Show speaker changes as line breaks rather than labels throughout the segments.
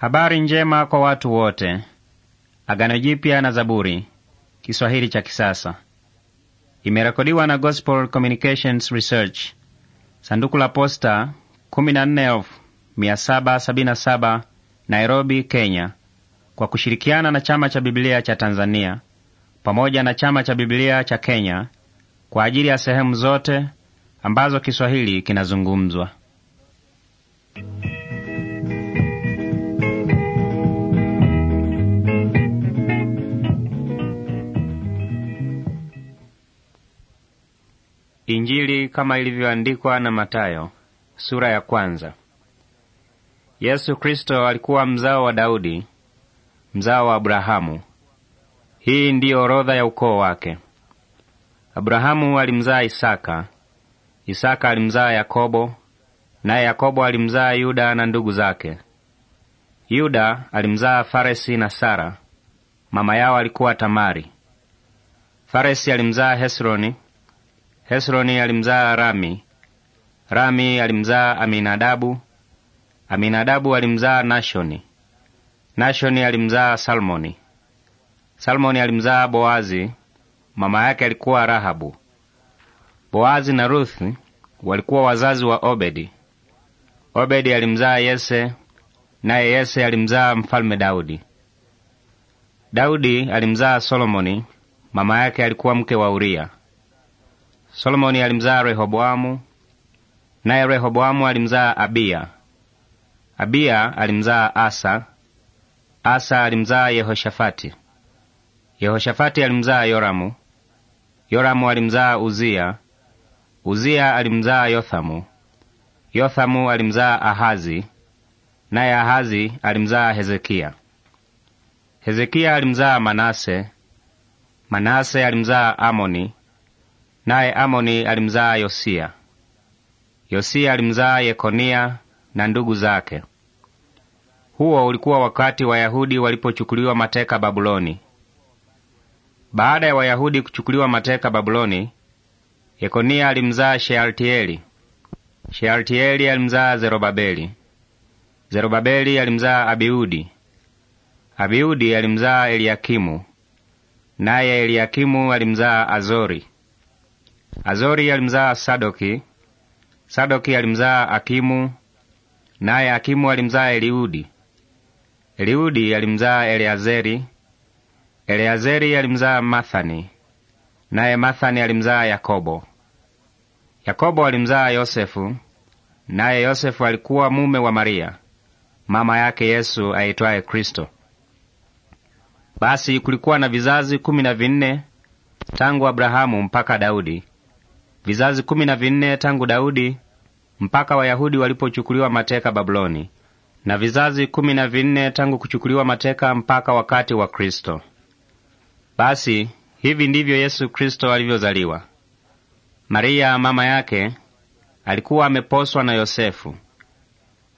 Habari njema kwa watu wote. Agano Jipya na Zaburi, Kiswahili cha kisasa, imerekodiwa na Gospel Communications Research, sanduku la posta 14777 Nairobi, Kenya, kwa kushirikiana na Chama cha Biblia cha Tanzania pamoja na Chama cha Biblia cha Kenya kwa ajili ya sehemu zote ambazo Kiswahili kinazungumzwa. Injili kama ilivyoandikwa na Matayo sura ya kwanza. Yesu Kristo alikuwa mzao wa Daudi, mzao wa Abrahamu. Hii ndiyo orodha ya ukoo wake. Abrahamu alimzaa Isaka, Isaka alimzaa Yakobo, naye Yakobo alimzaa Yuda na ndugu zake. Yuda alimzaa Faresi na Sara, mama yao alikuwa Tamari. Faresi alimzaa Hesroni, Hesroni alimzaa Rami, Rami alimzaa Aminadabu, Aminadabu alimzaa Nashoni, Nashoni alimzaa Salmoni, Salmoni alimzaa Boazi, mama yake alikuwa Rahabu. Boazi na Ruthi walikuwa wazazi wa Obedi. Obedi alimzaa Yese, naye Yese alimzaa mfalme Daudi. Daudi alimzaa Solomoni, mama yake alikuwa mke wa Uria. Solomoni alimzaa Rehoboamu, naye Rehoboamu alimzaa Abiya. Abiya alimzaa Asa. Asa alimzaa Yehoshafati. Yehoshafati alimzaa Yoramu. Yoramu alimzaa Uziya. Uziya alimzaa Yothamu. Yothamu alimzaa Ahazi, naye Ahazi alimzaa Hezekiya. Hezekiya alimzaa Manase. Manase alimzaa Amoni. Naye Amoni alimzaa Yosia. Yosia alimzaa Yekonia na ndugu zake. Huo ulikuwa wakati Wayahudi walipochukuliwa mateka Babuloni. Baada ya Wayahudi kuchukuliwa mateka Babuloni, Yekonia alimzaa Shealtieli. Shealtieli alimzaa Zerobabeli. Zerobabeli alimzaa Abiudi. Abiudi alimzaa Eliakimu, naye Eliakimu alimzaa Azori. Azori alimzaa Sadoki, Sadoki alimzaa Akimu, naye Akimu alimzaa Eliudi. Eliudi alimzaa Eleazeri, Eleazeri alimzaa Mathani, naye Mathani alimzaa Yakobo. Yakobo alimzaa Yosefu, naye Yosefu alikuwa mume wa Maria mama yake Yesu aitwaye Kristo. Basi kulikuwa na vizazi kumi na vinne tangu Abrahamu mpaka Daudi, vizazi kumi na vinne tangu Daudi mpaka Wayahudi walipochukuliwa mateka Babuloni, na vizazi kumi na vinne tangu kuchukuliwa mateka mpaka wakati wa Kristo. Basi hivi ndivyo Yesu Kristo alivyozaliwa. Maria mama yake alikuwa ameposwa na Yosefu,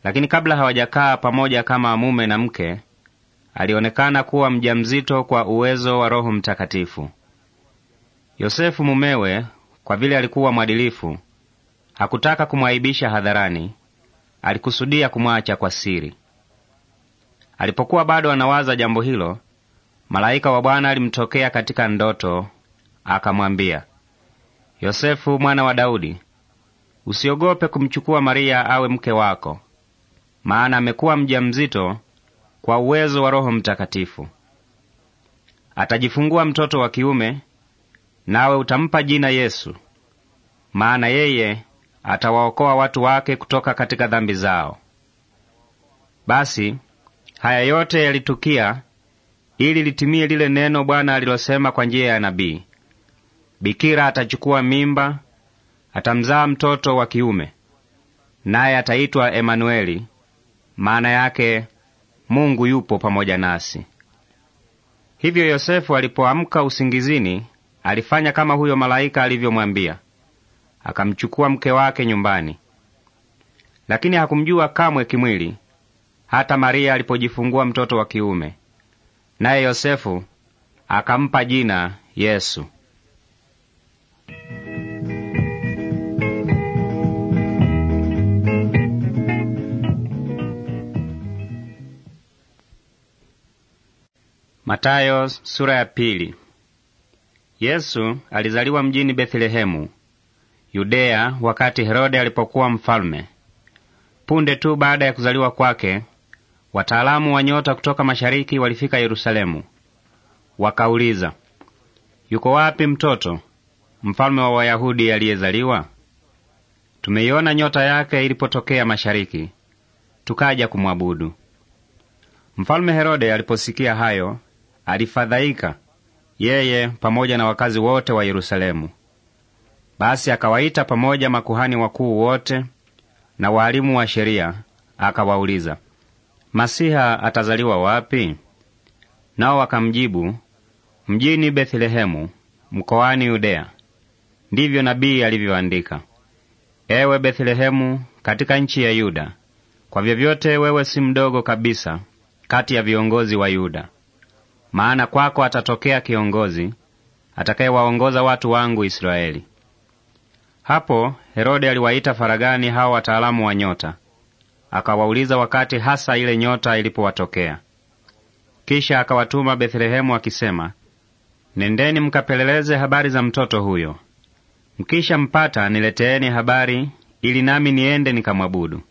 lakini kabla hawajakaa pamoja kama mume na mke, alionekana kuwa mjamzito kwa uwezo wa Roho Mtakatifu. Yosefu mumewe kwa vile alikuwa mwadilifu, hakutaka kumwaibisha hadharani, alikusudia kumwacha kwa siri. Alipokuwa bado anawaza jambo hilo, malaika wa Bwana alimtokea katika ndoto, akamwambia, Yosefu mwana wa Daudi, usiogope kumchukua Maria awe mke wako, maana amekuwa mjamzito kwa uwezo wa Roho Mtakatifu. Atajifungua mtoto wa kiume nawe utampa jina Yesu, maana yeye atawaokoa watu wake kutoka katika dhambi zao. Basi haya yote yalitukia ili litimie lile neno Bwana alilosema kwa njia ya nabii: bikira atachukua mimba, atamzaa mtoto wa kiume, naye ataitwa Emanueli, maana yake Mungu yupo pamoja nasi. Hivyo Yosefu alipoamka usingizini Alifanya kama huyo malaika alivyomwambia, akamchukua mke wake nyumbani, lakini hakumjua kamwe kimwili, hata Maria alipojifungua mtoto wa kiume, naye Yosefu akampa jina Yesu. Matayo, sura ya pili. Yesu alizaliwa mjini Bethlehemu, Yudea, wakati Herode alipokuwa mfalme. Punde tu baada ya kuzaliwa kwake, wataalamu wa nyota kutoka mashariki walifika Yerusalemu. Wakauliza, yuko wapi mtoto mfalme wa Wayahudi aliyezaliwa? Tumeiona nyota yake ilipotokea mashariki, tukaja kumwabudu. Mfalme Herode aliposikia hayo alifadhaika, yeye pamoja na wakazi wote wa Yerusalemu. Basi akawaita pamoja makuhani wakuu wote na waalimu wa sheria, akawauliza, Masiha atazaliwa wapi? Nao wakamjibu, mjini Bethlehemu mkoani Yudea. Ndivyo nabii alivyoandika, ewe Bethlehemu katika nchi ya Yuda, kwa vyovyote wewe si mdogo kabisa kati ya viongozi wa Yuda, maana kwako atatokea kiongozi atakayewaongoza watu wangu Israeli. Hapo Herode aliwaita faragani hao wataalamu wa nyota, akawauliza wakati hasa ile nyota ilipowatokea. Kisha akawatuma Bethlehemu akisema, nendeni mkapeleleze habari za mtoto huyo, mkisha mpata nileteeni habari, ili nami niende nikamwabudu.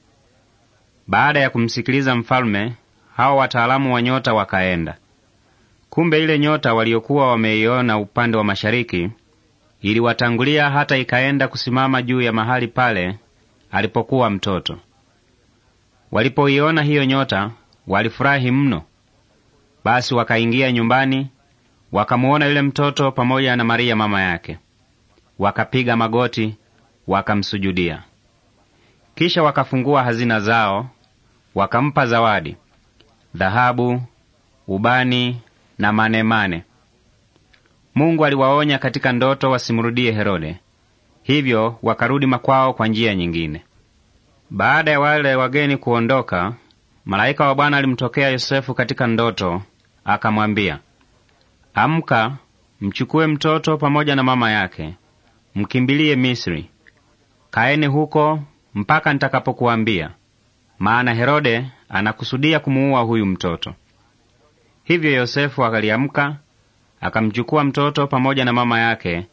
Baada ya kumsikiliza mfalme, hao wataalamu wa nyota wakaenda. Kumbe ile nyota waliokuwa wameiona upande wa mashariki iliwatangulia hata ikaenda kusimama juu ya mahali pale alipokuwa mtoto. Walipoiona hiyo nyota walifurahi mno. Basi wakaingia nyumbani, wakamuona yule mtoto pamoja na Maria mama yake, wakapiga magoti wakamsujudia. Kisha wakafungua hazina zao, wakampa zawadi, dhahabu, ubani na manemane. Mungu aliwaonya katika ndoto wasimrudie Herode, hivyo wakarudi makwao kwa njia nyingine. Baada ya wale wageni kuondoka, malaika wa Bwana alimtokea Yosefu katika ndoto, akamwambia, amka, mchukue mtoto pamoja na mama yake, mkimbilie Misri. Kaeni huko mpaka nitakapokuambia, maana Herode anakusudia kumuua huyu mtoto. Hivyo Yosefu akaliamka akamchukua mtoto pamoja na mama yake,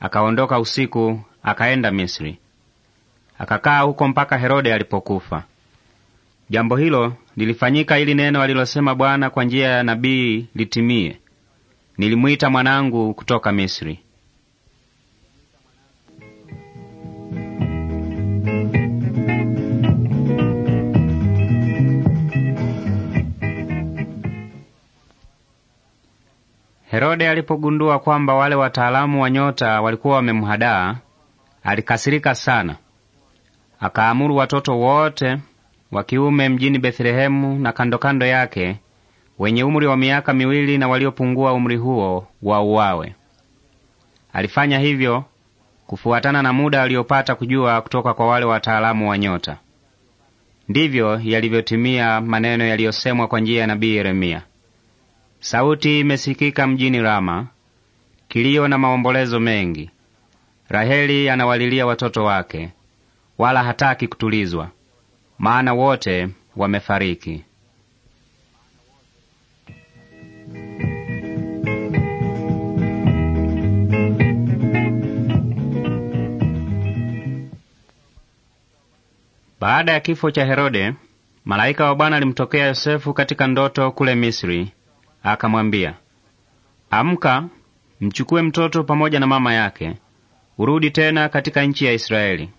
akaondoka usiku akaenda Misri, akakaa huko mpaka Herode alipokufa. Jambo hilo lilifanyika ili neno alilosema Bwana kwa njia ya nabii litimie, nilimwita mwanangu kutoka Misri. Herode alipogundua kwamba wale wataalamu wa nyota walikuwa wamemhadaa, alikasirika sana. Akaamuru watoto wote wa kiume mjini Bethlehemu na kando kando yake wenye umri wa miaka miwili na waliopungua umri huo wauawe. Alifanya hivyo kufuatana na muda aliyopata kujua kutoka kwa wale wataalamu wa nyota. Ndivyo yalivyotimia maneno yaliyosemwa kwa njia ya nabii Yeremia. Sauti imesikika mjini Rama, kilio na maombolezo mengi. Raheli anawalilia watoto wake, wala hataki kutulizwa, maana wote wamefariki. Baada ya kifo cha Herode, malaika wa Bwana alimtokea Yosefu katika ndoto kule Misri akamwambia, amka, mchukue mtoto pamoja na mama yake, urudi tena katika nchi ya Israeli,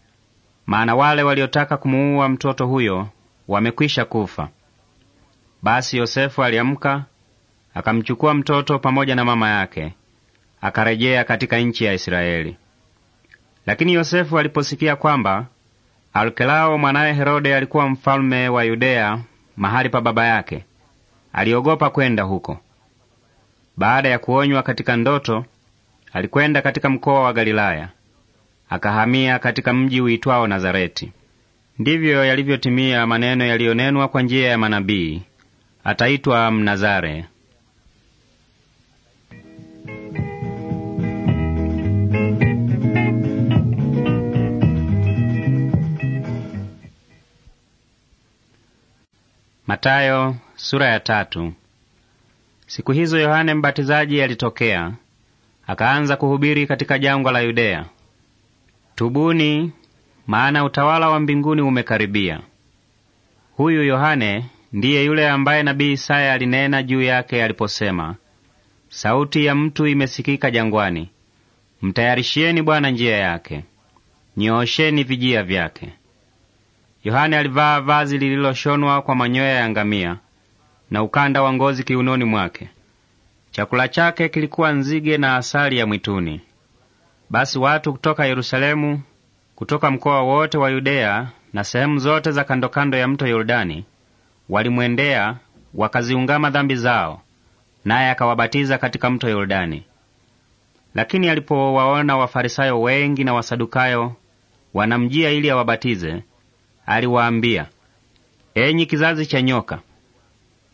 maana wale waliotaka kumuua mtoto huyo wamekwisha kufa. Basi Yosefu aliamka akamchukua mtoto pamoja na mama yake akarejea katika nchi ya Israeli. Lakini Yosefu aliposikia kwamba Alkelao mwanaye Herode alikuwa mfalme wa Yudea mahali pa baba yake, aliogopa kwenda huko. Baada ya kuonywa katika ndoto, alikwenda katika mkoa wa Galilaya, akahamia katika mji uitwao Nazareti. Ndivyo yalivyotimia maneno yaliyonenwa kwa njia ya manabii, ataitwa Mnazare. Matayo Sura ya tatu. Siku hizo Yohane Mbatizaji alitokea akaanza kuhubiri katika jangwa la Yudea, tubuni, maana utawala wa mbinguni umekaribia. Huyu Yohane ndiye yule ambaye nabii Isaya alinena juu yake aliposema, sauti ya mtu imesikika jangwani, mtayarishieni Bwana njia yake, nyoosheni vijia vyake. Yohane alivaa vazi lililoshonwa kwa manyoya ya ngamia na ukanda wa ngozi kiunoni mwake. Chakula chake kilikuwa nzige na asali ya mwituni. Basi watu kutoka Yerusalemu, kutoka mkoa wote wa Yudeya na sehemu zote za kandokando ya mto Yordani walimwendea, wakaziungama dhambi zao, naye akawabatiza katika mto Yordani. Lakini alipowaona Wafarisayo wengi na Wasadukayo wanamjia ili awabatize, aliwaambia, enyi kizazi cha nyoka,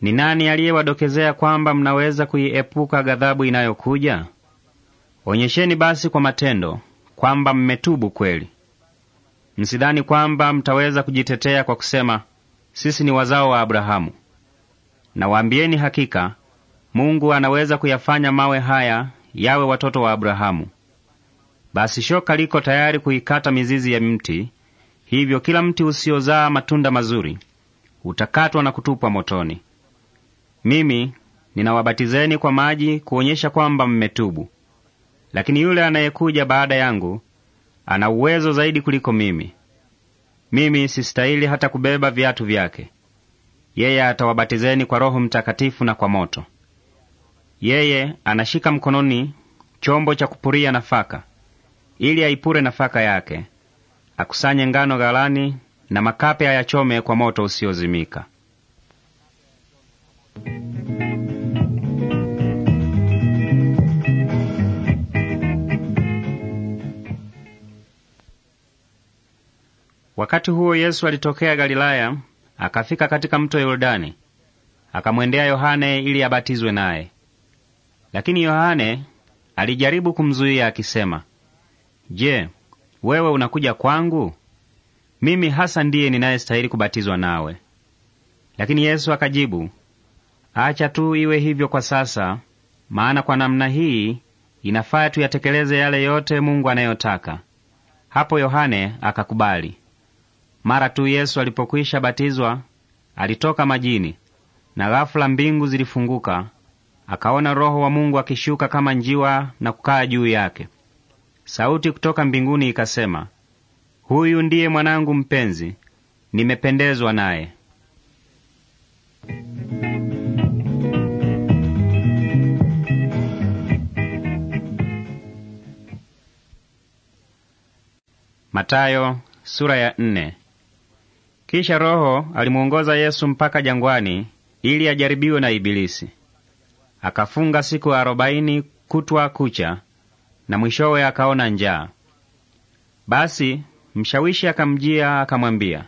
ni nani aliyewadokezea kwamba mnaweza kuiepuka ghadhabu inayokuja? Onyesheni basi kwa matendo kwamba mmetubu kweli. Msidhani kwamba mtaweza kujitetea kwa kusema sisi ni wazao wa Abrahamu. Nawaambieni hakika, Mungu anaweza kuyafanya mawe haya yawe watoto wa Abrahamu. Basi shoka liko tayari kuikata mizizi ya mti, hivyo kila mti usiozaa matunda mazuri utakatwa na kutupwa motoni. Mimi ninawabatizeni kwa maji kuonyesha kwamba mmetubu, lakini yule anayekuja baada yangu ana uwezo zaidi kuliko mimi. Mimi sistahili hata kubeba viatu vyake. Yeye atawabatizeni kwa Roho Mtakatifu na kwa moto. Yeye anashika mkononi chombo cha kupuria nafaka, ili aipure nafaka yake, akusanye ngano ghalani, na makape ayachome kwa moto usiozimika. Wakati huo Yesu alitokea Galilaya akafika katika mto Yordani akamwendea Yohane ili abatizwe naye. Lakini Yohane alijaribu kumzuia akisema, Je, wewe unakuja kwangu? Mimi hasa ndiye ninayestahili kubatizwa nawe. Lakini Yesu akajibu, Acha tu iwe hivyo kwa sasa, maana kwa namna hii inafaa tuyatekeleze yale yote Mungu anayotaka. Hapo Yohane akakubali. Mara tu Yesu alipokwisha batizwa, alitoka majini, na ghafula mbingu zilifunguka, akaona Roho wa Mungu akishuka kama njiwa na kukaa juu yake. Sauti kutoka mbinguni ikasema, huyu ndiye mwanangu mpenzi, nimependezwa naye. Matayo sura ya nne. Kisha Roho alimuongoza Yesu mpaka jangwani ili ajaribiwe na Ibilisi. Akafunga siku arobaini kutwa kucha, na mwishowe akaona njaa. Basi mshawishi akamjia akamwambia,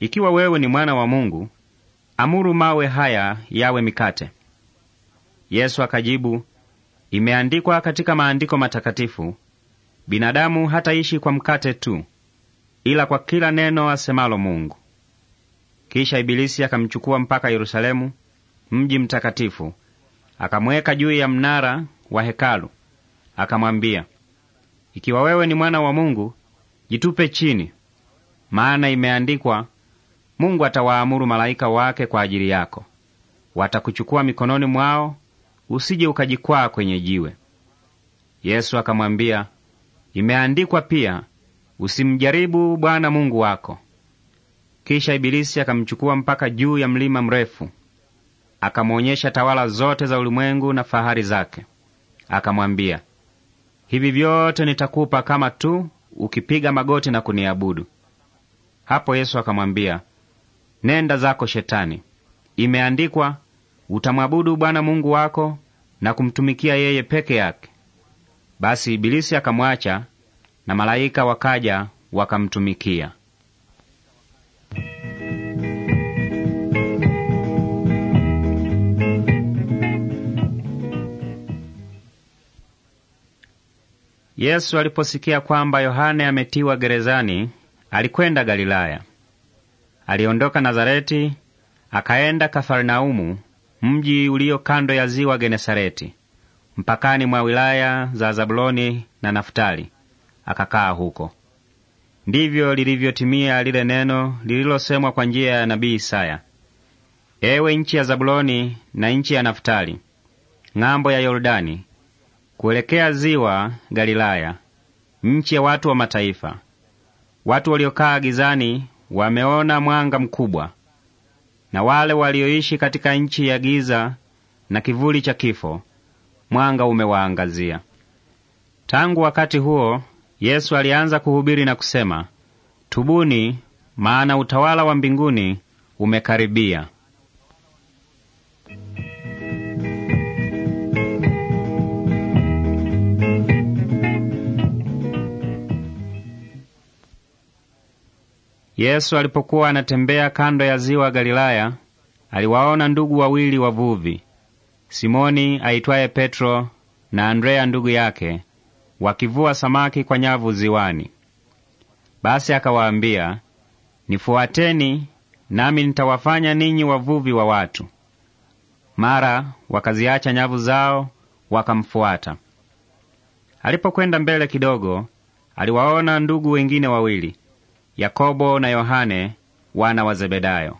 ikiwa wewe ni mwana wa Mungu, amuru mawe haya yawe mikate. Yesu akajibu, imeandikwa katika maandiko matakatifu, Binadamu hataishi kwa mkate tu, ila kwa kila neno asemalo Mungu. Kisha Ibilisi akamchukua mpaka Yerusalemu, mji mtakatifu, akamweka juu ya mnara wa hekalu, akamwambia, ikiwa wewe ni mwana wa Mungu, jitupe chini, maana imeandikwa, Mungu atawaamuru malaika wake kwa ajili yako, watakuchukua mikononi mwao, usije ukajikwaa kwenye jiwe. Yesu akamwambia, Imeandikwa pia, usimjaribu Bwana Mungu wako. Kisha Ibilisi akamchukua mpaka juu ya mlima mrefu, akamwonyesha tawala zote za ulimwengu na fahari zake. Akamwambia, hivi vyote nitakupa kama tu ukipiga magoti na kuniabudu. Hapo Yesu akamwambia, nenda zako Shetani, imeandikwa, utamwabudu Bwana Mungu wako na kumtumikia yeye peke yake. Basi Ibilisi akamwacha na malaika wakaja wakamtumikia. Yesu aliposikia kwamba Yohane ametiwa gerezani, alikwenda Galilaya. Aliondoka Nazareti akaenda Kafarnaumu, mji ulio kando ya ziwa Genesareti, mpakani mwa wilaya za Zabuloni na Naftali, akakaa huko. Ndivyo lilivyotimia lile neno lililosemwa kwa njia ya nabii Isaya: ewe nchi ya Zabuloni na nchi ya Naftali, ng'ambo ya Yordani kuelekea ziwa Galilaya, nchi ya watu wa mataifa, watu waliokaa gizani wameona mwanga mkubwa, na wale walioishi katika nchi ya giza na kivuli cha kifo mwanga umewaangazia. Tangu wakati huo Yesu alianza kuhubiri na kusema, tubuni, maana utawala wa mbinguni umekaribia. Yesu alipokuwa anatembea kando ya ziwa Galilaya, aliwaona ndugu wawili wavuvi Simoni aitwaye Petro na Andrea ndugu yake wakivua samaki kwa nyavu ziwani. Basi akawaambia, nifuateni nami nitawafanya ninyi wavuvi wa watu. Mara wakaziacha nyavu zao wakamfuata. Alipokwenda mbele kidogo, aliwaona ndugu wengine wawili, Yakobo na Yohane wana wa Zebedayo.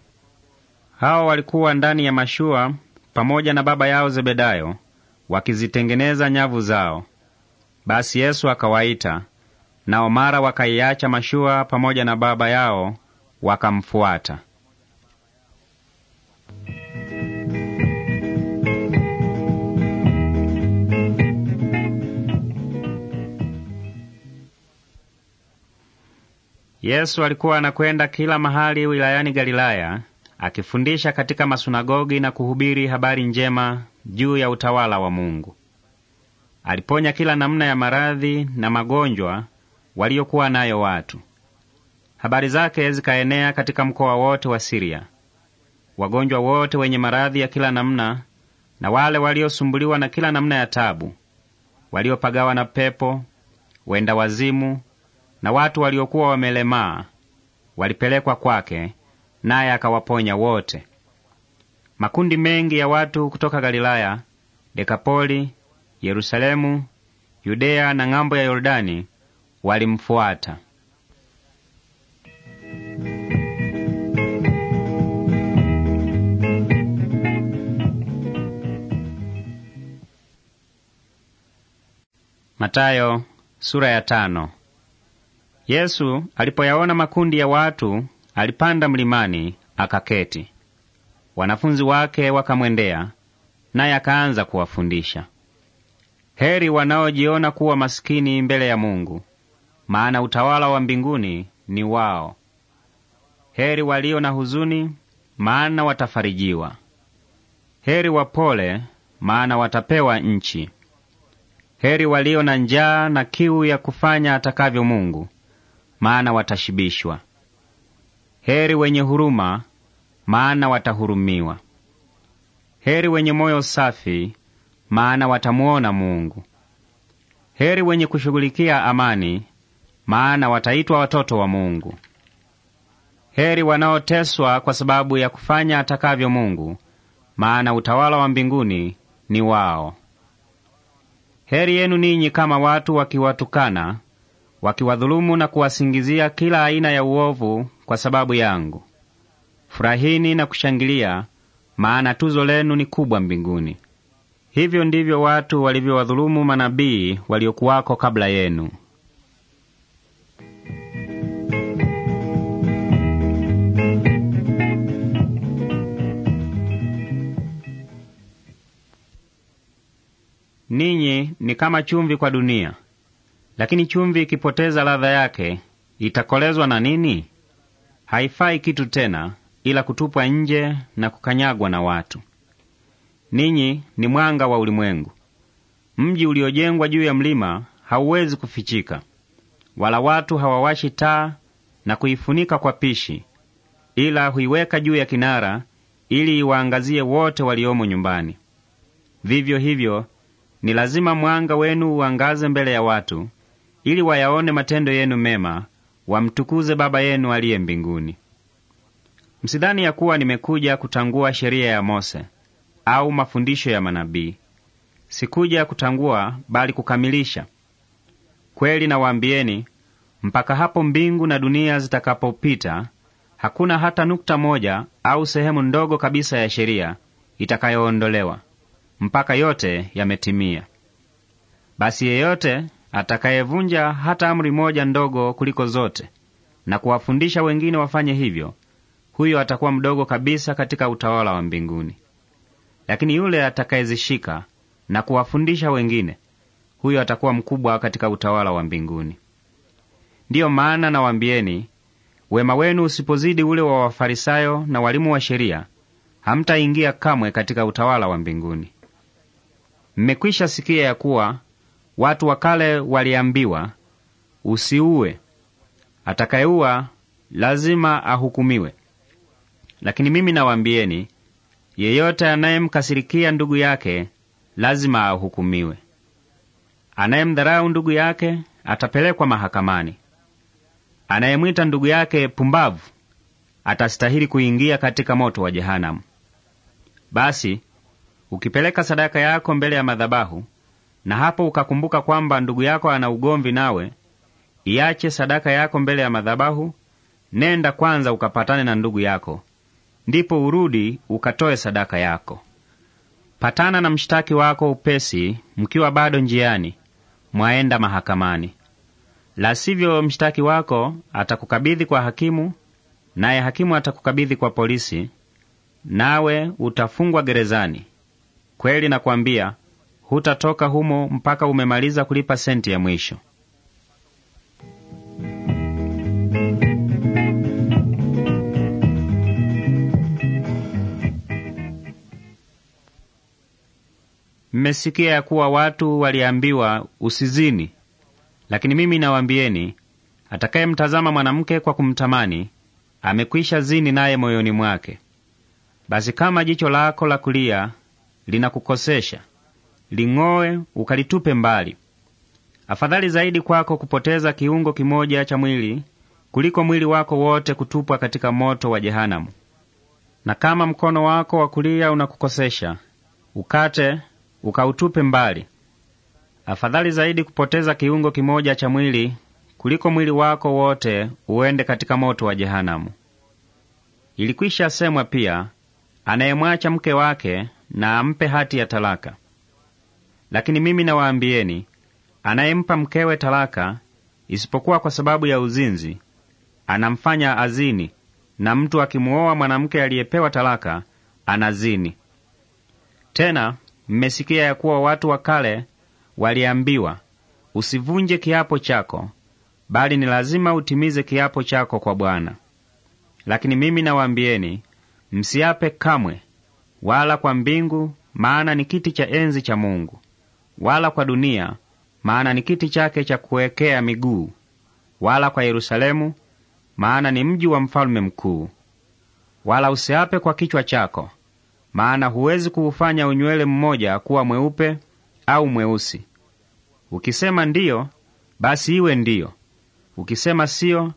Hao walikuwa ndani ya mashua pamoja na baba yao Zebedayo wakizitengeneza nyavu zao. Basi Yesu akawaita, nao mara wakaiacha mashua pamoja na baba yao wakamfuata. Yesu alikuwa anakwenda kila mahali wilayani Galilaya akifundisha katika masunagogi na kuhubiri habari njema juu ya utawala wa Mungu. Aliponya kila namna ya maradhi na magonjwa waliokuwa nayo watu. Habari zake zikaenea katika mkoa wote wa Siria. Wagonjwa wote wenye maradhi ya kila namna na wale waliosumbuliwa na kila namna ya tabu, waliopagawa na pepo, wenda wazimu na watu waliokuwa wamelemaa walipelekwa kwake, naye akawaponya wote. Makundi mengi ya watu kutoka Galilaya, Dekapoli, Yerusalemu, Yudeya na ng'ambo ya Yordani walimfuata. Matayo sura ya tano. Yesu alipoyaona makundi ya watu Alipanda mlimani akaketi. Wanafunzi wake wakamwendea, naye akaanza kuwafundisha. Heri wanaojiona kuwa masikini mbele ya Mungu, maana utawala wa mbinguni ni wao. Heri walio na huzuni, maana watafarijiwa. Heri wapole, maana watapewa nchi. Heri walio na njaa na kiu ya kufanya atakavyo Mungu, maana watashibishwa. Heri wenye huruma, maana watahurumiwa. Heri wenye moyo safi, maana watamuona Mungu. Heri wenye kushughulikia amani, maana wataitwa watoto wa Mungu. Heri wanaoteswa kwa sababu ya kufanya atakavyo Mungu, maana utawala wa mbinguni ni wao. Heri yenu ninyi kama watu wakiwatukana, wakiwadhulumu na kuwasingizia kila aina ya uovu kwa sababu yangu. Furahini na kushangilia, maana tuzo lenu ni kubwa mbinguni. Hivyo ndivyo watu walivyowadhulumu manabii waliokuwako kabla yenu. Ninyi ni kama chumvi kwa dunia, lakini chumvi ikipoteza ladha yake itakolezwa na nini? haifai kitu tena ila kutupwa nje na kukanyagwa na watu. Ninyi ni mwanga wa ulimwengu. Mji uliojengwa juu ya mlima hauwezi kufichika, wala watu hawawashi taa na kuifunika kwa pishi, ila huiweka juu ya kinara, ili iwaangazie wote waliomo nyumbani. Vivyo hivyo, ni lazima mwanga wenu uangaze mbele ya watu, ili wayaone matendo yenu mema wamtukuze Baba yenu aliye mbinguni. Msidhani ya kuwa nimekuja kutangua sheria ya Mose au mafundisho ya manabii. Sikuja kutangua, bali kukamilisha. Kweli nawaambieni, mpaka hapo mbingu na dunia zitakapopita, hakuna hata nukta moja au sehemu ndogo kabisa ya sheria itakayoondolewa, mpaka yote yametimia. Basi yeyote atakayevunja hata amri moja ndogo kuliko zote na kuwafundisha wengine wafanye hivyo, huyo atakuwa mdogo kabisa katika utawala wa mbinguni. Lakini yule atakayezishika na kuwafundisha wengine, huyo atakuwa mkubwa katika utawala wa mbinguni. Ndiyo maana nawambieni, wema wenu usipozidi ule wa Wafarisayo na walimu wa sheria, hamtaingia kamwe katika utawala wa mbinguni. Mmekwisha sikia ya kuwa Watu wa kale waliambiwa, usiue, atakayeua lazima ahukumiwe. Lakini mimi nawaambieni, yeyote anayemkasirikia ndugu yake lazima ahukumiwe. Anayemdharau ndugu yake atapelekwa mahakamani. Anayemwita ndugu yake pumbavu atastahili kuingia katika moto wa jehanamu. Basi ukipeleka sadaka yako mbele ya madhabahu na hapo ukakumbuka kwamba ndugu yako ana ugomvi nawe, iache sadaka yako mbele ya madhabahu, nenda kwanza ukapatane na ndugu yako, ndipo urudi ukatoe sadaka yako. Patana na mshtaki wako upesi, mkiwa bado njiani mwaenda mahakamani. La sivyo, mshtaki wako atakukabidhi kwa hakimu, naye hakimu atakukabidhi kwa polisi, nawe utafungwa gerezani. Kweli nakwambia, hutatoka humo mpaka umemaliza kulipa senti ya mwisho. Mmesikia ya kuwa watu waliambiwa usizini, lakini mimi nawaambieni, atakayemtazama mwanamke kwa kumtamani amekwisha zini naye moyoni mwake. Basi kama jicho lako la kulia linakukosesha, ling'oe ukalitupe mbali. Afadhali zaidi kwako kupoteza kiungo kimoja cha mwili kuliko mwili wako wote kutupwa katika moto wa jehanamu. Na kama mkono wako wa kulia unakukosesha, ukate ukautupe mbali. Afadhali zaidi kupoteza kiungo kimoja cha mwili kuliko mwili wako wote uende katika moto wa jehanamu. Ilikwisha semwa pia, anayemwacha mke wake na ampe hati ya talaka. Lakini mimi nawaambieni, anayempa mkewe talaka, isipokuwa kwa sababu ya uzinzi, anamfanya azini, na mtu akimuoa mwanamke aliyepewa talaka anazini. Tena mmesikia ya kuwa watu wa kale waliambiwa, usivunje kiapo chako, bali ni lazima utimize kiapo chako kwa Bwana. Lakini mimi nawaambieni, msiape kamwe, wala kwa mbingu, maana ni kiti cha enzi cha Mungu wala kwa dunia, maana ni kiti chake cha kuwekea miguu, wala kwa Yerusalemu, maana ni mji wa mfalme mkuu. Wala usiape kwa kichwa chako, maana huwezi kuufanya unywele mmoja kuwa mweupe au mweusi. Ukisema ndiyo, basi iwe ndiyo; ukisema siyo,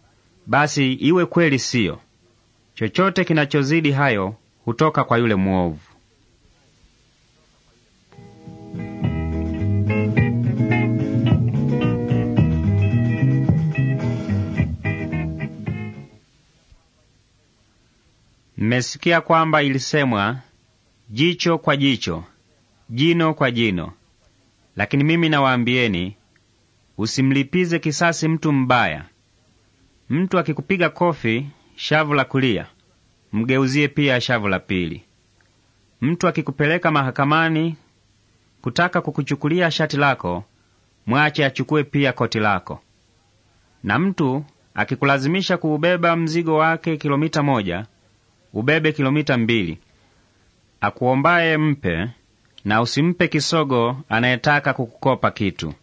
basi iwe kweli siyo. Chochote kinachozidi hayo hutoka kwa yule mwovu. Mmesikia kwamba ilisemwa jicho kwa jicho, jino kwa jino. Lakini mimi nawaambieni, usimlipize kisasi mtu mbaya. Mtu akikupiga kofi shavu la kulia, mgeuzie pia shavu la pili. Mtu akikupeleka mahakamani kutaka kukuchukulia shati lako, mwache achukue pia koti lako. Na mtu akikulazimisha kuubeba mzigo wake kilomita moja, ubebe kilomita mbili. Akuombaye mpe, na usimpe kisogo anayetaka kukukopa kitu.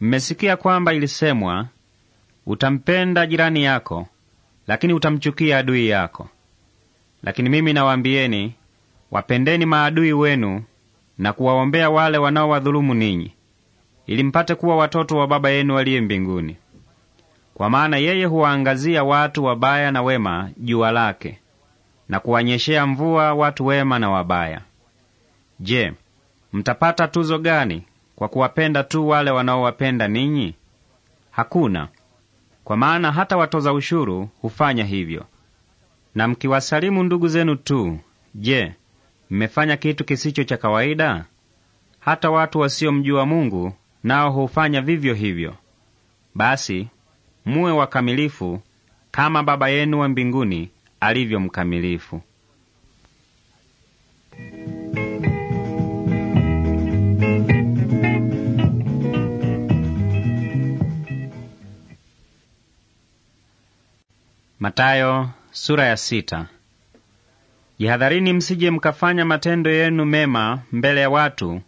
Mmesikia kwamba ilisemwa, utampenda jirani yako, lakini utamchukia adui yako. Lakini mimi nawaambieni, wapendeni maadui wenu na kuwaombea wale wanaowadhulumu ninyi, ili mpate kuwa watoto wa Baba yenu aliye mbinguni kwa maana yeye huwaangazia watu wabaya na wema jua lake na kuwanyeshea mvua watu wema na wabaya. Je, mtapata tuzo gani kwa kuwapenda tu wale wanaowapenda ninyi? Hakuna, kwa maana hata watoza ushuru hufanya hivyo. Na mkiwasalimu ndugu zenu tu, je, mmefanya kitu kisicho cha kawaida? Hata watu wasiomjua Mungu nao hufanya vivyo hivyo. Basi muwe wakamilifu kama Baba yenu wa mbinguni alivyo mkamilifu. Matayo sura ya sita. Jihadharini msije mkafanya matendo yenu mema mbele ya watu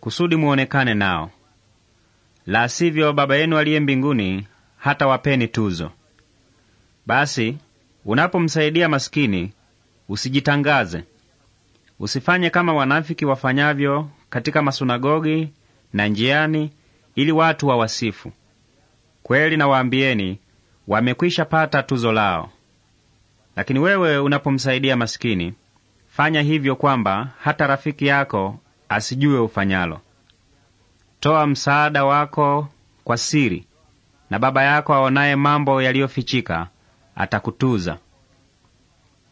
kusudi muonekane nao, la sivyo Baba yenu aliye mbinguni hata wapeni tuzo. Basi unapomsaidia maskini, usijitangaze. Usifanye kama wanafiki wafanyavyo katika masunagogi na njiani, ili watu wawasifu. Kweli nawaambieni, wamekwisha pata tuzo lao. Lakini wewe unapomsaidia masikini fanya hivyo kwamba hata rafiki yako asijue ufanyalo. Toa msaada wako kwa siri, na Baba yako aonaye mambo yaliyofichika atakutuza.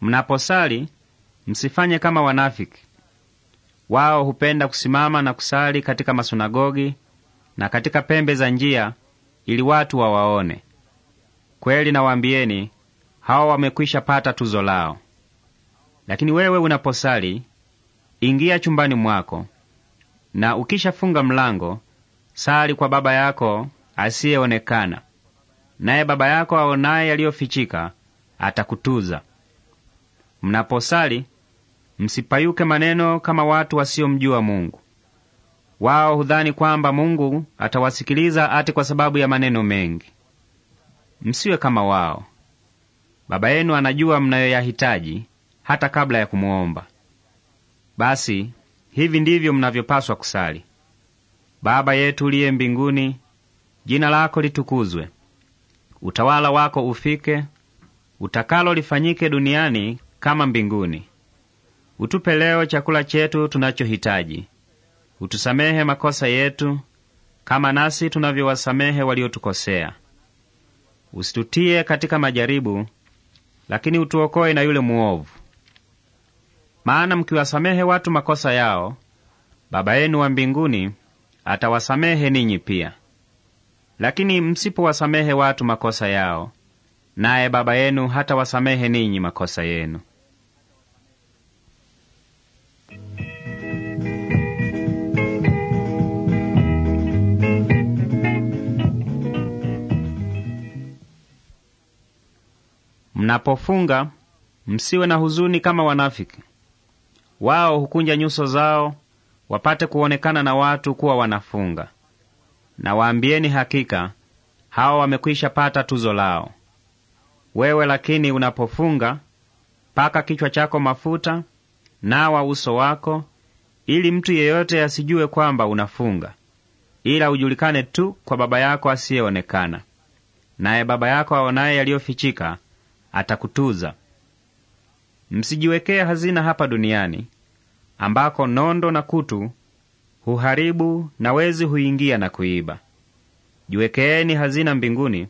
Mnaposali msifanye kama wanafiki. Wao hupenda kusimama na kusali katika masunagogi na katika pembe za njia, ili watu wawaone. Kweli nawaambieni, hawa wamekwisha pata tuzo lao. Lakini wewe unaposali, ingia chumbani mwako, na ukishafunga mlango, sali kwa Baba yako asiyeonekana, naye Baba yako aonaye yaliyofichika atakutuza. Mnaposali msipayuke maneno kama watu wasiomjua Mungu. Wao hudhani kwamba Mungu atawasikiliza ati kwa sababu ya maneno mengi. Msiwe kama wao. Baba yenu anajua mnayoyahitaji hata kabla ya kumwomba. Basi hivi ndivyo mnavyopaswa kusali: Baba yetu uliye mbinguni, jina lako litukuzwe, utawala wako ufike, utakalo lifanyike duniani kama mbinguni. Utupe leo chakula chetu tunachohitaji, utusamehe makosa yetu kama nasi tunavyowasamehe waliotukosea, usitutie katika majaribu, lakini utuokoe na yule muovu. Maana mkiwasamehe watu makosa yao, Baba yenu wa mbinguni atawasamehe ninyi pia. Lakini msipowasamehe watu makosa yao, naye Baba yenu hata wasamehe ninyi makosa yenu. Mnapofunga msiwe na huzuni kama wanafiki. Wao hukunja nyuso zao wapate kuonekana na watu kuwa wanafunga na waambieni hakika hawa wamekwisha pata tuzo lao. Wewe lakini unapofunga, paka kichwa chako mafuta, nawa uso wako, ili mtu yeyote asijue kwamba unafunga, ila ujulikane tu kwa Baba yako asiyeonekana. Naye Baba yako aonaye yaliyofichika atakutuza. Msijiwekee hazina hapa duniani, ambako nondo na kutu huharibu na wezi huingia na kuiba. Jiwekeeni hazina mbinguni,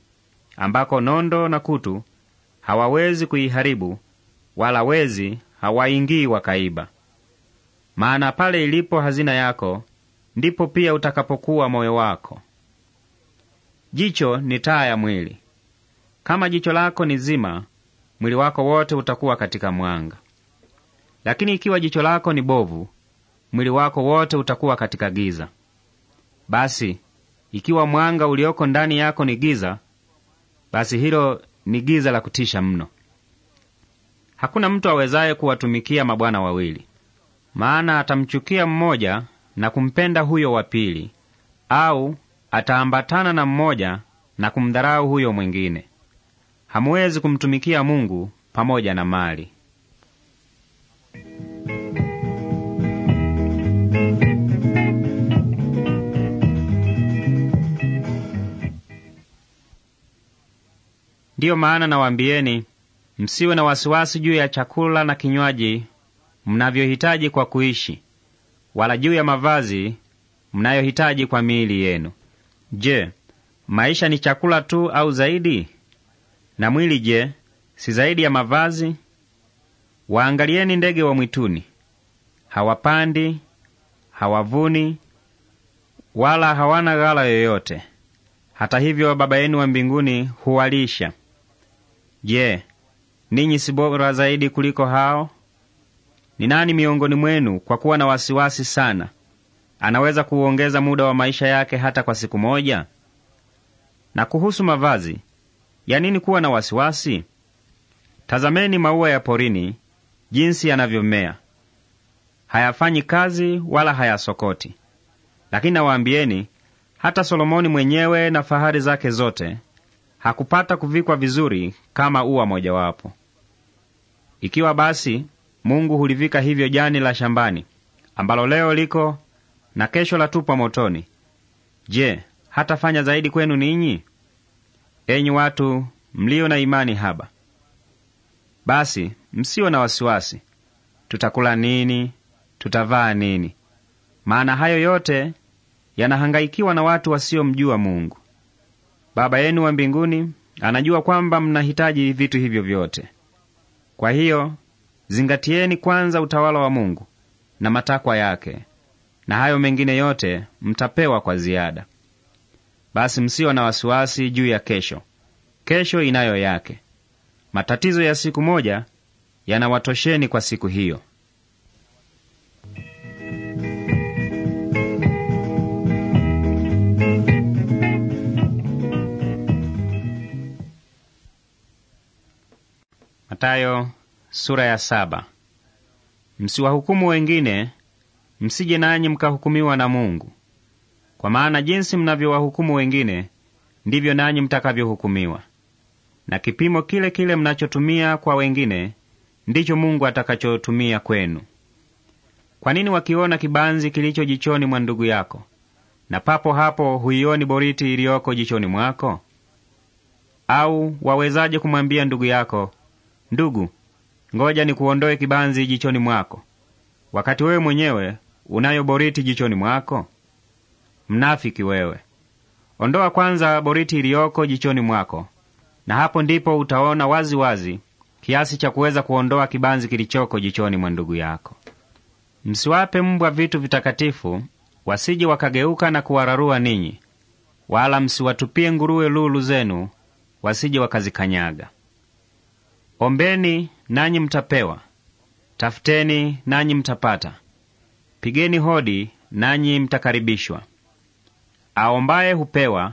ambako nondo na kutu hawawezi kuiharibu, wala wezi hawaingii wakaiba. Maana pale ilipo hazina yako, ndipo pia utakapokuwa moyo wako. Jicho ni taa ya mwili. Kama jicho lako ni zima, mwili wako wote utakuwa katika mwanga, lakini ikiwa jicho lako ni bovu mwili wako wote utakuwa katika giza. Basi ikiwa mwanga ulioko ndani yako ni giza, basi hilo ni giza la kutisha mno. Hakuna mtu awezaye kuwatumikia mabwana wawili, maana atamchukia mmoja na kumpenda huyo wa pili, au ataambatana na mmoja na kumdharau huyo mwingine. Hamuwezi kumtumikia Mungu pamoja na mali. Ndiyo maana nawaambieni, msiwe na wasiwasi juu ya chakula na kinywaji mnavyohitaji kwa kuishi, wala juu ya mavazi mnayohitaji kwa miili yenu. Je, maisha ni chakula tu au zaidi? Na mwili je, si zaidi ya mavazi? Waangalieni ndege wa mwituni, hawapandi, hawavuni, wala hawana ghala yoyote. Hata hivyo Baba yenu wa mbinguni huwalisha. Je, ninyi si bora zaidi kuliko hao? Ni nani miongoni mwenu kwa kuwa na wasiwasi sana anaweza kuuongeza muda wa maisha yake hata kwa siku moja? Na kuhusu mavazi, ya nini kuwa na wasiwasi? Tazameni maua ya porini, jinsi yanavyomea; hayafanyi kazi wala hayasokoti. Lakini nawaambieni, hata Solomoni mwenyewe na fahari zake zote hakupata kuvikwa vizuri kama uwa mojawapo. Ikiwa basi Mungu hulivika hivyo jani la shambani ambalo leo liko na kesho la tupwa motoni, je, hatafanya zaidi kwenu ninyi, enyi watu mlio na imani haba? Basi msiwe na wasiwasi, tutakula nini, tutavaa nini? Maana hayo yote yanahangaikiwa na watu wasiomjua Mungu. Baba yenu wa mbinguni anajua kwamba mnahitaji vitu hivyo vyote. Kwa hiyo zingatieni kwanza utawala wa Mungu na matakwa yake, na hayo mengine yote mtapewa kwa ziada. Basi msiwo na wasiwasi juu ya kesho. Kesho inayo yake. Matatizo ya siku moja yanawatosheni kwa siku hiyo. Mathayo sura ya saba. Msiwahukumu wengine, msije nanyi mkahukumiwa na Mungu. Kwa maana jinsi mnavyowahukumu wengine, ndivyo nanyi mtakavyohukumiwa, na kipimo kile kile mnachotumia kwa wengine ndicho Mungu atakachotumia kwenu. Kwa nini wakiona kibanzi kilicho jichoni mwa ndugu yako na papo hapo huioni boriti iliyoko jichoni mwako? Au wawezaje kumwambia ndugu yako Ndugu, ngoja nikuondoe kibanzi jichoni mwako, wakati wewe mwenyewe unayo boriti jichoni mwako? Mnafiki wewe! Ondoa kwanza boriti iliyoko jichoni mwako, na hapo ndipo utaona wazi wazi kiasi cha kuweza kuondoa kibanzi kilichoko jichoni mwa ndugu yako. Msiwape mbwa vitu vitakatifu, wasije wakageuka na kuwararua ninyi, wala msiwatupie nguruwe lulu zenu, wasije wakazikanyaga. Ombeni nanyi mtapewa, tafuteni nanyi mtapata, pigeni hodi nanyi mtakaribishwa. Aombaye hupewa,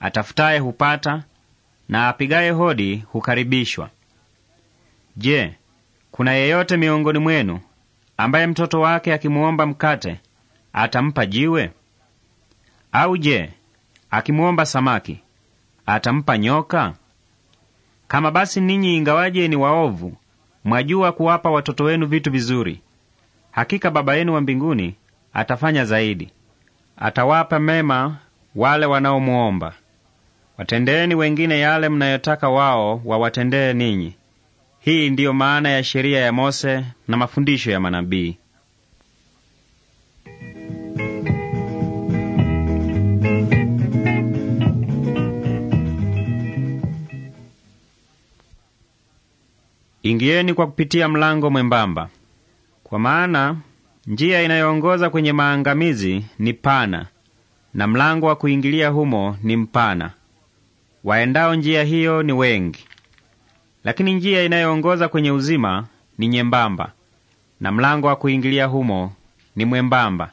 atafutaye hupata, na apigaye hodi hukaribishwa. Je, kuna yeyote miongoni mwenu ambaye mtoto wake akimuomba mkate atampa jiwe? Au je, akimuomba samaki atampa nyoka? Kama basi ninyi ingawaje ni waovu, mwajua kuwapa watoto wenu vitu vizuri, hakika Baba yenu wa mbinguni atafanya zaidi, atawapa mema wale wanaomuomba. Watendeeni wengine yale mnayotaka wao wawatendee ninyi. Hii ndiyo maana ya sheria ya Mose na mafundisho ya manabii. ingieni kwa kupitia mlango mwembamba, kwa maana njia inayoongoza kwenye maangamizi ni pana, na mlango wa kuingilia humo ni mpana; waendao njia hiyo ni wengi. Lakini njia inayoongoza kwenye uzima ni nyembamba, na mlango wa kuingilia humo ni mwembamba.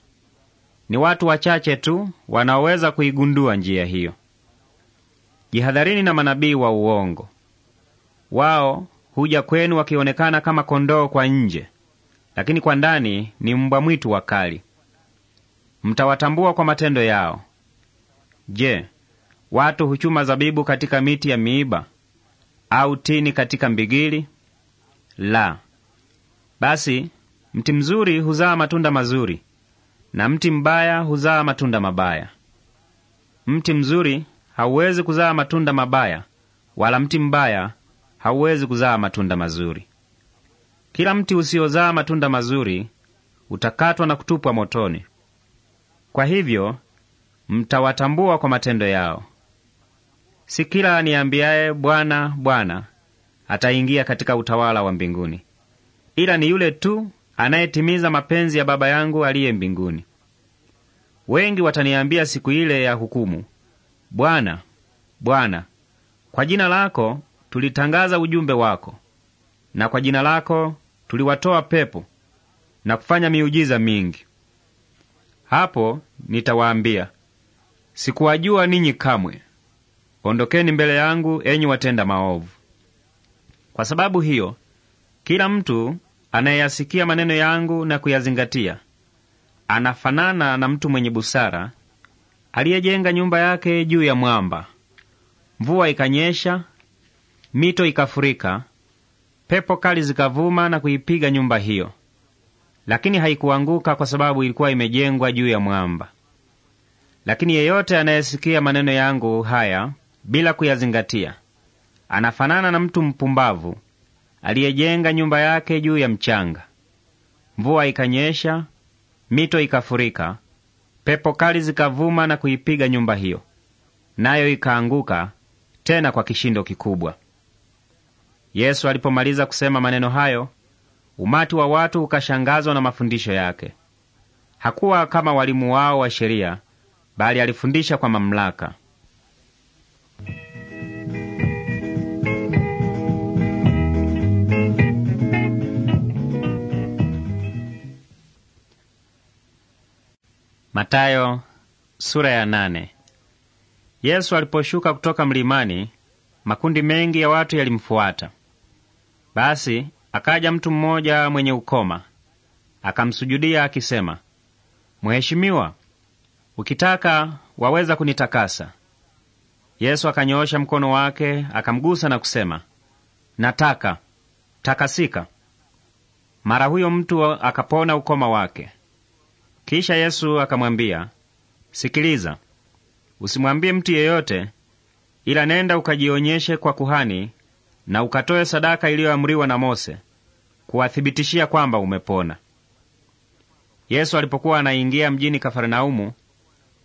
Ni watu wachache tu wanaoweza kuigundua njia hiyo. Jihadharini na manabii wa uongo. Wao huja kwenu wakionekana kama kondoo kwa nje, lakini kwa ndani ni mbwa mwitu wakali. Mtawatambua kwa matendo yao. Je, watu huchuma zabibu katika miti ya miiba au tini katika mbigili? La! Basi mti mzuri huzaa matunda mazuri na mti mbaya huzaa matunda mabaya. Mti mzuri hauwezi kuzaa matunda mabaya, wala mti mbaya hauwezi kuzaa matunda mazuri. Kila mti usiozaa matunda mazuri utakatwa na kutupwa motoni. Kwa hivyo mtawatambua kwa matendo yao. Si kila aniambiaye Bwana, Bwana ataingia katika utawala wa mbinguni, ila ni yule tu anayetimiza mapenzi ya Baba yangu aliye mbinguni. Wengi wataniambia siku ile ya hukumu, Bwana, Bwana, kwa jina lako tulitangaza ujumbe wako, na kwa jina lako tuliwatoa pepo na kufanya miujiza mingi. Hapo nitawaambia, sikuwajua ninyi kamwe, ondokeni mbele yangu, enyi watenda maovu. Kwa sababu hiyo, kila mtu anayeyasikia maneno yangu na kuyazingatia anafanana na mtu mwenye busara aliyejenga nyumba yake juu ya mwamba. Mvua ikanyesha, mito ikafurika, pepo kali zikavuma na kuipiga nyumba hiyo, lakini haikuanguka kwa sababu ilikuwa imejengwa juu ya mwamba. Lakini yeyote anayesikia maneno yangu haya bila kuyazingatia anafanana na mtu mpumbavu aliyejenga nyumba yake juu ya mchanga. Mvua ikanyesha, mito ikafurika, pepo kali zikavuma na kuipiga nyumba hiyo, nayo ikaanguka tena kwa kishindo kikubwa. Yesu alipomaliza kusema maneno hayo, umati wa watu ukashangazwa na mafundisho yake. Hakuwa kama walimu wao wa sheria, bali alifundisha kwa mamlaka. Matayo, sura ya nane. Yesu aliposhuka kutoka mlimani, makundi mengi ya watu yalimfuata. Basi akaja mtu mmoja mwenye ukoma, akamsujudia akisema, Mheshimiwa, ukitaka waweza kunitakasa. Yesu akanyoosha mkono wake akamgusa na kusema, nataka, takasika. Mara huyo mtu akapona ukoma wake. Kisha Yesu akamwambia, sikiliza, usimwambie mtu yeyote, ila nenda ukajionyeshe kwa kuhani na ukatoe sadaka iliyoamriwa na Mose kuwathibitishia kwamba umepona. Yesu alipokuwa anaingia mjini Kafarnaumu,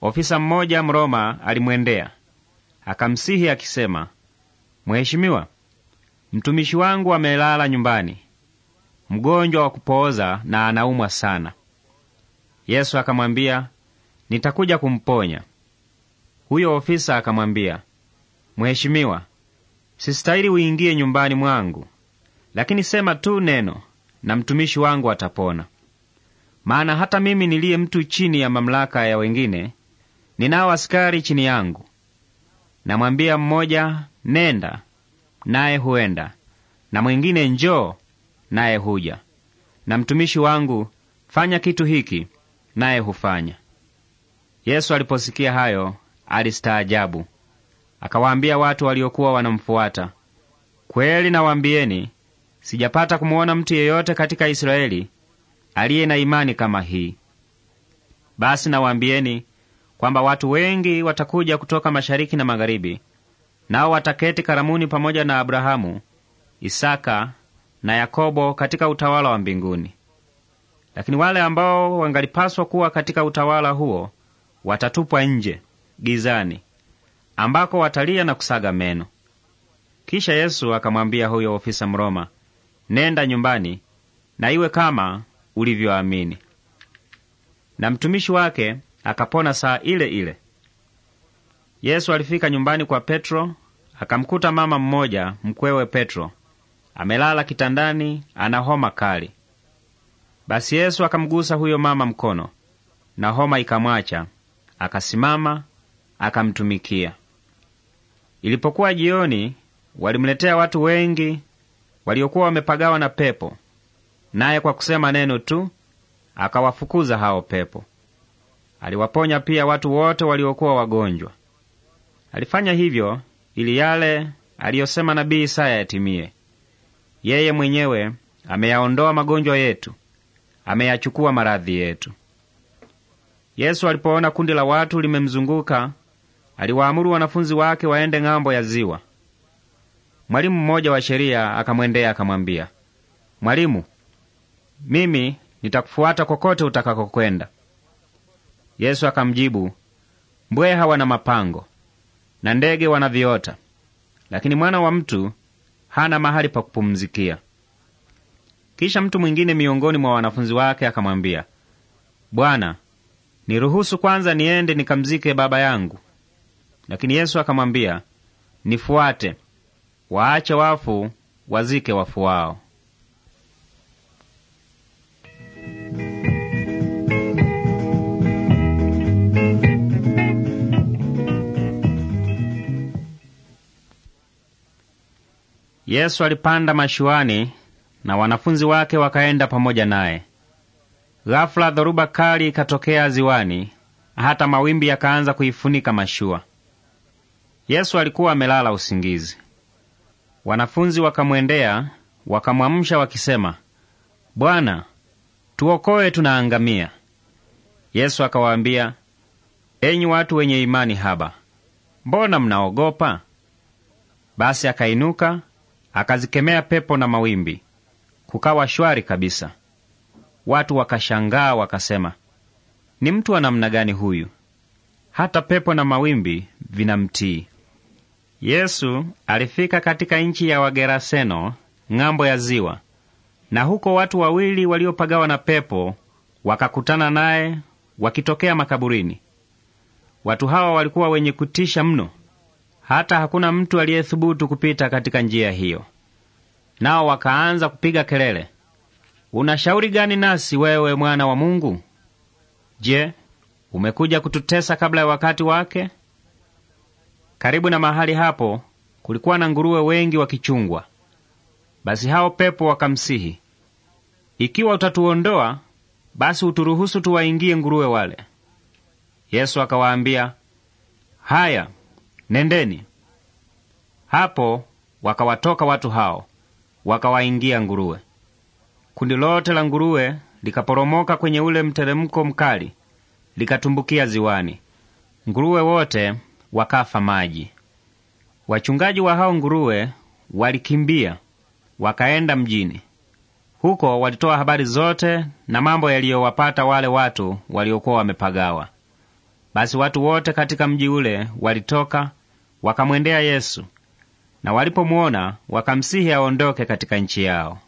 ofisa mmoja Mroma alimwendea akamsihi akisema, Mheshimiwa, mtumishi wangu amelala nyumbani, mgonjwa wa kupooza na anaumwa sana. Yesu akamwambia, nitakuja kumponya. Huyo ofisa akamwambia, Mheshimiwa, sistahili uingie nyumbani mwangu, lakini sema tu neno na mtumishi wangu atapona. Maana hata mimi niliye mtu chini ya mamlaka ya wengine, ninao askari chini yangu. Namwambia mmoja, nenda, naye huenda, na mwingine, njoo, naye huja, na mtumishi wangu, fanya kitu hiki, naye hufanya. Yesu aliposikia hayo alistaajabu akawaambia watu waliokuwa wanamfuata, kweli nawaambieni, sijapata kumuona mtu yeyote katika Israeli aliye na imani kama hii. Basi nawaambieni kwamba watu wengi watakuja kutoka mashariki na magharibi, nao wataketi karamuni pamoja na Abrahamu, Isaka na Yakobo katika utawala wa mbinguni. Lakini wale ambao wangalipaswa kuwa katika utawala huo watatupwa nje gizani, ambako watalia na kusaga meno. Kisha Yesu akamwambia huyo ofisa Mroma, nenda nyumbani na iwe kama ulivyoamini. Na mtumishi wake akapona saa ile ile. Yesu alifika nyumbani kwa Petro, akamkuta mama mmoja mkwewe Petro amelala kitandani, ana homa kali. Basi Yesu akamgusa huyo mama mkono, na homa ikamwacha, akasimama, akamtumikia. Ilipokuwa jioni, walimletea watu wengi waliokuwa wamepagawa na pepo, naye kwa kusema neno tu akawafukuza hao pepo. Aliwaponya pia watu wote waliokuwa wagonjwa. Alifanya hivyo ili yale aliyosema nabii Isaya yatimie: yeye mwenyewe ameyaondoa magonjwa yetu, ameyachukua maradhi yetu. Yesu alipoona kundi la watu limemzunguka, aliwaamuru wanafunzi wake waende ng'ambo ya ziwa. Mwalimu mmoja wa sheria akamwendea akamwambia, Mwalimu, mimi nitakufuata kokote utakakokwenda. Yesu akamjibu, mbweha wana mapango na ndege wana viota, lakini mwana wa mtu hana mahali pa kupumzikia. Kisha mtu mwingine miongoni mwa wanafunzi wake akamwambia, Bwana, niruhusu kwanza niende nikamzike baba yangu. Lakini Yesu akamwambia, nifuate, waache wafu wazike wafu wao. Yesu alipanda mashuani na wanafunzi wake wakaenda pamoja naye. Ghafula dhoruba kali ikatokea ziwani, hata mawimbi yakaanza kuifunika mashua. Yesu alikuwa amelala usingizi. Wanafunzi wakamwendea wakamwamsha wakisema, Bwana, tuokoe, tunaangamia. Yesu akawaambia, enyi watu wenye imani haba, mbona mnaogopa? Basi akainuka akazikemea pepo na mawimbi, kukawa shwari kabisa. Watu wakashangaa wakasema, ni mtu wa namna gani huyu? Hata pepo na mawimbi vinamtii. Yesu alifika katika nchi ya Wageraseno ng'ambo ya ziwa, na huko watu wawili waliopagawa na pepo wakakutana naye wakitokea makaburini. Watu hawa walikuwa wenye kutisha mno, hata hakuna mtu aliyethubutu kupita katika njia hiyo. Nao wakaanza kupiga kelele, unashauri gani nasi wewe, mwana wa Mungu? Je, umekuja kututesa kabla ya wakati wake? Karibu na mahali hapo kulikuwa na nguruwe wengi wakichungwa. Basi hao pepo wakamsihi, ikiwa utatuondoa, basi uturuhusu tuwaingie nguruwe wale. Yesu akawaambia, haya, nendeni. Hapo wakawatoka watu hao, wakawaingia nguruwe. Kundi lote la nguruwe likaporomoka kwenye ule mteremko mkali, likatumbukia ziwani. Nguruwe wote wakafa maji. Wachungaji wa hao nguruwe walikimbia wakaenda mjini. Huko walitoa habari zote na mambo yaliyowapata wale watu waliokuwa wamepagawa. Basi watu wote katika mji ule walitoka wakamwendea Yesu, na walipomuona wakamsihi aondoke katika nchi yao.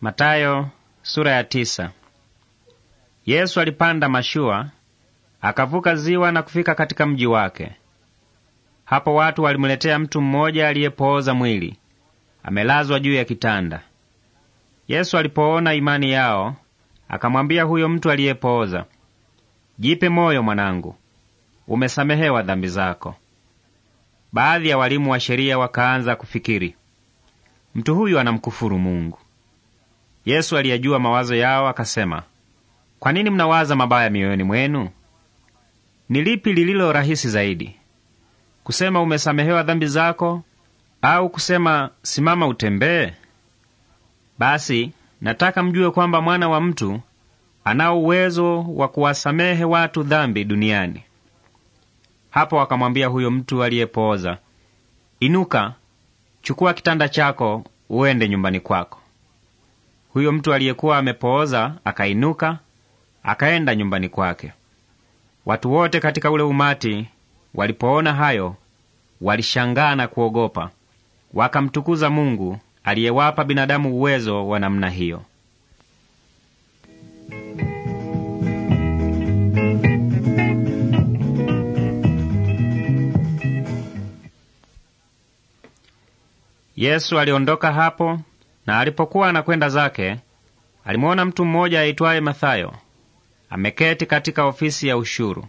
Matayo, sura ya tisa. Yesu alipanda mashua akavuka ziwa na kufika katika mji wake. Hapo watu walimletea mtu mmoja aliyepooza mwili, amelazwa juu ya kitanda. Yesu alipoona imani yao, akamwambia huyo mtu aliyepooza, jipe moyo mwanangu, umesamehewa dhambi zako. Baadhi ya walimu wa sheria wakaanza kufikiri, mtu huyu anamkufuru Mungu. Yesu aliyajua mawazo yao akasema, kwa nini mnawaza mabaya mioyoni mwenu? Ni lipi lililo rahisi zaidi, kusema umesamehewa dhambi zako, au kusema simama utembee? Basi nataka mjue kwamba mwana wa mtu anao uwezo wa kuwasamehe watu dhambi duniani. Hapo akamwambia huyo mtu aliyepooza, inuka, chukua kitanda chako uende nyumbani kwako. Huyo mtu aliyekuwa amepooza akainuka akaenda nyumbani kwake. Watu wote katika ule umati walipoona hayo walishangaa na kuogopa, wakamtukuza Mungu aliyewapa binadamu uwezo wa namna hiyo. Yesu aliondoka hapo na alipokuwa anakwenda zake, alimwona mtu mmoja aitwaye Mathayo ameketi katika ofisi ya ushuru.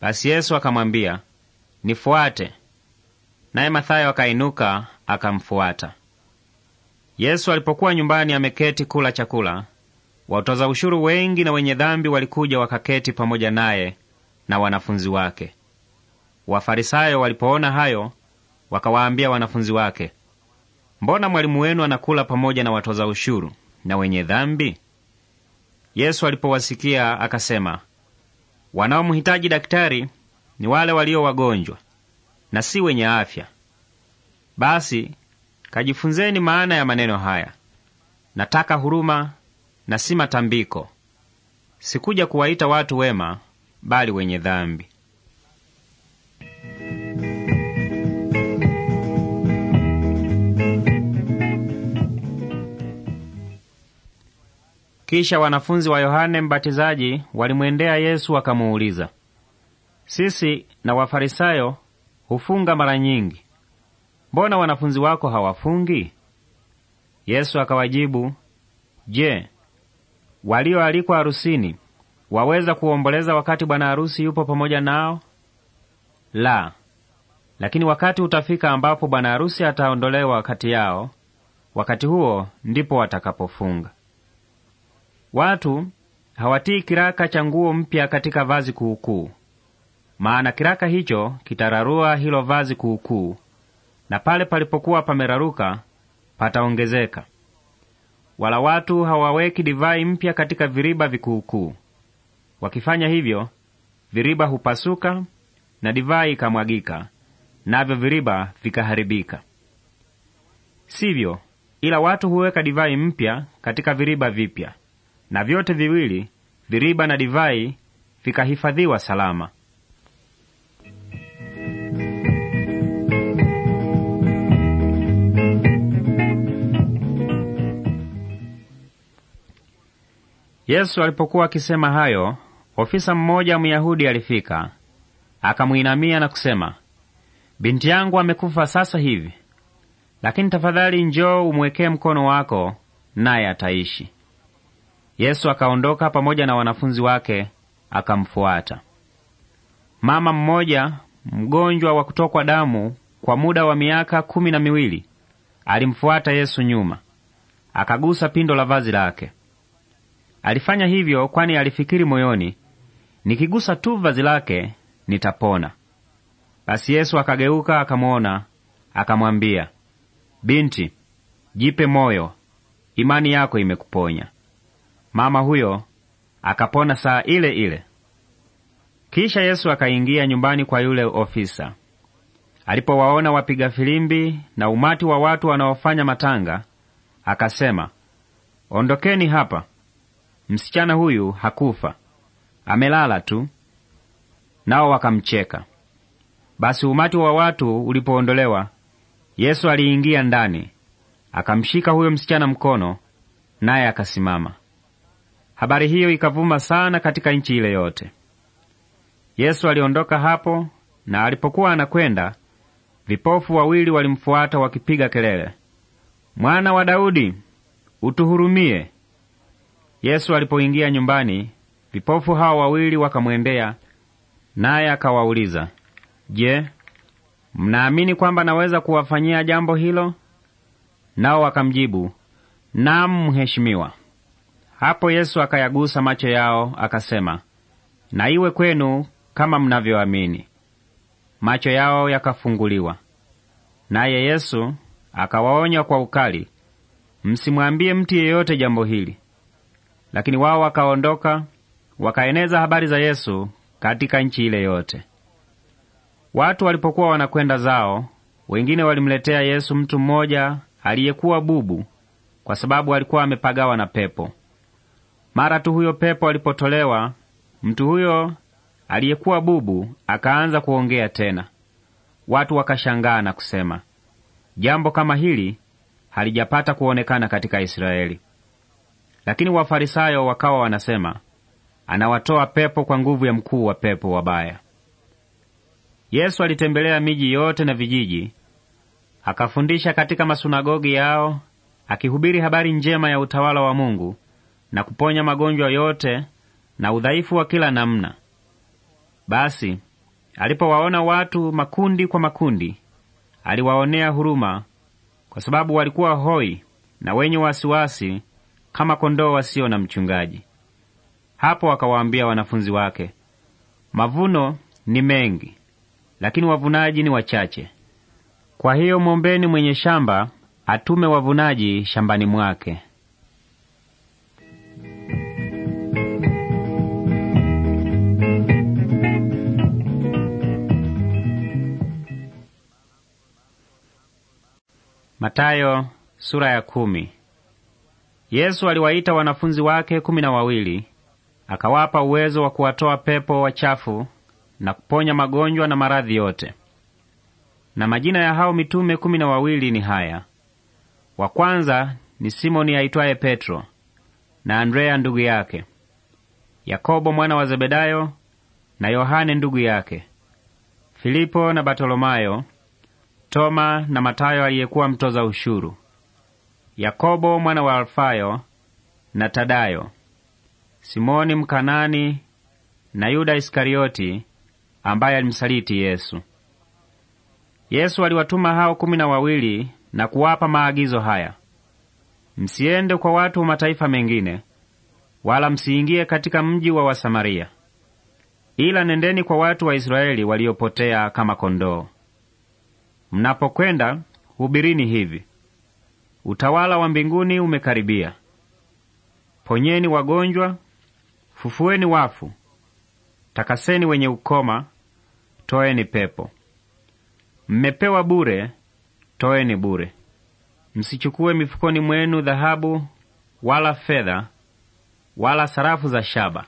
Basi Yesu akamwambia, nifuate. Naye Mathayo akainuka akamfuata. Yesu alipokuwa nyumbani ameketi kula chakula, watoza ushuru wengi na wenye dhambi walikuja wakaketi pamoja naye na wanafunzi wake. Wafarisayo walipoona hayo, wakawaambia wanafunzi wake, mbona mwalimu wenu anakula pamoja na watoza ushuru na wenye dhambi? Yesu alipowasikia akasema, wanaomhitaji daktari ni wale walio wagonjwa na si wenye afya. Basi kajifunzeni maana ya maneno haya, nataka huruma na si matambiko. Sikuja kuwaita watu wema, bali wenye dhambi. Kisha wanafunzi wa Yohane Mbatizaji walimwendea Yesu wakamuuliza, sisi na Wafarisayo hufunga mara nyingi, mbona wanafunzi wako hawafungi? Yesu akawajibu, Je, walioalikwa harusini waweza kuomboleza wakati bwana harusi yupo pamoja nao? La! Lakini wakati utafika ambapo bwana harusi ataondolewa kati yao, wakati huo ndipo watakapofunga. Watu hawatii kiraka cha nguo mpya katika vazi kuukuu, maana kiraka hicho kitararua hilo vazi kuukuu, na pale palipokuwa pameraruka pataongezeka. Wala watu hawaweki divai mpya katika viriba vikuukuu. Wakifanya hivyo, viriba hupasuka na divai ikamwagika, navyo viriba vikaharibika. Sivyo, ila watu huweka divai mpya katika viriba vipya na vyote viwili, viriba na divai, vikahifadhiwa salama. Yesu alipokuwa akisema hayo, ofisa mmoja Myahudi alifika akamwinamia na kusema, binti yangu amekufa sasa hivi, lakini tafadhali njoo umwekee mkono wako, naye ataishi. Yesu akaondoka pamoja na wanafunzi wake akamfuata. Mama mmoja mgonjwa wa kutokwa damu kwa muda wa miaka kumi na miwili alimfuata Yesu nyuma, akagusa pindo la vazi lake. Alifanya hivyo kwani alifikiri moyoni, nikigusa tu vazi lake nitapona. Basi Yesu akageuka akamwona, akamwambia, binti, jipe moyo, imani yako imekuponya mama huyo akapona saa ile ile. Kisha Yesu akaingia nyumbani kwa yule ofisa. Alipowaona wapiga filimbi na umati wa watu wanaofanya matanga, akasema, ondokeni hapa, msichana huyu hakufa, amelala tu. Nao wakamcheka. Basi umati wa watu ulipoondolewa, Yesu aliingia ndani, akamshika huyo msichana mkono, naye akasimama. Habari hiyo ikavuma sana katika nchi ile yote. Yesu aliondoka hapo, na alipokuwa anakwenda, vipofu wawili walimfuata wakipiga kelele, mwana wa Daudi, utuhurumie. Yesu alipoingia nyumbani, vipofu hao wawili wakamwendea, naye akawauliza, Je, mnaamini kwamba naweza kuwafanyia jambo hilo? Nao wakamjibu, namu mheshimiwa. Hapo Yesu akayagusa macho yao akasema, na iwe kwenu kama mnavyoamini. Macho yao yakafunguliwa. Naye Yesu akawaonya kwa ukali, msimwambie mtu yeyote jambo hili. Lakini wao wakaondoka wakaeneza habari za Yesu katika nchi ile yote. Watu walipokuwa wanakwenda zao, wengine walimletea Yesu mtu mmoja aliyekuwa bubu, kwa sababu alikuwa amepagawa na pepo. Mara tu huyo pepo alipotolewa, mtu huyo aliyekuwa bubu akaanza kuongea tena. Watu wakashangaa na kusema, jambo kama hili halijapata kuonekana katika Israeli. Lakini Wafarisayo wakawa wanasema, anawatoa pepo kwa nguvu ya mkuu wa pepo wabaya. Yesu alitembelea miji yote na vijiji, akafundisha katika masunagogi yao, akihubiri habari njema ya utawala wa Mungu na kuponya magonjwa yote na udhaifu wa kila namna. Basi alipowaona watu makundi kwa makundi, aliwaonea huruma, kwa sababu walikuwa hoi na wenye wasiwasi kama kondoo wasio na mchungaji. Hapo akawaambia wanafunzi wake, mavuno ni mengi, lakini wavunaji ni wachache. Kwa hiyo mwombeni mwenye shamba atume wavunaji shambani mwake. Matayo sura ya kumi. Yesu aliwaita wanafunzi wake kumi na wawili akawapa uwezo wa kuwatoa pepo wachafu na kuponya magonjwa na maradhi yote. Na majina ya hao mitume kumi na wawili ni haya: wa kwanza ni Simoni aitwaye Petro na Andrea ndugu yake, Yakobo mwana wa Zebedayo na Yohane ndugu yake, Filipo na Bartolomayo, Toma na Matayo aliyekuwa mtoza ushuru, Yakobo mwana wa Alfayo na Tadayo, Simoni Mkanani na Yuda Iskarioti ambaye alimsaliti Yesu. Yesu aliwatuma hao kumi na wawili na kuwapa maagizo haya: msiende kwa watu wa mataifa mengine, wala msiingie katika mji wa Wasamaria, ila nendeni kwa watu wa Israeli waliopotea kama kondoo. Mnapokwenda hubirini hivi: utawala wa mbinguni umekaribia. Ponyeni wagonjwa, fufueni wafu, takaseni wenye ukoma, toeni pepo. Mmepewa bure, toeni bure. Msichukue mifukoni mwenu dhahabu wala fedha wala sarafu za shaba.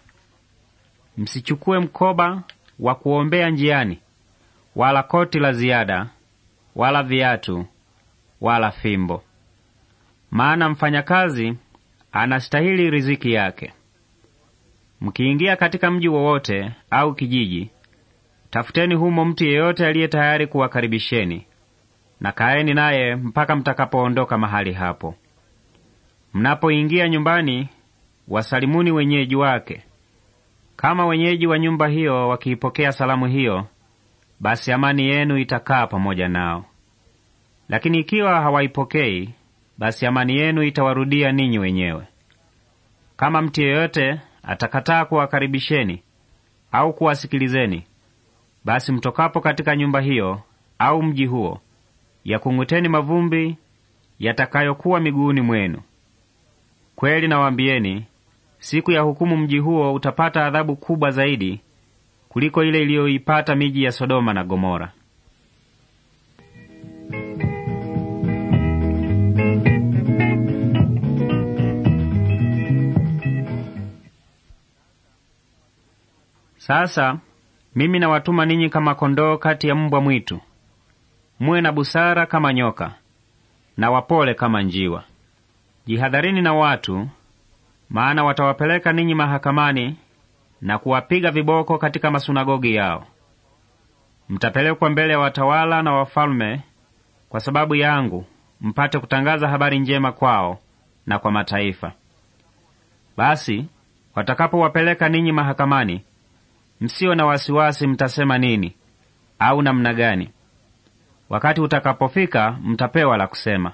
Msichukue mkoba wa kuombea njiani wala koti la ziada wala viatu wala fimbo, maana mfanyakazi anastahili riziki yake. Mkiingia katika mji wowote au kijiji, tafuteni humo mtu yeyote aliye tayari kuwakaribisheni, na kaeni naye mpaka mtakapoondoka mahali hapo. Mnapoingia nyumbani, wasalimuni wenyeji wake. Kama wenyeji wa nyumba hiyo wakiipokea salamu hiyo, basi amani yenu itakaa pamoja nao. Lakini ikiwa hawaipokei, basi amani yenu itawarudia ninyi wenyewe. Kama mtu yeyote atakataa kuwakaribisheni au kuwasikilizeni, basi mtokapo katika nyumba hiyo au mji huo, yakung'uteni mavumbi yatakayokuwa miguuni mwenu. Kweli nawaambieni, siku ya hukumu mji huo utapata adhabu kubwa zaidi kuliko ile iliyoipata miji ya Sodoma na Gomora. Sasa mimi nawatuma ninyi kama kondoo kati ya mbwa mwitu. Muwe na busara kama nyoka na wapole kama njiwa. Jihadharini na watu, maana watawapeleka ninyi mahakamani na kuwapiga viboko katika masunagogi yao. Mtapelekwa mbele ya watawala na wafalme kwa sababu yangu, mpate kutangaza habari njema kwao na kwa mataifa. Basi watakapowapeleka ninyi mahakamani, msiwe na wasiwasi mtasema nini au namna gani. Wakati utakapofika, mtapewa la kusema,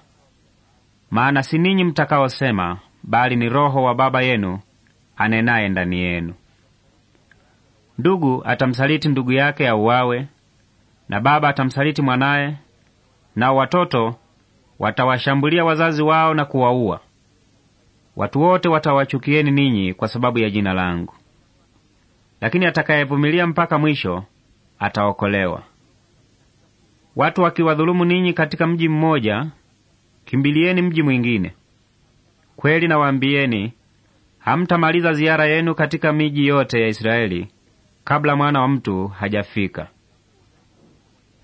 maana si ninyi mtakaosema, bali ni Roho wa Baba yenu anenaye ndani yenu. Ndugu atamsaliti ndugu yake auawe, na baba atamsaliti mwanaye, nao watoto watawashambulia wazazi wao na kuwaua. Watu wote watawachukieni ninyi kwa sababu ya jina langu, lakini atakayevumilia mpaka mwisho ataokolewa. Watu wakiwadhulumu ninyi katika mji mmoja, kimbilieni mji mwingine. Kweli nawaambieni, hamtamaliza ziara yenu katika miji yote ya Israeli kabla mwana wa mtu hajafika.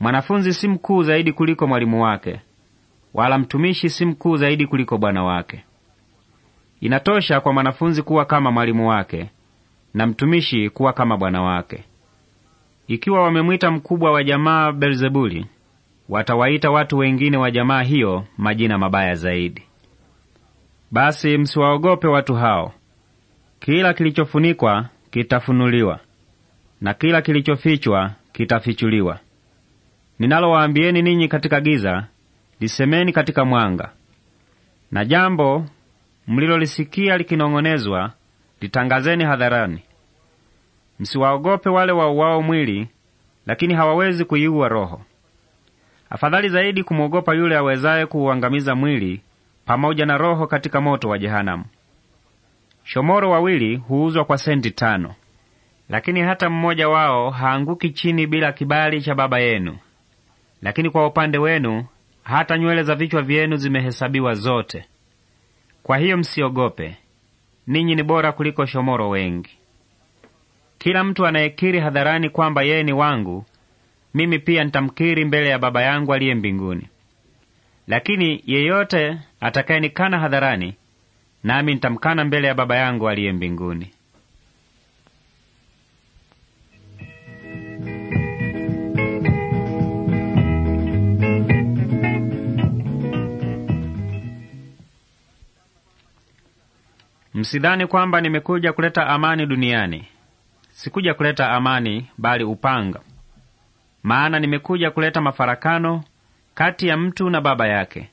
Mwanafunzi si mkuu zaidi kuliko mwalimu wake, wala mtumishi si mkuu zaidi kuliko bwana wake. Inatosha kwa mwanafunzi kuwa kama mwalimu wake na mtumishi kuwa kama bwana wake. Ikiwa wamemwita mkubwa wa jamaa Belzebuli, watawaita watu wengine wa jamaa hiyo majina mabaya zaidi. Basi msiwaogope watu hao, kila kilichofunikwa kitafunuliwa, na kila kilichofichwa kitafichuliwa. Ninalowaambieni ninyi katika giza, lisemeni katika mwanga, na jambo mlilolisikia likinong'onezwa, litangazeni hadharani. Msiwaogope wale wauwao mwili, lakini hawawezi kuiua roho. Afadhali zaidi kumwogopa yule awezaye kuuangamiza mwili pamoja na roho katika moto wa jehanamu. Shomoro wawili huuzwa kwa senti tano lakini hata mmoja wao haanguki chini bila kibali cha Baba yenu. Lakini kwa upande wenu hata nywele za vichwa vyenu zimehesabiwa zote. Kwa hiyo msiogope, ninyi ni bora kuliko shomoro wengi. Kila mtu anayekiri hadharani kwamba yeye ni wangu, mimi pia nitamkiri mbele ya Baba yangu aliye mbinguni. Lakini yeyote atakayenikana hadharani, nami nitamkana mbele ya Baba yangu aliye mbinguni. Msidhani kwamba nimekuja kuleta amani duniani. Sikuja kuleta amani, bali upanga. Maana nimekuja kuleta mafarakano kati ya mtu na baba yake,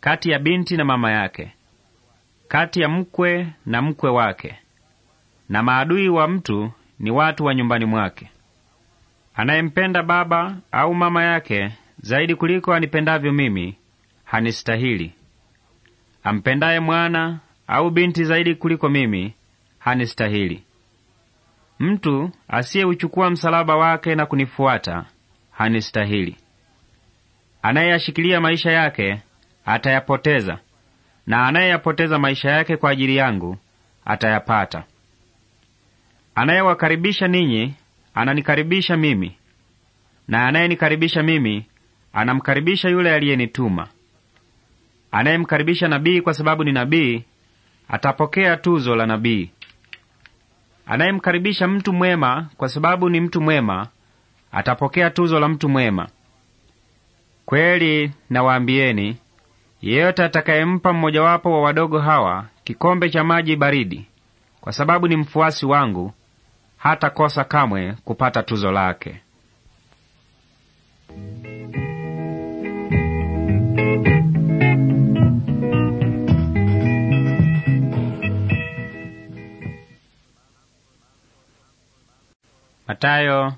kati ya binti na mama yake, kati ya mkwe na mkwe wake, na maadui wa mtu ni watu wa nyumbani mwake. Anayempenda baba au mama yake zaidi kuliko anipendavyo mimi hanistahili. Ampendaye mwana au binti zaidi kuliko mimi hanistahili. Mtu asiyeuchukua msalaba wake na kunifuata hanistahili. Anayeyashikilia maisha yake atayapoteza, na anayeyapoteza maisha yake kwa ajili yangu atayapata. Anayewakaribisha ninyi ananikaribisha mimi, na anayenikaribisha mimi anamkaribisha yule aliyenituma. Anayemkaribisha nabii kwa sababu ni nabii atapokea tuzo la nabii. Anayemkaribisha mtu mwema kwa sababu ni mtu mwema atapokea tuzo la mtu mwema. Kweli nawaambieni, yeyote atakayempa mmojawapo wa wadogo hawa kikombe cha maji baridi kwa sababu ni mfuasi wangu hatakosa kamwe kupata tuzo lake. Matayo,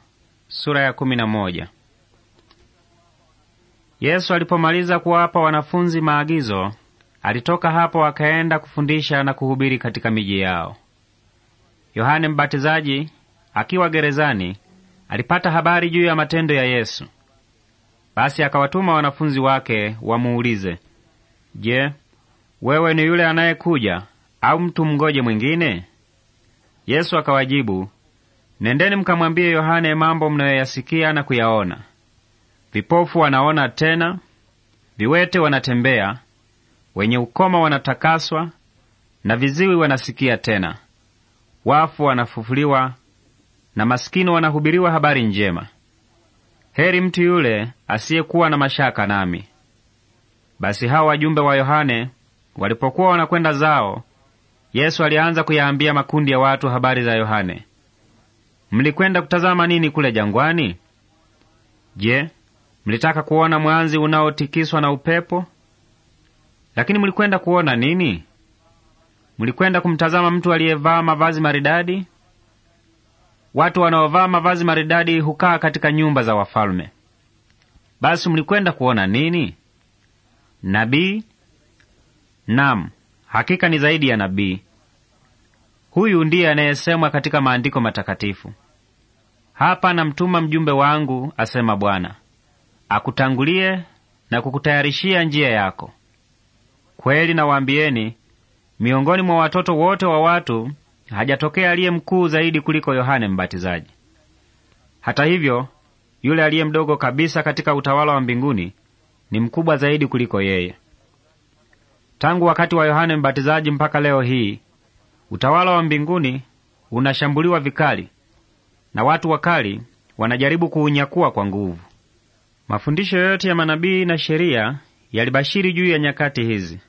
sura ya kumi na moja. Yesu alipomaliza kuwapa wanafunzi maagizo, alitoka hapo akaenda kufundisha na kuhubiri katika miji yao. Yohane Mbatizaji akiwa gerezani alipata habari juu ya matendo ya Yesu. Basi akawatuma wanafunzi wake wamuulize, Je, wewe ni yule anayekuja au mtu mngoje mwingine? Yesu akawajibu, Nendeni mkamwambie Yohane mambo mnayoyasikia na kuyaona: vipofu wanaona tena, viwete wanatembea, wenye ukoma wanatakaswa, na viziwi wanasikia tena, wafu wanafufuliwa, na masikini wanahubiriwa habari njema. Heri mtu yule asiyekuwa na mashaka nami. Basi hao wajumbe wa Yohane walipokuwa wanakwenda zao, Yesu alianza kuyaambia makundi ya watu habari za Yohane mlikwenda kutazama nini kule jangwani? Je, mlitaka kuona mwanzi unaotikiswa na upepo? Lakini mlikwenda kuona nini? Mlikwenda kumtazama mtu aliyevaa mavazi maridadi? Watu wanaovaa mavazi maridadi hukaa katika nyumba za wafalme. Basi mlikwenda kuona nini? Nabii? nam hakika ni zaidi ya nabii. Huyu ndiye anayesemwa katika maandiko matakatifu, hapa namtuma mjumbe wangu, asema Bwana, akutangulie na kukutayarishia njia yako. Kweli nawaambieni, miongoni mwa watoto wote wa watu hajatokea aliye mkuu zaidi kuliko Yohane Mbatizaji. Hata hivyo, yule aliye mdogo kabisa katika utawala wa mbinguni ni mkubwa zaidi kuliko yeye. Tangu wakati wa Yohane Mbatizaji mpaka leo hii Utawala wa mbinguni unashambuliwa vikali na watu wakali wanajaribu kuunyakua kwa nguvu. Mafundisho yote ya manabii na sheria yalibashiri juu ya nyakati hizi.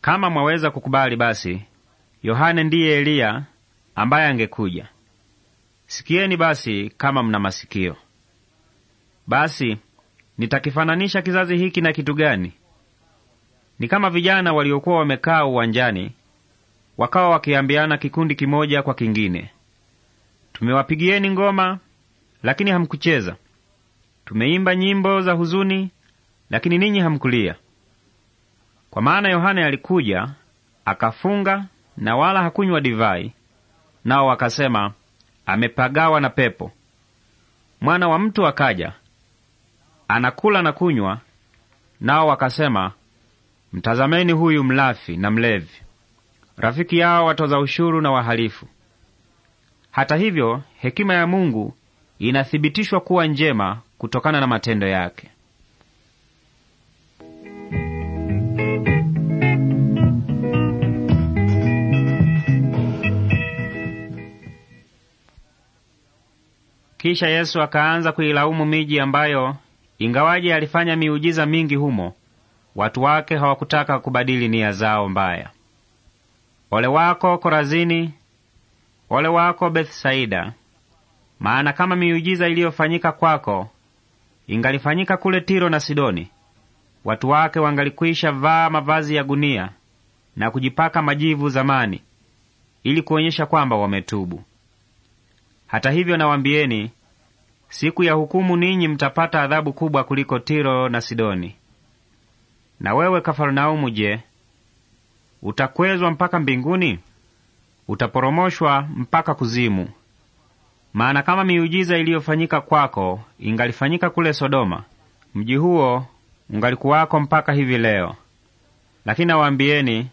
Kama mwaweza kukubali, basi Yohane ndiye Eliya ambaye angekuja. Sikieni basi kama mna masikio. Basi nitakifananisha kizazi hiki na kitu gani? Ni kama vijana waliokuwa wamekaa uwanjani wakawa wakiambiana kikundi kimoja kwa kingine, tumewapigieni ngoma lakini hamkucheza, tumeimba nyimbo za huzuni lakini ninyi hamkulia. Kwa maana Yohane alikuja akafunga na wala hakunywa divai, nao wakasema amepagawa na pepo. Mwana wa mtu akaja anakula na kunywa, nao wakasema mtazameni, huyu mlafi na mlevi, rafiki yao watoza ushuru na wahalifu. Hata hivyo, hekima ya Mungu inathibitishwa kuwa njema kutokana na matendo yake. Kisha Yesu akaanza kuilaumu miji ambayo ingawaje alifanya miujiza mingi humo, watu wake hawakutaka kubadili nia zao mbaya. Ole wako Korazini! Ole wako Bethsaida! Maana kama miujiza iliyofanyika kwako ingalifanyika kule Tiro na Sidoni, watu wake wangalikwisha vaa mavazi ya gunia na kujipaka majivu zamani, ili kuonyesha kwamba wametubu. Hata hivyo, nawambieni, siku ya hukumu ninyi mtapata adhabu kubwa kuliko Tiro na Sidoni. Na wewe Kafarnaumu, je, Utakwezwa mpaka mbinguni, utaporomoshwa mpaka kuzimu. Maana kama miujiza iliyofanyika kwako ingalifanyika kule Sodoma, mji huo ungalikuwako mpaka hivi leo. Lakini nawaambieni,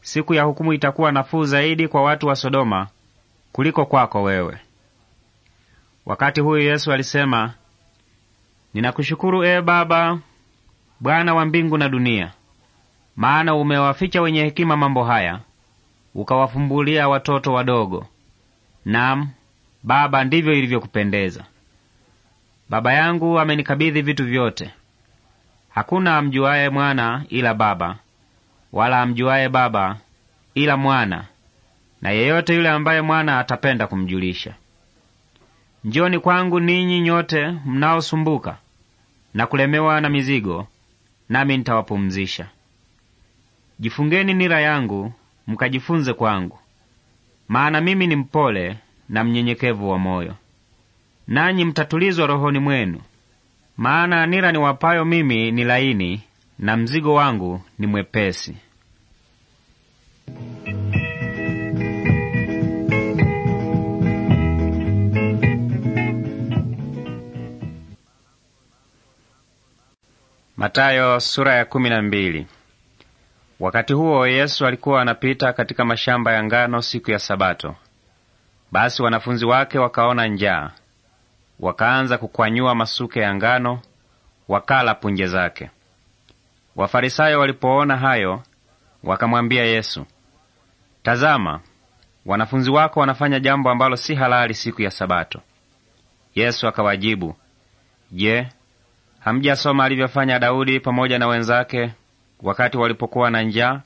siku ya hukumu itakuwa nafuu zaidi kwa watu wa Sodoma kuliko kwako wewe. Wakati huyu Yesu alisema, ninakushukuru, ee Baba, Bwana wa mbingu na dunia maana umewaficha wenye hekima mambo haya, ukawafumbulia watoto wadogo. Naam Baba, ndivyo ilivyokupendeza. Baba yangu amenikabidhi vitu vyote. Hakuna amjuaye mwana ila Baba, wala amjuaye Baba ila mwana na yeyote yule ambaye mwana atapenda kumjulisha. Njoni kwangu ninyi nyote mnaosumbuka na kulemewa na mizigo, nami nitawapumzisha. Jifungeni nira yangu, mkajifunze kwangu, maana mimi ni mpole na mnyenyekevu wa moyo, nanyi mtatulizwa rohoni mwenu. Maana nira niwapayo mimi ni laini na mzigo wangu ni mwepesi. Matayo sura ya kumi na mbili. Wakati huo Yesu alikuwa anapita katika mashamba ya ngano siku ya Sabato. Basi wanafunzi wake wakaona njaa, wakaanza kukwanyua masuke ya ngano, wakala punje zake. Wafarisayo walipoona hayo, wakamwambia Yesu, tazama, wanafunzi wako wanafanya jambo ambalo si halali siku ya Sabato. Yesu akawajibu, Je, hamjasoma alivyofanya Daudi pamoja na wenzake wakati walipokuwa na njaa?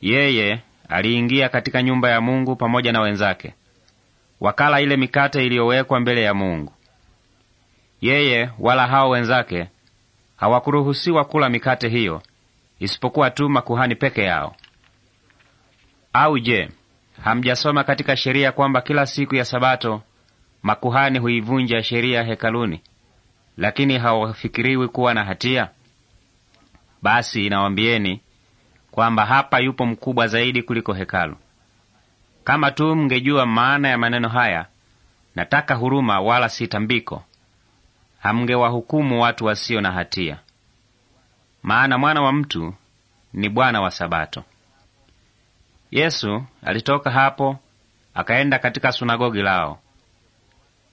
Yeye aliingia katika nyumba ya Mungu pamoja na wenzake, wakala ile mikate iliyowekwa mbele ya Mungu. Yeye wala hao wenzake hawakuruhusiwa kula mikate hiyo, isipokuwa tu makuhani peke yao. Au je, hamjasoma katika sheria kwamba kila siku ya Sabato makuhani huivunja sheria hekaluni, lakini hawafikiriwi kuwa na hatia? Basi inawambieni kwamba hapa yupo mkubwa zaidi kuliko hekalu. Kama tu mngejua maana ya maneno haya, nataka huruma wala si tambiko, hamngewahukumu watu wasio na hatia, maana mwana wa mtu ni Bwana wa Sabato. Yesu alitoka hapo akaenda katika sunagogi lao.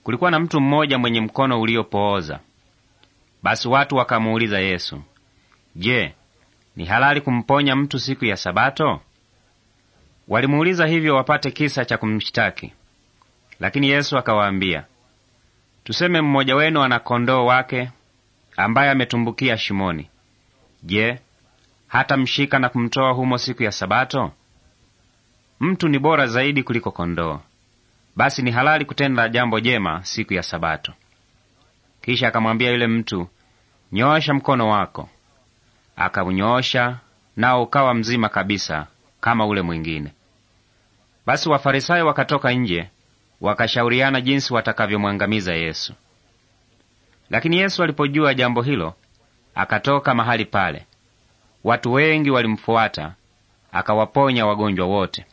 Kulikuwa na mtu mmoja mwenye mkono uliopooza. Basi watu wakamuuliza Yesu, Je, ni halali kumponya mtu siku ya Sabato? Walimuuliza hivyo wapate kisa cha kumshtaki. Lakini Yesu akawaambia, tuseme mmoja wenu ana kondoo wake ambaye ametumbukia shimoni. Je, hata mshika na kumtoa humo siku ya Sabato? Mtu ni bora zaidi kuliko kondoo. Basi ni halali kutenda jambo jema siku ya Sabato. Kisha akamwambia yule mtu, nyoosha mkono wako akaunyoosha, nao ukawa mzima kabisa kama ule mwingine. Basi Wafarisayo wakatoka nje, wakashauriana jinsi watakavyomwangamiza Yesu. Lakini Yesu alipojua jambo hilo, akatoka mahali pale. Watu wengi walimfuata, akawaponya wagonjwa wote,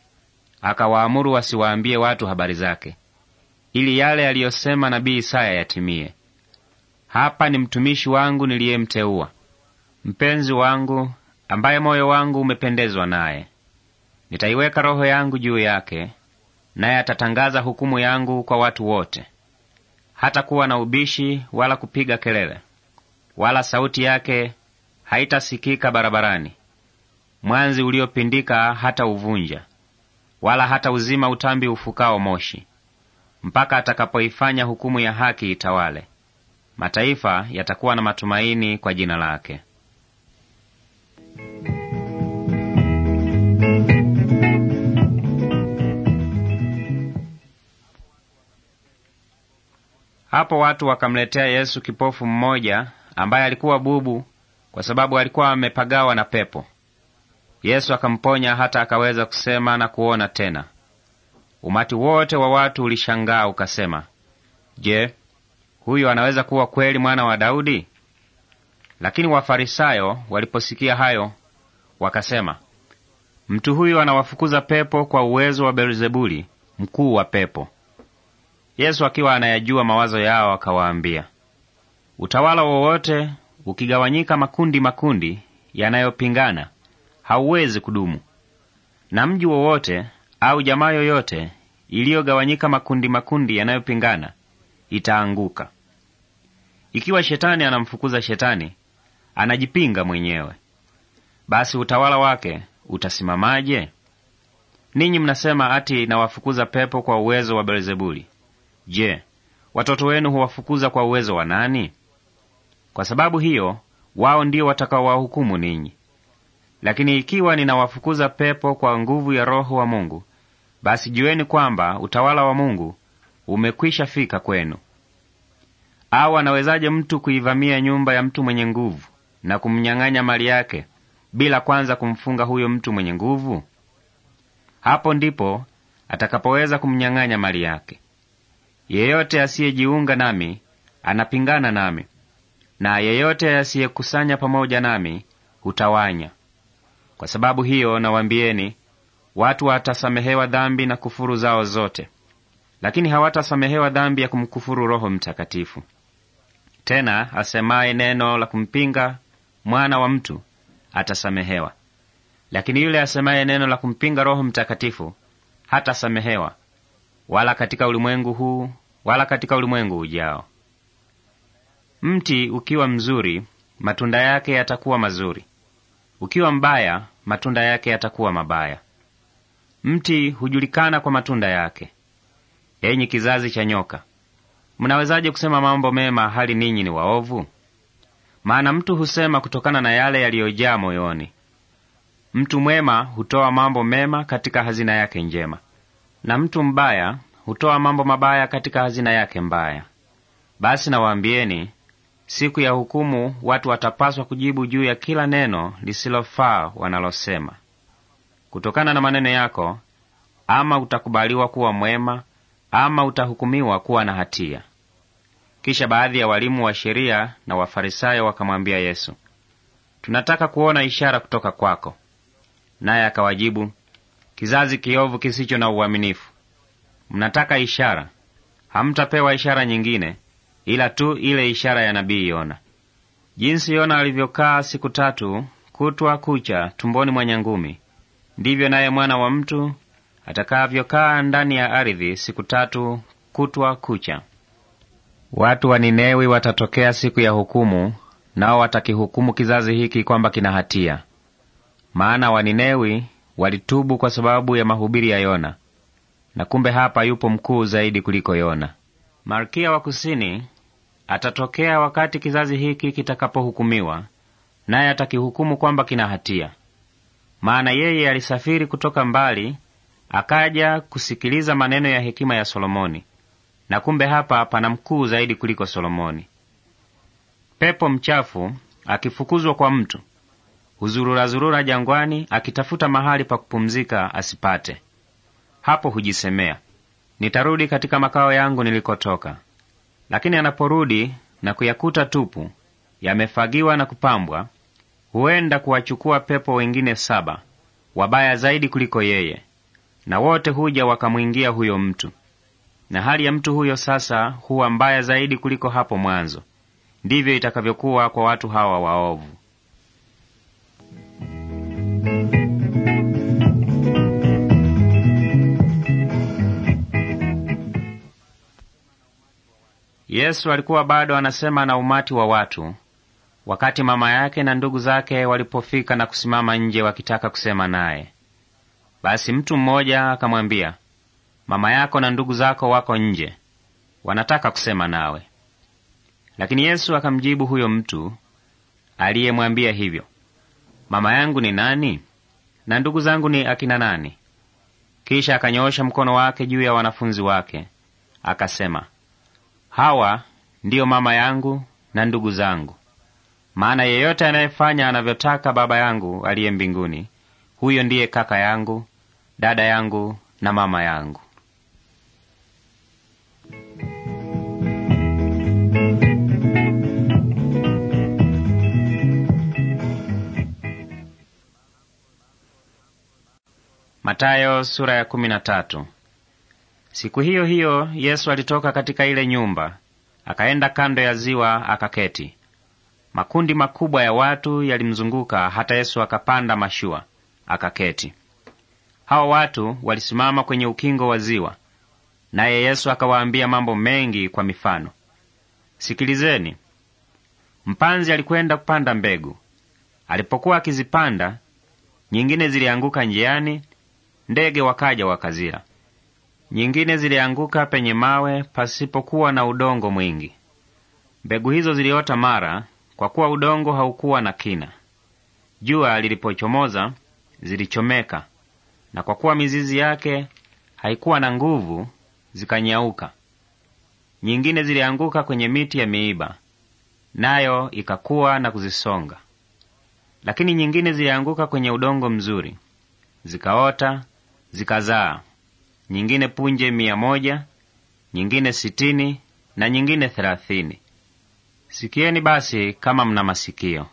akawaamuru wasiwaambie watu habari zake, ili yale aliyosema nabii Isaya yatimie: hapa ni mtumishi wangu niliyemteua, mpenzi wangu ambaye moyo wangu umependezwa naye. Nitaiweka roho yangu juu yake, naye atatangaza hukumu yangu kwa watu wote. Hatakuwa na ubishi wala kupiga kelele, wala sauti yake haitasikika barabarani. Mwanzi uliopindika hata uvunja, wala hata uzima utambi ufukao moshi, mpaka atakapoifanya hukumu ya haki itawale. Mataifa yatakuwa na matumaini kwa jina lake. Hapo watu wakamletea Yesu kipofu mmoja ambaye alikuwa bubu, kwa sababu alikuwa amepagawa na pepo. Yesu akamponya hata akaweza kusema na kuona tena. Umati wote wa watu ulishangaa ukasema, Je, huyu anaweza kuwa kweli mwana wa Daudi? Lakini Wafarisayo waliposikia hayo wakasema, mtu huyu anawafukuza pepo kwa uwezo wa Beelzebuli, mkuu wa pepo. Yesu akiwa anayajua mawazo yao akawaambia, utawala wowote ukigawanyika makundi makundi yanayopingana hauwezi kudumu, na mji wowote au jamaa yoyote iliyogawanyika makundi makundi yanayopingana itaanguka. Ikiwa shetani anamfukuza shetani, anajipinga mwenyewe. Basi utawala wake utasimamaje? Ninyi mnasema ati nawafukuza pepo kwa uwezo wa Belzebuli. Je, watoto wenu huwafukuza kwa uwezo wa nani? Kwa sababu hiyo wao ndio watakaowahukumu ninyi. Lakini ikiwa ninawafukuza pepo kwa nguvu ya Roho wa Mungu, basi jueni kwamba utawala wa Mungu umekwisha fika kwenu. Au anawezaje mtu kuivamia nyumba ya mtu mwenye nguvu na kumnyang'anya mali yake bila kwanza kumfunga huyo mtu mwenye nguvu? Hapo ndipo atakapoweza kumnyang'anya mali yake. Yeyote asiyejiunga nami anapingana nami, na yeyote asiyekusanya pamoja nami hutawanya. Kwa sababu hiyo, nawambieni, watu watasamehewa dhambi na kufuru zao zote, lakini hawatasamehewa dhambi ya kumkufuru Roho Mtakatifu, tena asemaye neno la kumpinga mwana wa mtu atasamehewa. Lakini yule asemaye neno la kumpinga Roho Mtakatifu hatasamehewa, wala katika ulimwengu huu wala katika ulimwengu ujao. Mti ukiwa mzuri, matunda yake yatakuwa mazuri; ukiwa mbaya, matunda yake yatakuwa mabaya. Mti hujulikana kwa matunda yake. Enyi kizazi cha nyoka, mnawezaje kusema mambo mema hali ninyi ni waovu? maana mtu husema kutokana na yale yaliyojaa moyoni. Mtu mwema hutoa mambo mema katika hazina yake njema, na mtu mbaya hutoa mambo mabaya katika hazina yake mbaya. Basi nawaambieni, siku ya hukumu watu watapaswa kujibu juu ya kila neno lisilofaa wanalosema. Kutokana na maneno yako, ama utakubaliwa kuwa mwema, ama utahukumiwa kuwa na hatia. Kisha baadhi ya walimu wa sheria na Wafarisayo wakamwambia Yesu, tunataka kuona ishara kutoka kwako. Naye akawajibu, kizazi kiovu kisicho na uaminifu, mnataka ishara. Hamtapewa ishara nyingine ila tu ile ishara ya nabii Yona. Jinsi Yona alivyokaa siku tatu kutwa kucha tumboni mwa nyangumi, ndivyo naye Mwana wa Mtu atakavyokaa ndani ya ardhi siku tatu kutwa kucha. Watu wa Ninewi watatokea siku ya hukumu, nao watakihukumu kizazi hiki kwamba kina hatia, maana Waninewi walitubu kwa sababu ya mahubiri ya Yona, na kumbe hapa yupo mkuu zaidi kuliko Yona. Malkia wa Kusini atatokea wakati kizazi hiki kitakapohukumiwa, naye atakihukumu kwamba kina hatia, maana yeye alisafiri kutoka mbali akaja kusikiliza maneno ya hekima ya Solomoni na kumbe hapa pana mkuu zaidi kuliko Solomoni. Pepo mchafu akifukuzwa kwa mtu huzururazurura jangwani, akitafuta mahali pa kupumzika asipate. Hapo hujisemea, nitarudi katika makao yangu nilikotoka. Lakini anaporudi na kuyakuta tupu, yamefagiwa na kupambwa, huenda kuwachukua pepo wengine saba wabaya zaidi kuliko yeye, na wote huja wakamwingia huyo mtu na hali ya mtu huyo sasa huwa mbaya zaidi kuliko hapo mwanzo. Ndivyo itakavyokuwa kwa watu hawa waovu. Yesu alikuwa bado anasema na umati wa watu wakati mama yake na ndugu zake walipofika na kusimama nje wakitaka kusema naye. Basi mtu mmoja akamwambia, mama yako na ndugu zako wako nje, wanataka kusema nawe. Lakini Yesu akamjibu huyo mtu aliyemwambia hivyo, mama yangu ni nani na ndugu zangu ni akina nani? Kisha akanyoosha mkono wake juu ya wanafunzi wake akasema, hawa ndiyo mama yangu na ndugu zangu, maana yeyote anayefanya anavyotaka Baba yangu aliye mbinguni, huyo ndiye kaka yangu, dada yangu na mama yangu. Matayo sura ya kumi na tatu. Siku hiyo hiyo Yesu alitoka katika ile nyumba akaenda kando ya ziwa akaketi. Makundi makubwa ya watu yalimzunguka, hata Yesu akapanda mashua akaketi. Hawa watu walisimama kwenye ukingo wa ziwa, naye Yesu akawaambia mambo mengi kwa mifano. Sikilizeni. Mpanzi alikwenda kupanda mbegu. Alipokuwa akizipanda, nyingine zilianguka njiani, ndege wakaja wakazila. Nyingine zilianguka penye mawe pasipokuwa na udongo mwingi. Mbegu hizo ziliota mara, kwa kuwa udongo haukuwa na kina. Jua lilipochomoza zilichomeka, na kwa kuwa mizizi yake haikuwa na nguvu, zikanyauka. Nyingine zilianguka kwenye miti ya miiba, nayo ikakuwa na kuzisonga. Lakini nyingine zilianguka kwenye udongo mzuri, zikaota zikazaa, nyingine punje mia moja, nyingine sitini na nyingine thelathini. Sikieni basi kama mna masikio.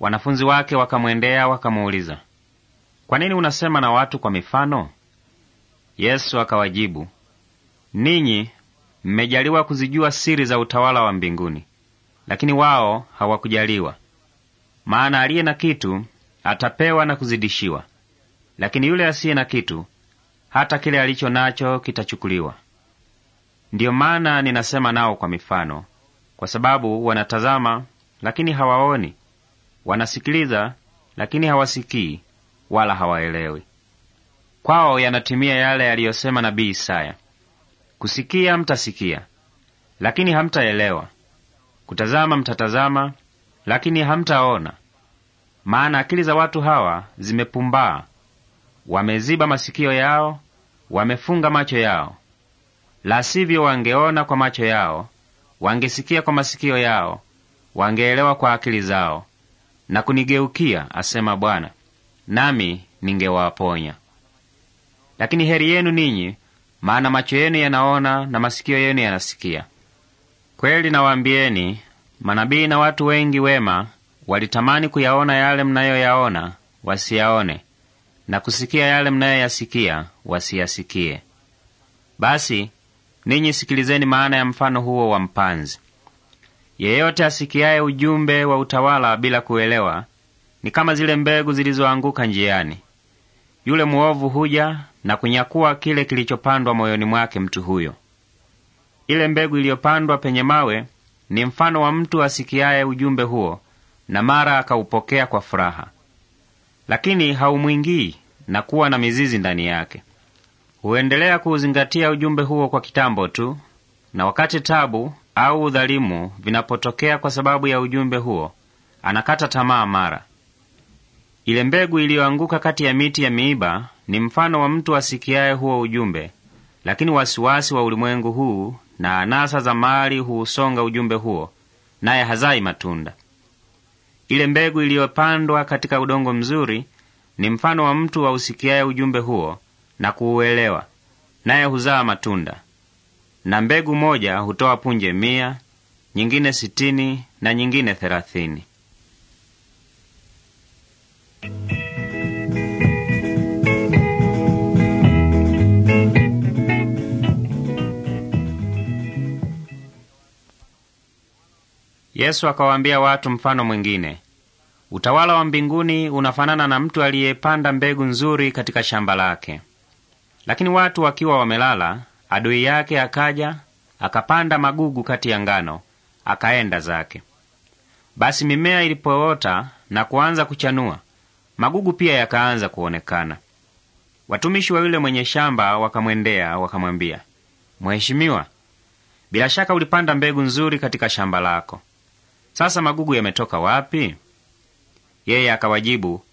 Wanafunzi wake wakamwendea wakamuuliza, kwa nini unasema na watu kwa mifano? Yesu akawajibu, ninyi mmejaliwa kuzijua siri za utawala wa mbinguni, lakini wao hawakujaliwa. Maana aliye na kitu atapewa na kuzidishiwa, lakini yule asiye na kitu, hata kile alicho nacho kitachukuliwa. Ndiyo maana ninasema nao kwa mifano, kwa sababu wanatazama lakini hawaoni, wanasikiliza lakini hawasikii wala hawaelewi. Kwao yanatimia yale yaliyosema nabii Isaya: kusikia mtasikia, lakini hamtaelewa; kutazama mtatazama, lakini hamtaona. Maana akili za watu hawa zimepumbaa, wameziba masikio yao, wamefunga macho yao. La sivyo, wangeona kwa macho yao, wangesikia kwa masikio yao, wangeelewa kwa akili zao na kunigeukia, asema Bwana, nami ningewaponya. Lakini heri yenu ninyi, maana macho yenu yanaona na masikio yenu yanasikia. Kweli nawaambieni, manabii na watu wengi wema walitamani kuyaona yale mnayoyaona wasiyaone, na kusikia yale mnayoyasikia wasiyasikie. Basi ninyi sikilizeni maana ya mfano huo wa mpanzi. Yeyote asikiaye ujumbe wa utawala bila kuelewa ni kama zile mbegu zilizoanguka njiani. Yule mwovu huja na kunyakuwa kile kilichopandwa moyoni mwake mtu huyo. Ile mbegu iliyopandwa penye mawe ni mfano wa mtu asikiaye ujumbe huo na mara akaupokea kwa furaha, lakini haumwingii na kuwa na mizizi ndani yake. Huendelea kuuzingatia ujumbe huo kwa kitambo tu, na wakati tabu au udhalimu vinapotokea kwa sababu ya ujumbe huo, anakata tamaa mara. Ile mbegu iliyoanguka kati ya miti ya miiba ni mfano wa mtu asikiaye huo ujumbe, lakini wasiwasi wa ulimwengu huu na anasa za mali huusonga ujumbe huo, naye hazai matunda. Ile mbegu iliyopandwa katika udongo mzuri ni mfano wa mtu ausikiaye ujumbe huo na kuuelewa, naye huzaa matunda. Na mbegu moja hutoa punje mia, nyingine sitini na nyingine thelathini. Yesu akawaambia watu mfano mwingine, utawala wa mbinguni unafanana na mtu aliyepanda mbegu nzuri katika shamba lake. Lakini watu wakiwa wamelala, adui yake akaja akapanda magugu kati ya ngano, akaenda zake. Basi mimea ilipoota na kuanza kuchanua, magugu pia yakaanza kuonekana. Watumishi wa yule mwenye shamba wakamwendea wakamwambia, Mheshimiwa, bila shaka ulipanda mbegu nzuri katika shamba lako sasa magugu yametoka wapi? Yeye akawajibu,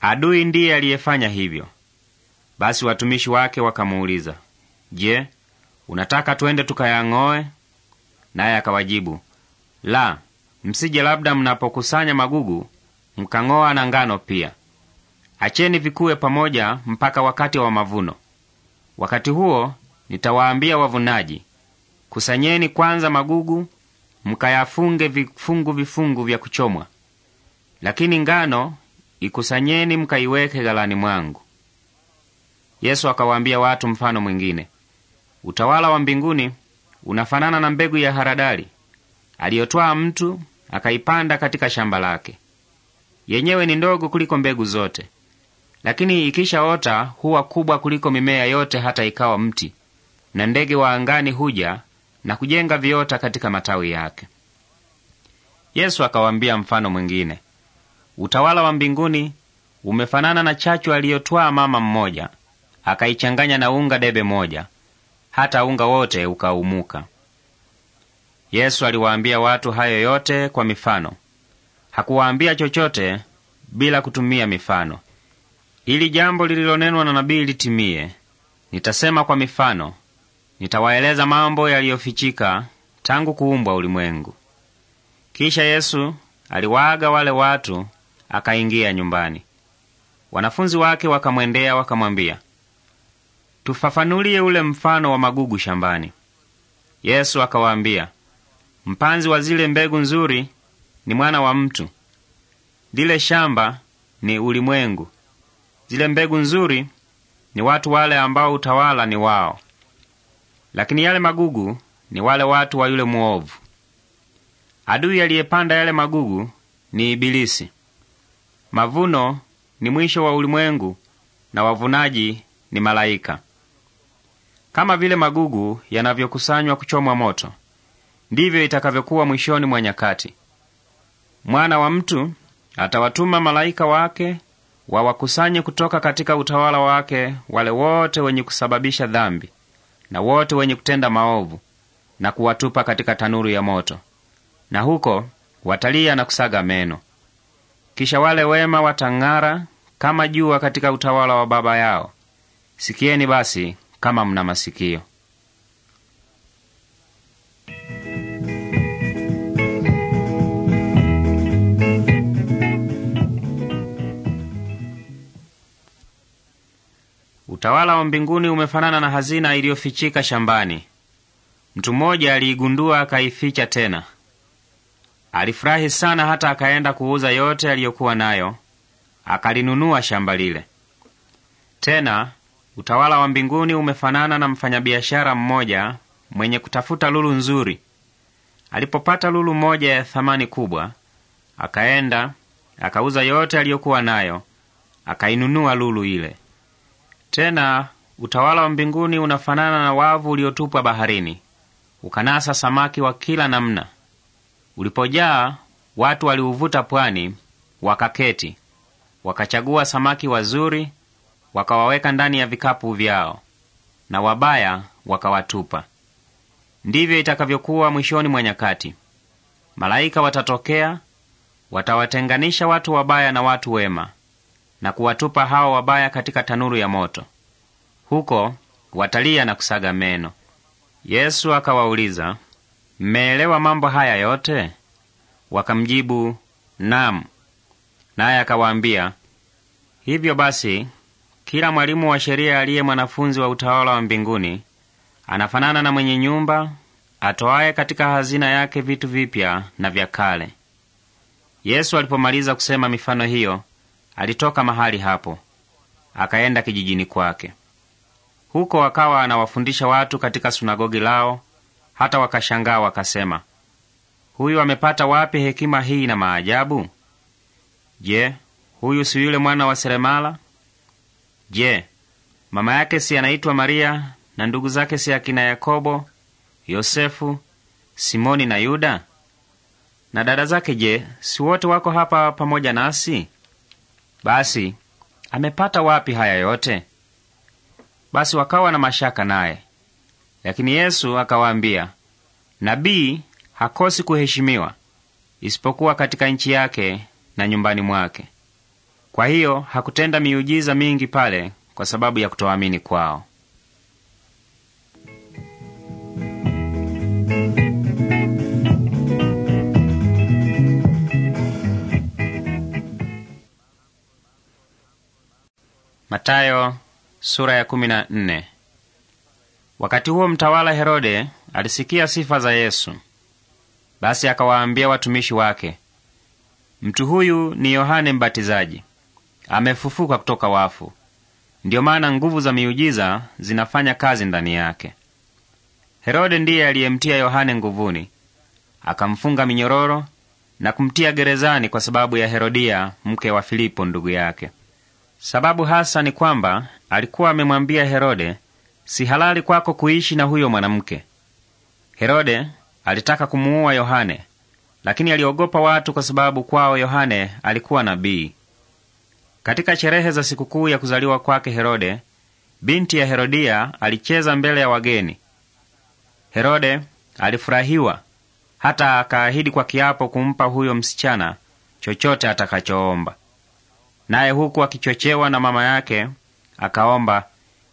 adui ndiye aliyefanya hivyo. Basi watumishi wake wakamuuliza, Je, unataka twende tukayang'oe? Naye akawajibu, la, msije labda mnapokusanya magugu mkang'oa na ngano pia. Acheni vikuwe pamoja mpaka wakati wa mavuno. Wakati huo nitawaambia wavunaji, kusanyeni kwanza magugu mkayafunge vifungu vifungu vya kuchomwa. Lakini ngano ikusanyeni, mkaiweke ghalani mwangu. Yesu akawaambia watu mfano mwingine, utawala wa mbinguni unafanana na mbegu ya haradali aliyotwaa mtu akaipanda katika shamba lake. Yenyewe ni ndogo kuliko mbegu zote, lakini ikishaota huwa kubwa kuliko mimea yote, hata ikawa mti, na ndege wa angani huja na kujenga viota katika matawi yake. Yesu akawaambia mfano mwingine, utawala wa mbinguni umefanana na chachu aliyotwaa mama mmoja, akaichanganya na unga debe moja, hata unga wote ukaumuka. Yesu aliwaambia watu hayo yote kwa mifano. Hakuwaambia chochote bila kutumia mifano, ili jambo lililonenwa na nabii litimie: nitasema kwa mifano, nitawaeleza mambo yaliyofichika tangu kuumbwa ulimwengu. Kisha Yesu aliwaaga wale watu, akaingia nyumbani. Wanafunzi wake wakamwendea wakamwambia, tufafanulie ule mfano wa magugu shambani. Yesu akawaambia, mpanzi wa zile mbegu nzuri ni mwana wa mtu, lile shamba ni ulimwengu, zile mbegu nzuri ni watu wale ambao utawala ni wao. Lakini yale magugu ni wale watu wa yule mwovu. Adui aliyepanda yale magugu ni Ibilisi. Mavuno ni mwisho wa ulimwengu na wavunaji ni malaika. Kama vile magugu yanavyokusanywa kuchomwa moto, ndivyo itakavyokuwa mwishoni mwa nyakati. Mwana wa mtu atawatuma malaika wake wawakusanye kutoka katika utawala wake wale wote wenye kusababisha dhambi, na wote wenye kutenda maovu na kuwatupa katika tanuru ya moto, na huko watalia na kusaga meno. Kisha wale wema watang'ara kama jua katika utawala wa Baba yao. Sikieni basi kama mna masikio. Utawala wa mbinguni umefanana na hazina iliyofichika shambani. Mtu mmoja aliigundua akaificha tena. Alifurahi sana hata akaenda kuuza yote aliyokuwa nayo, akalinunua shamba lile. Tena utawala wa mbinguni umefanana na mfanyabiashara mmoja mwenye kutafuta lulu nzuri. Alipopata lulu moja ya thamani kubwa, akaenda akauza yote aliyokuwa nayo, akainunua lulu ile. Tena utawala wa mbinguni unafanana na wavu uliotupwa baharini, ukanasa samaki wa kila namna. Ulipojaa, watu waliuvuta pwani, wakaketi, wakachagua samaki wazuri, wakawaweka ndani ya vikapu vyao, na wabaya wakawatupa. Ndivyo itakavyokuwa mwishoni mwa nyakati. Malaika watatokea, watawatenganisha watu wabaya na watu wema na kuwatupa hawa wabaya katika tanuru ya moto. Huko watalia na kusaga meno. Yesu akawauliza, mmeelewa mambo haya yote? Wakamjibu, nam. Naye akawaambia, hivyo basi, kila mwalimu wa sheria aliye mwanafunzi wa utawala wa mbinguni anafanana na mwenye nyumba atoaye katika hazina yake vitu vipya na vya kale. Yesu alipomaliza kusema mifano hiyo Alitoka mahali hapo akaenda kijijini kwake. Huko akawa anawafundisha watu katika sunagogi lao, hata wakashangaa wakasema, huyu amepata wapi hekima hii na maajabu? Je, huyu si yule mwana wa seremala? Je, mama yake si anaitwa Maria na ndugu zake si akina Yakobo, Yosefu, Simoni na Yuda? Na dada zake je, si wote wako hapa pamoja nasi? Basi amepata wapi haya yote? Basi wakawa na mashaka naye. Lakini Yesu akawaambia, nabii hakosi kuheshimiwa isipokuwa katika nchi yake na nyumbani mwake. Kwa hiyo hakutenda miujiza mingi pale kwa sababu ya kutoamini kwao. Matayo, sura ya kumi na nne. Wakati huo mtawala Herode alisikia sifa za Yesu. Basi akawaambia watumishi wake, mtu huyu ni Yohane Mbatizaji, amefufuka kutoka wafu. Ndiyo maana nguvu za miujiza zinafanya kazi ndani yake. Herode ndiye aliyemtia Yohane nguvuni, akamfunga minyororo na kumtia gerezani kwa sababu ya Herodia, mke wa Filipo ndugu yake. Sababu hasa ni kwamba alikuwa amemwambia Herode, si halali kwako kuishi na huyo mwanamke. Herode alitaka kumuua Yohane, lakini aliogopa watu kwa sababu kwao Yohane alikuwa nabii. Katika sherehe za sikukuu ya kuzaliwa kwake Herode, binti ya Herodia alicheza mbele ya wageni. Herode alifurahiwa hata akaahidi kwa kiapo kumpa huyo msichana chochote atakachoomba naye huku akichochewa na mama yake akaomba,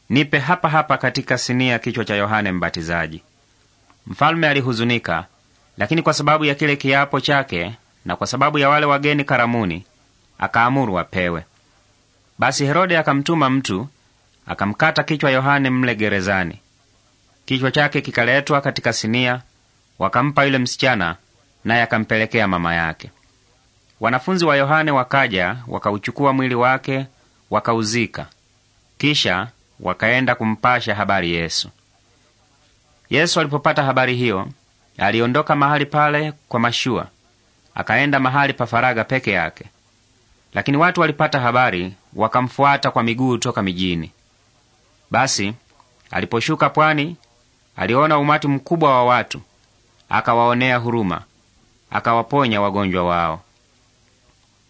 nipe hapa hapa katika sinia kichwa cha Yohane Mbatizaji. Mfalme alihuzunika, lakini kwa sababu ya kile kiapo chake na kwa sababu ya wale wageni karamuni, akaamuru wapewe Basi Herode akamtuma mtu akamkata kichwa Yohane mle gerezani. Kichwa chake kikaletwa katika sinia, wakampa yule msichana, naye akampelekea mama yake. Wanafunzi wa Yohane wakaja wakauchukua mwili wake wakauzika, kisha wakaenda kumpasha habari Yesu. Yesu alipopata habari hiyo, aliondoka mahali pale kwa mashua, akaenda mahali pa faraga peke yake. Lakini watu walipata habari, wakamfuata kwa miguu toka mijini. Basi aliposhuka pwani, aliona umati mkubwa wa watu, akawaonea huruma, akawaponya wagonjwa wao.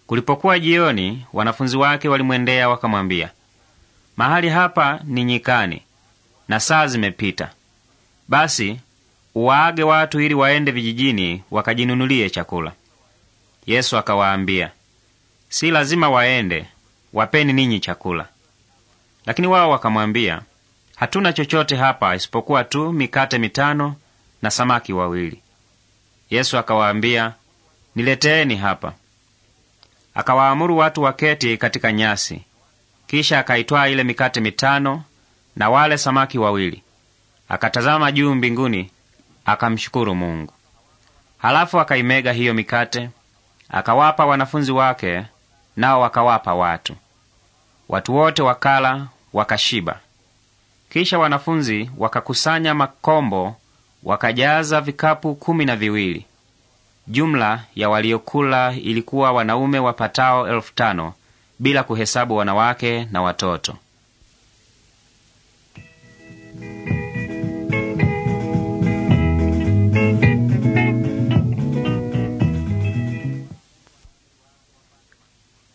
Kulipokuwa jioni, wanafunzi wake walimwendea wakamwambia, mahali hapa ni nyikani na saa zimepita, basi uwaage watu ili waende vijijini wakajinunulie chakula. Yesu akawaambia, si lazima waende, wapeni ninyi chakula. Lakini wao wakamwambia, hatuna chochote hapa isipokuwa tu mikate mitano na samaki wawili. Yesu akawaambia, nileteeni hapa akawaamuru watu waketi katika nyasi. Kisha akaitwaa ile mikate mitano na wale samaki wawili, akatazama juu mbinguni, akamshukuru Mungu. Halafu akaimega hiyo mikate, akawapa wanafunzi wake, nao wakawapa watu. Watu wote wakala wakashiba. Kisha wanafunzi wakakusanya makombo wakajaza vikapu kumi na viwili. Jumla ya waliokula ilikuwa wanaume wapatao elfu tano bila kuhesabu wanawake na watoto.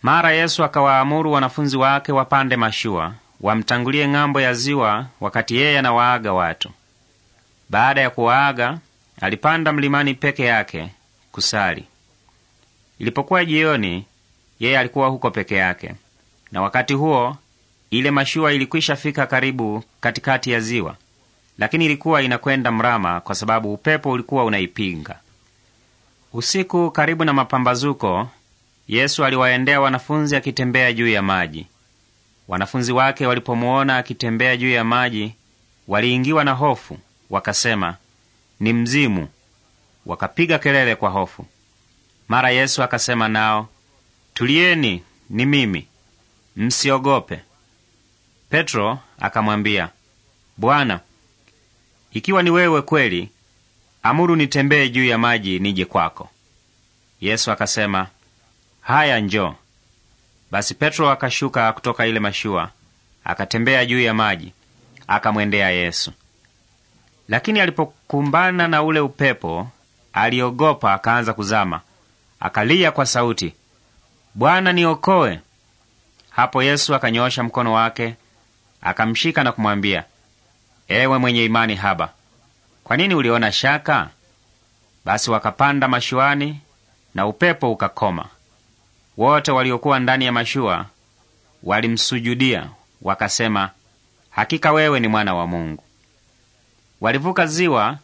Mara Yesu akawaamuru wanafunzi wake wapande mashua wamtangulie ng'ambo ya ziwa, wakati yeye anawaaga watu. Baada ya kuwaaga, alipanda mlimani peke yake kusali. Ilipokuwa jioni, yeye alikuwa huko peke yake, na wakati huo ile mashua ilikwisha fika karibu katikati ya ziwa, lakini ilikuwa inakwenda mrama kwa sababu upepo ulikuwa unaipinga. Usiku karibu na mapambazuko, Yesu aliwaendea wanafunzi akitembea juu ya maji. Wanafunzi wake walipomuona akitembea juu ya maji, waliingiwa na hofu, wakasema ni mzimu wakapiga kelele kwa hofu. Mara Yesu akasema nao, tulieni, ni mimi, msiogope. Petro akamwambia, Bwana, ikiwa ni wewe kweli, amuru nitembee juu ya maji nije kwako. Yesu akasema, haya, njo Basi Petro akashuka kutoka ile mashua, akatembea juu ya maji, akamwendea Yesu. Lakini alipokumbana na ule upepo aliogopa akaanza kuzama, akalia kwa sauti, Bwana niokoe! Hapo Yesu akanyoosha mkono wake akamshika na kumwambia, ewe mwenye imani haba, kwa nini uliona shaka? Basi wakapanda mashuani na upepo ukakoma. Wote waliokuwa ndani ya mashua walimsujudia wakasema, hakika wewe ni mwana wa Mungu. Walivuka ziwa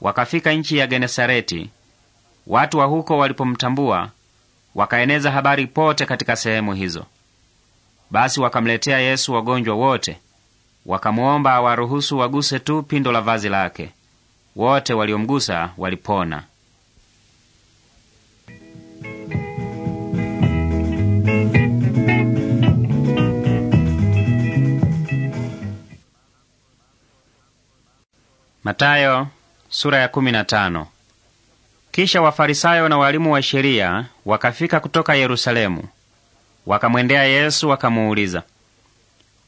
Wakafika nchi ya Genesareti. Watu wa huko walipomtambua, wakaeneza habari pote katika sehemu hizo. Basi wakamletea Yesu wagonjwa wote, wakamwomba awaruhusu waguse tu pindo la vazi lake. Wote waliomgusa walipona. Matayo Sura ya kumi na tano. Kisha Wafarisayo na walimu wa sheria wakafika kutoka Yerusalemu, wakamwendea Yesu wakamuuliza,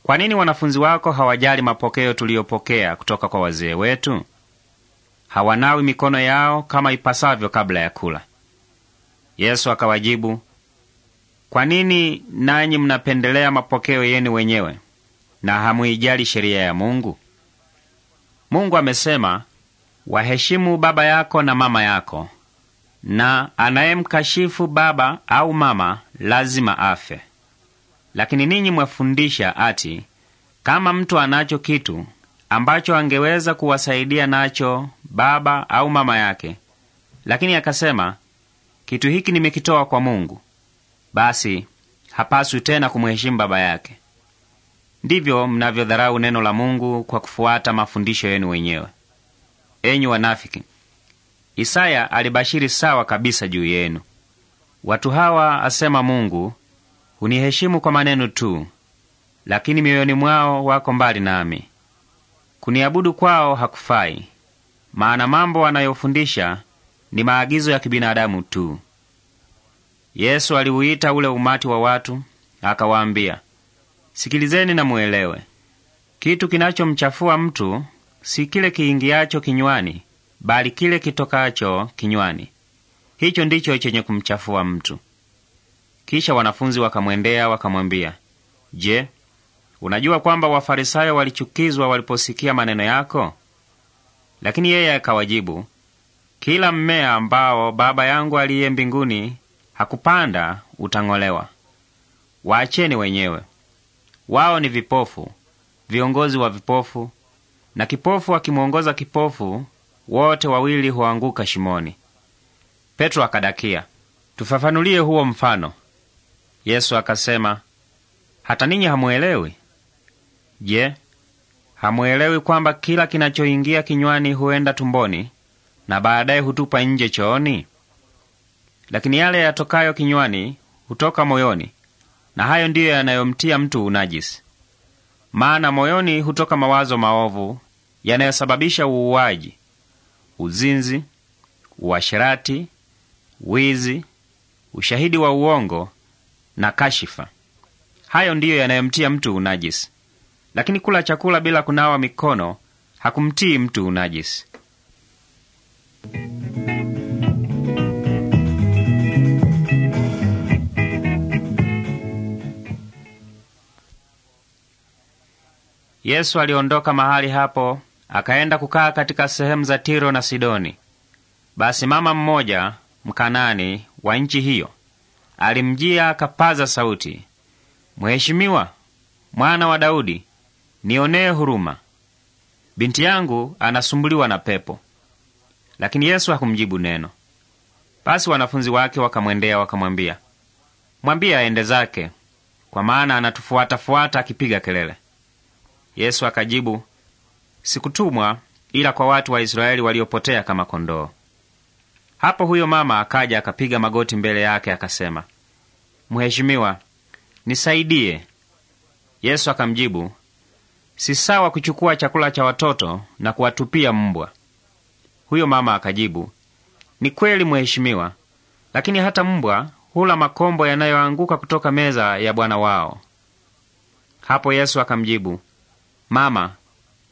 kwa nini wanafunzi wako hawajali mapokeo tuliyopokea kutoka kwa wazee wetu? Hawanawi mikono yao kama ipasavyo kabla ya kula. Yesu akawajibu, kwa nini nanyi mnapendelea mapokeo yenu wenyewe na hamuijali sheria ya Mungu? Mungu amesema, Waheshimu baba yako na mama yako, na anayemkashifu baba au mama lazima afe. Lakini ninyi mwafundisha ati kama mtu anacho kitu ambacho angeweza kuwasaidia nacho baba au mama yake, lakini akasema kitu hiki nimekitoa kwa Mungu, basi hapaswi tena kumheshimu baba yake. Ndivyo mnavyodharau neno la Mungu kwa kufuata mafundisho yenu wenyewe enyi wanafiki. Isaya alibashiri sawa kabisa juu yenu. Watu hawa, asema Mungu, huniheshimu kwa maneno tu, lakini mioyoni mwao wako mbali nami. Kuniabudu kwao hakufai, maana mambo wanayofundisha ni maagizo ya kibinadamu tu. Yesu aliuita ule umati wa watu akawaambia, sikilizeni na muelewe. Kitu kinachomchafua mtu si kile kiingiacho kinywani, bali kile kitokacho kinywani. Hicho ndicho chenye kumchafua mtu. Kisha wanafunzi wakamwendea wakamwambia, Je, unajua kwamba Wafarisayo walichukizwa waliposikia maneno yako? Lakini yeye akawajibu, kila mmea ambao Baba yangu aliye mbinguni hakupanda utang'olewa. Waacheni wenyewe. Wao ni vipofu, viongozi wa vipofu, na kipofu akimwongoza kipofu, wote wawili huanguka shimoni. Petro akadakia, tufafanulie huo mfano. Yesu akasema, hata ninyi hamuelewi? Je, hamuelewi kwamba kila kinachoingia kinywani huenda tumboni na baadaye hutupa nje chooni? Lakini yale yatokayo kinywani hutoka moyoni, na hayo ndiyo yanayomtia mtu unajisi. Maana moyoni hutoka mawazo maovu, yanayosababisha uuaji, uzinzi, uasherati, wizi, ushahidi wa uongo na kashifa. Hayo ndiyo yanayomtia mtu unajisi, lakini kula chakula bila kunawa mikono hakumtii mtu unajisi. Yesu aliondoka mahali hapo akaenda kukaa katika sehemu za Tiro na Sidoni. Basi mama mmoja Mkanani wa nchi hiyo alimjia akapaza sauti, Mheshimiwa, mwana wa Daudi, nionee huruma, binti yangu anasumbuliwa na pepo. Lakini Yesu hakumjibu neno. Basi wanafunzi wake wakamwendea wakamwambia, mwambie aende zake, kwa maana anatufuatafuata akipiga kelele. Yesu akajibu, sikutumwa ila kwa watu wa Israeli waliopotea kama kondoo. Hapo huyo mama akaja akapiga magoti mbele yake akasema, Mheshimiwa, nisaidie. Yesu akamjibu, si sawa kuchukua chakula cha watoto na kuwatupia mbwa. Huyo mama akajibu, ni kweli mheshimiwa, lakini hata mbwa hula makombo yanayoanguka kutoka meza ya bwana wao. Hapo Yesu akamjibu, mama,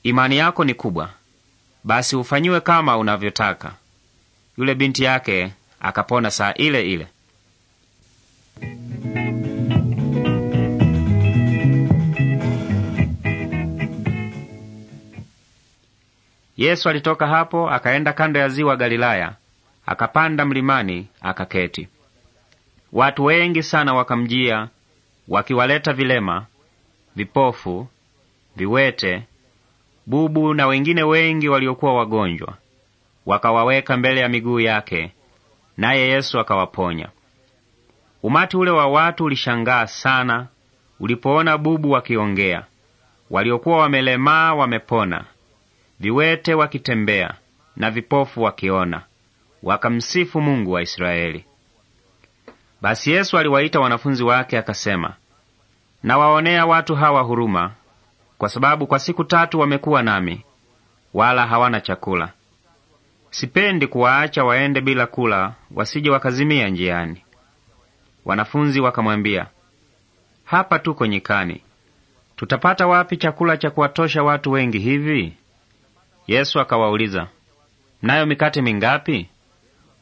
imani yako ni kubwa, basi ufanyiwe kama unavyotaka. Yule binti yake akapona saa ile ile. Yesu alitoka hapo akaenda kando ya ziwa Galilaya, akapanda mlimani akaketi. Watu wengi sana wakamjia wakiwaleta vilema, vipofu, viwete bubu na wengine wengi waliokuwa wagonjwa, wakawaweka mbele ya miguu yake, naye Yesu akawaponya. Umati ule wa watu ulishangaa sana ulipoona bubu wakiongea, waliokuwa wamelemaa wamepona, viwete wakitembea na vipofu wakiona, wakamsifu Mungu wa Israeli. Basi Yesu aliwaita wanafunzi wake akasema, nawaonea watu hawa huruma, kwa sababu kwa siku tatu wamekuwa nami, wala hawana chakula. Sipendi kuwaacha waende bila kula, wasije wakazimia njiani. Wanafunzi wakamwambia, hapa tuko nyikani, tutapata wapi chakula cha kuwatosha watu wengi hivi? Yesu akawauliza, mnayo mikate mingapi?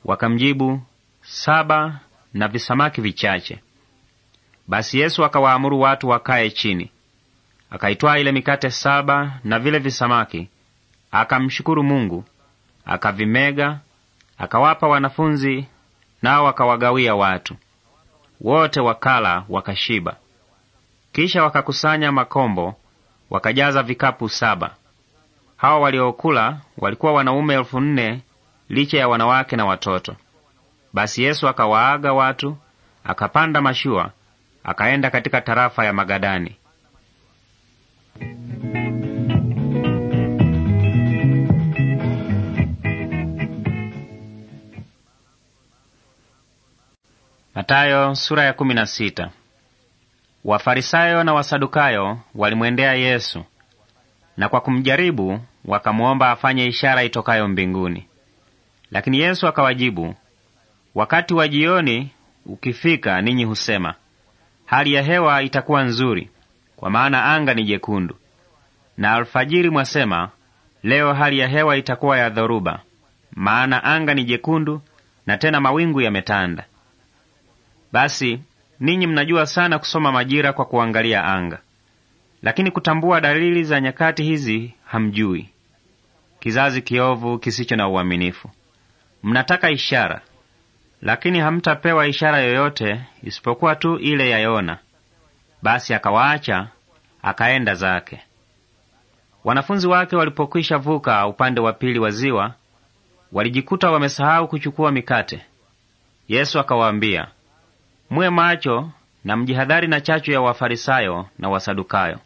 Wakamjibu, saba na visamaki vichache. Basi Yesu akawaamuru watu wakae chini. Akaitwaa ile mikate saba na vile visamaki, akamshukuru Mungu, akavimega, akawapa wanafunzi, nao akawagawia watu wote. Wakala wakashiba. Kisha wakakusanya makombo, wakajaza vikapu saba. Hawa waliokula walikuwa wanaume elfu nne licha ya wanawake na watoto. Basi Yesu akawaaga watu, akapanda mashua, akaenda katika tarafa ya Magadani. Matayo sura ya kumi na sita. Wafarisayo na Wasadukayo walimwendea Yesu na kwa kumjaribu wakamwomba afanye ishara itokayo mbinguni. Lakini Yesu akawajibu, wakati wa jioni ukifika, ninyi husema hali ya hewa itakuwa nzuri, kwa maana anga ni jekundu. Na alfajiri mwasema, leo hali ya hewa itakuwa ya dhoruba, maana anga ni jekundu na tena mawingu yametanda. Basi ninyi mnajua sana kusoma majira kwa kuangalia anga, lakini kutambua dalili za nyakati hizi hamjui. Kizazi kiovu kisicho na uaminifu, mnataka ishara, lakini hamtapewa ishara yoyote isipokuwa tu ile ya Yona. Basi akawaacha akaenda zake. Wanafunzi wake walipokwisha vuka upande wa pili wa ziwa, walijikuta wamesahau kuchukua mikate. Yesu akawaambia, muwe macho na mjihadhari na chachu ya Wafarisayo na Wasadukayo.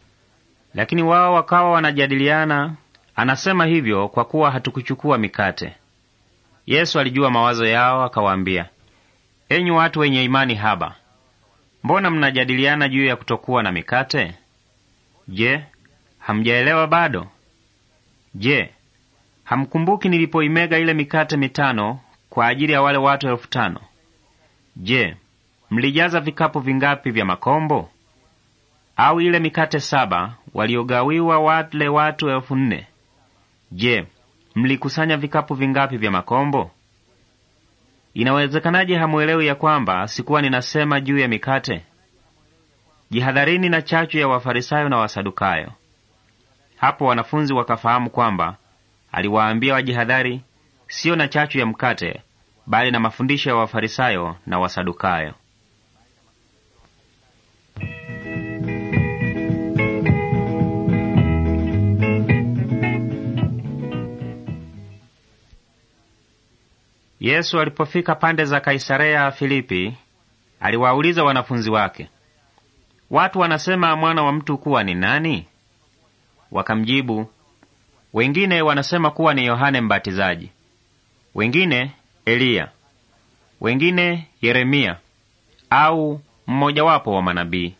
Lakini wao wakawa wanajadiliana, anasema hivyo kwa kuwa hatukuchukua mikate. Yesu alijua mawazo yao, akawaambia, enyi watu wenye imani haba, Mbona mnajadiliana juu ya kutokuwa na mikate? Je, hamjaelewa bado? Je, hamkumbuki nilipoimega ile mikate mitano kwa ajili ya wale watu elfu tano? Je, mlijaza vikapu vingapi vya makombo? Au ile mikate saba waliogawiwa wale watu elfu nne? Je, mlikusanya vikapu vingapi vya makombo? Inawezekanaje hamwelewi ya kwamba sikuwa ninasema juu ya mikate? Jihadharini na chachu ya Wafarisayo na Wasadukayo. Hapo wanafunzi wakafahamu kwamba aliwaambia wajihadhari siyo na chachu ya mkate, bali na mafundisho ya Wafarisayo na Wasadukayo. Yesu alipofika pande za Kaisarea Filipi, aliwauliza wanafunzi wake, watu wanasema mwana wa mtu kuwa ni nani? Wakamjibu, wengine wanasema kuwa ni Yohane Mbatizaji, wengine Eliya, wengine Yeremia au mmojawapo wa manabii.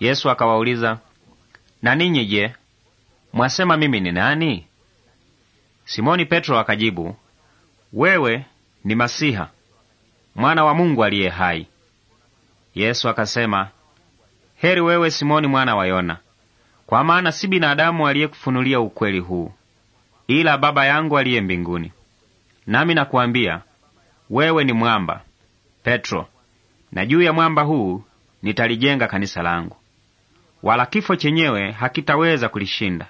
Yesu akawauliza, na ninyi je, mwasema mimi ni nani? Simoni Petro akajibu, wewe ni Masiha mwana wa Mungu aliye hai. Yesu akasema, heri wewe Simoni mwana wa Yona, kwa maana si binadamu aliyekufunulia ukweli huu, ila Baba yangu aliye mbinguni. Nami nakuambia wewe ni mwamba Petro, na juu ya mwamba huu nitalijenga kanisa langu, wala kifo chenyewe hakitaweza kulishinda.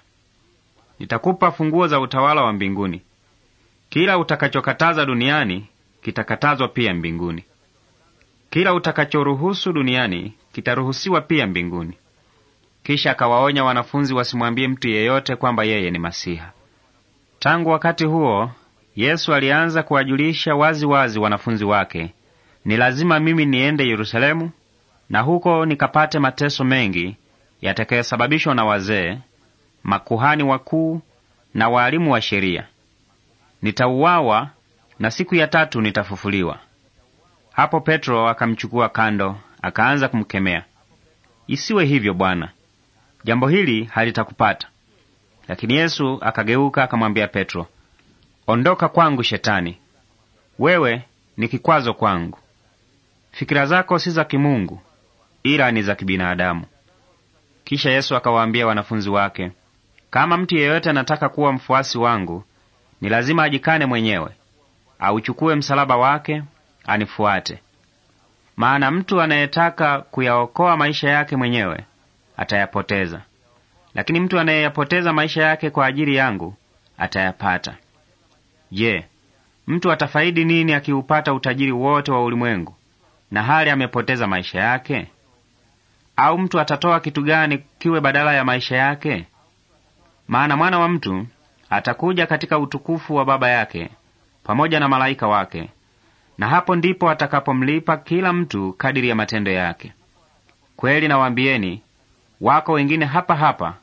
Nitakupa funguo za utawala wa mbinguni. Kila utakachokataza duniani kitakatazwa pia mbinguni. Kila utakachoruhusu duniani kitaruhusiwa pia mbinguni. Kisha akawaonya wanafunzi wasimwambie mtu yeyote kwamba yeye ni Masiha. Tangu wakati huo Yesu alianza kuwajulisha wazi wazi wanafunzi wake, ni lazima mimi niende Yerusalemu na huko nikapate mateso mengi yatakayosababishwa na wazee, makuhani wakuu na waalimu wa sheria, nitauawa na siku ya tatu nitafufuliwa. Hapo Petro akamchukua kando, akaanza kumkemea, isiwe hivyo Bwana, jambo hili halitakupata. Lakini Yesu akageuka akamwambia Petro, ondoka kwangu Shetani, wewe ni kikwazo kwangu. Fikira zako si za kimungu, ila ni za kibinadamu. Kisha Yesu akawaambia wanafunzi wake, kama mtu yeyote anataka kuwa mfuasi wangu, ni lazima ajikane mwenyewe, auchukue msalaba wake, anifuate. Maana mtu anayetaka kuyaokoa maisha yake mwenyewe atayapoteza, lakini mtu anayeyapoteza maisha yake kwa ajili yangu atayapata. Je, mtu atafaidi nini akiupata utajiri wote wa ulimwengu na hali amepoteza maisha yake? Au mtu atatoa kitu gani kiwe badala ya maisha yake? Maana mwana wa mtu atakuja katika utukufu wa Baba yake pamoja na malaika wake, na hapo ndipo atakapomlipa kila mtu kadiri ya matendo yake. Kweli nawaambieni, wako wengine hapa hapa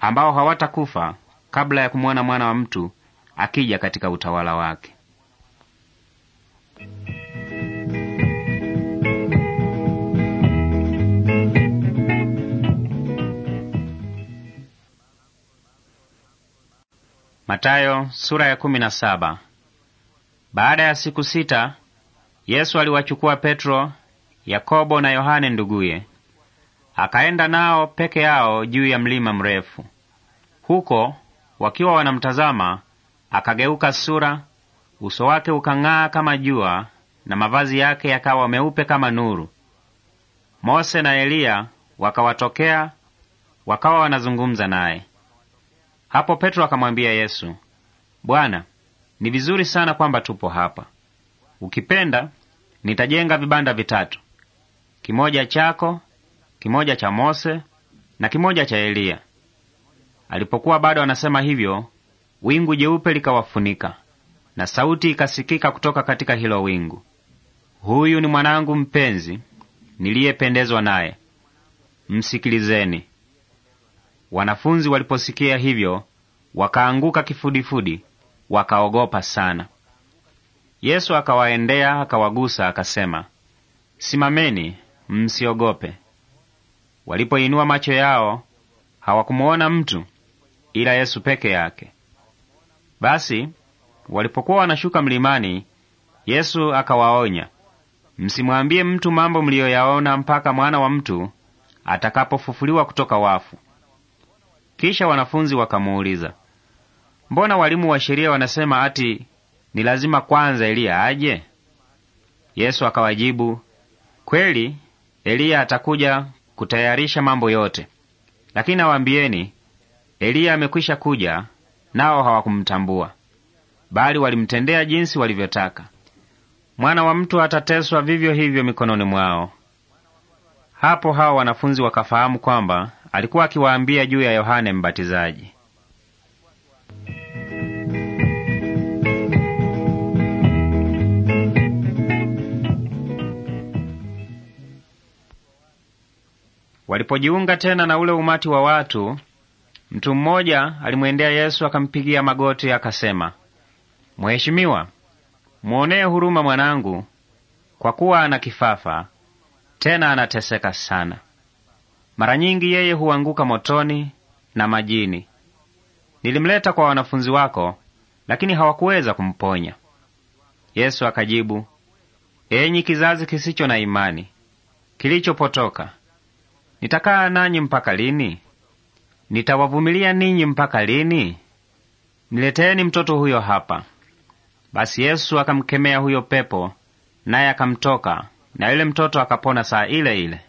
ambao hawatakufa kabla ya kumwona mwana wa mtu akija katika utawala wake. Matayo, sura ya kumi na saba. Baada ya siku sita Yesu aliwachukua Petro, Yakobo na Yohane nduguye, akaenda nao peke yao juu ya mlima mrefu. Huko wakiwa wanamtazama, akageuka sura, uso wake ukang'aa kama jua, na mavazi yake yakawa meupe kama nuru. Mose na Eliya wakawatokea, wakawa wanazungumza naye. Hapo Petro akamwambia Yesu, Bwana, ni vizuri sana kwamba tupo hapa. Ukipenda nitajenga vibanda vitatu, kimoja chako, kimoja cha Mose na kimoja cha Eliya. Alipokuwa bado anasema hivyo, wingu jeupe likawafunika na sauti ikasikika kutoka katika hilo wingu, huyu ni mwanangu mpenzi niliyependezwa naye, msikilizeni. Wanafunzi waliposikia hivyo, wakaanguka kifudifudi, wakaogopa sana. Yesu akawaendea, akawagusa, akasema, Simameni, msiogope. Walipoinua macho yao hawakumuona mtu ila Yesu peke yake. Basi walipokuwa wanashuka mlimani, Yesu akawaonya, msimwambie mtu mambo mliyoyaona mpaka mwana wa mtu atakapofufuliwa kutoka wafu. Kisha wanafunzi wakamuuliza, mbona walimu wa sheria wanasema ati ni lazima kwanza Eliya aje? Yesu akawajibu, kweli Eliya atakuja kutayarisha mambo yote, lakini nawaambieni, Eliya amekwisha kuja, nao hawakumtambua, bali walimtendea jinsi walivyotaka. Mwana wa mtu atateswa vivyo hivyo mikononi mwao. Hapo hao wanafunzi wakafahamu kwamba alikuwa akiwaambia juu ya Yohane Mbatizaji. Walipojiunga tena na ule umati wa watu, mtu mmoja alimwendea Yesu akampigia magoti akasema, Mheshimiwa, mwonee huruma mwanangu, kwa kuwa ana kifafa, tena anateseka sana. Mara nyingi yeye huanguka motoni na majini. Nilimleta kwa wanafunzi wako, lakini hawakuweza kumponya. Yesu akajibu, enyi kizazi kisicho na imani kilichopotoka, nitakaa nanyi mpaka lini? Nitawavumilia ninyi mpaka lini? Nileteeni mtoto huyo hapa. Basi Yesu akamkemea huyo pepo, naye akamtoka, na yule mtoto akapona saa ile ile.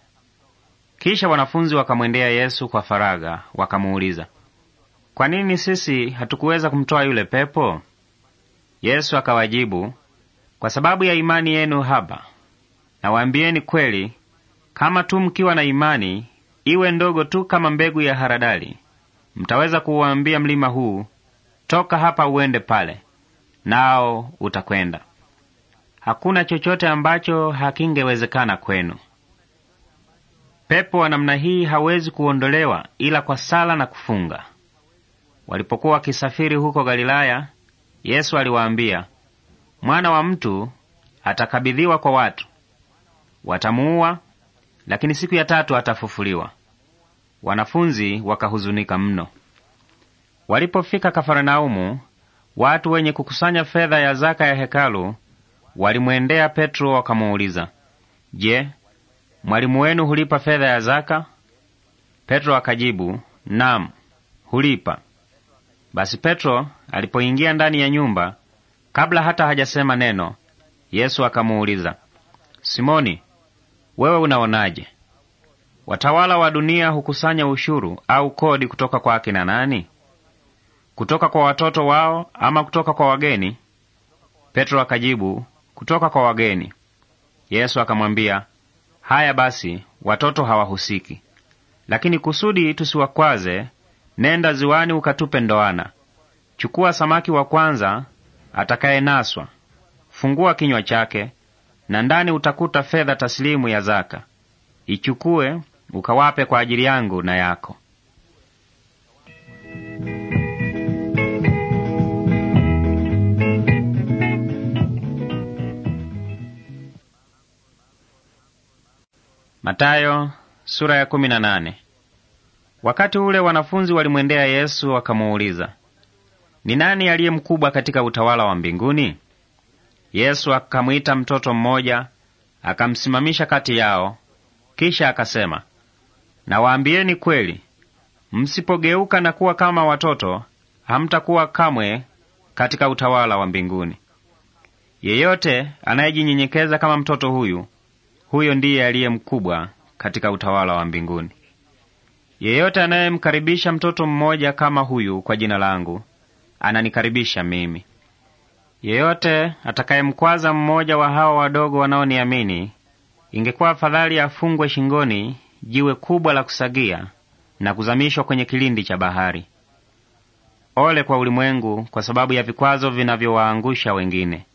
Kisha wanafunzi wakamwendea Yesu kwa faraga, wakamuuliza, kwa nini sisi hatukuweza kumtoa yule pepo? Yesu akawajibu, kwa sababu ya imani yenu haba. Nawaambieni kweli, kama tu mkiwa na imani iwe ndogo tu kama mbegu ya haradali, mtaweza kuuambia mlima huu, toka hapa uende pale, nao utakwenda. Hakuna chochote ambacho hakingewezekana kwenu. Pepo wa namna hii hawezi kuondolewa ila kwa sala na kufunga. Walipokuwa wakisafiri huko Galilaya, Yesu aliwaambia, mwana wa mtu atakabidhiwa kwa watu, watamuua, lakini siku ya tatu atafufuliwa. Wanafunzi wakahuzunika mno. Walipofika Kafarnaumu, watu wenye kukusanya fedha ya zaka ya hekalu walimwendea Petro wakamuuliza, Je, mwalimu wenu hulipa fedha ya zaka? Petro akajibu, nam, hulipa. Basi Petro alipoingia ndani ya nyumba, kabla hata hajasema neno, Yesu akamuuliza, Simoni, wewe unaonaje? Watawala wa dunia hukusanya ushuru au kodi kutoka kwa akina nani? Kutoka kwa watoto wao ama kutoka kwa wageni? Petro akajibu, kutoka kwa wageni. Yesu akamwambia, Haya basi, watoto hawahusiki. Lakini kusudi tusiwakwaze, nenda ziwani ukatupe ndoana. Chukua samaki wa kwanza atakayenaswa, fungua kinywa chake, na ndani utakuta fedha taslimu ya zaka. Ichukue ukawape kwa ajili yangu na yako. Matayo, sura ya kumi na nane. Wakati ule wanafunzi walimwendea Yesu wakamuuliza, ni nani aliye mkubwa katika utawala wa mbinguni? Yesu akamwita mtoto mmoja akamsimamisha kati yao, kisha akasema, nawaambieni kweli, msipogeuka na kuwa kama watoto, hamtakuwa kamwe katika utawala wa mbinguni. Yeyote anayejinyenyekeza kama mtoto huyu huyo ndiye aliye mkubwa katika utawala wa mbinguni. Yeyote anayemkaribisha mtoto mmoja kama huyu kwa jina langu ananikaribisha mimi. Yeyote atakayemkwaza mmoja wa hawa wadogo wanaoniamini, ingekuwa afadhali afungwe shingoni jiwe kubwa la kusagia na kuzamishwa kwenye kilindi cha bahari. Ole kwa ulimwengu kwa sababu ya vikwazo vinavyowaangusha wengine.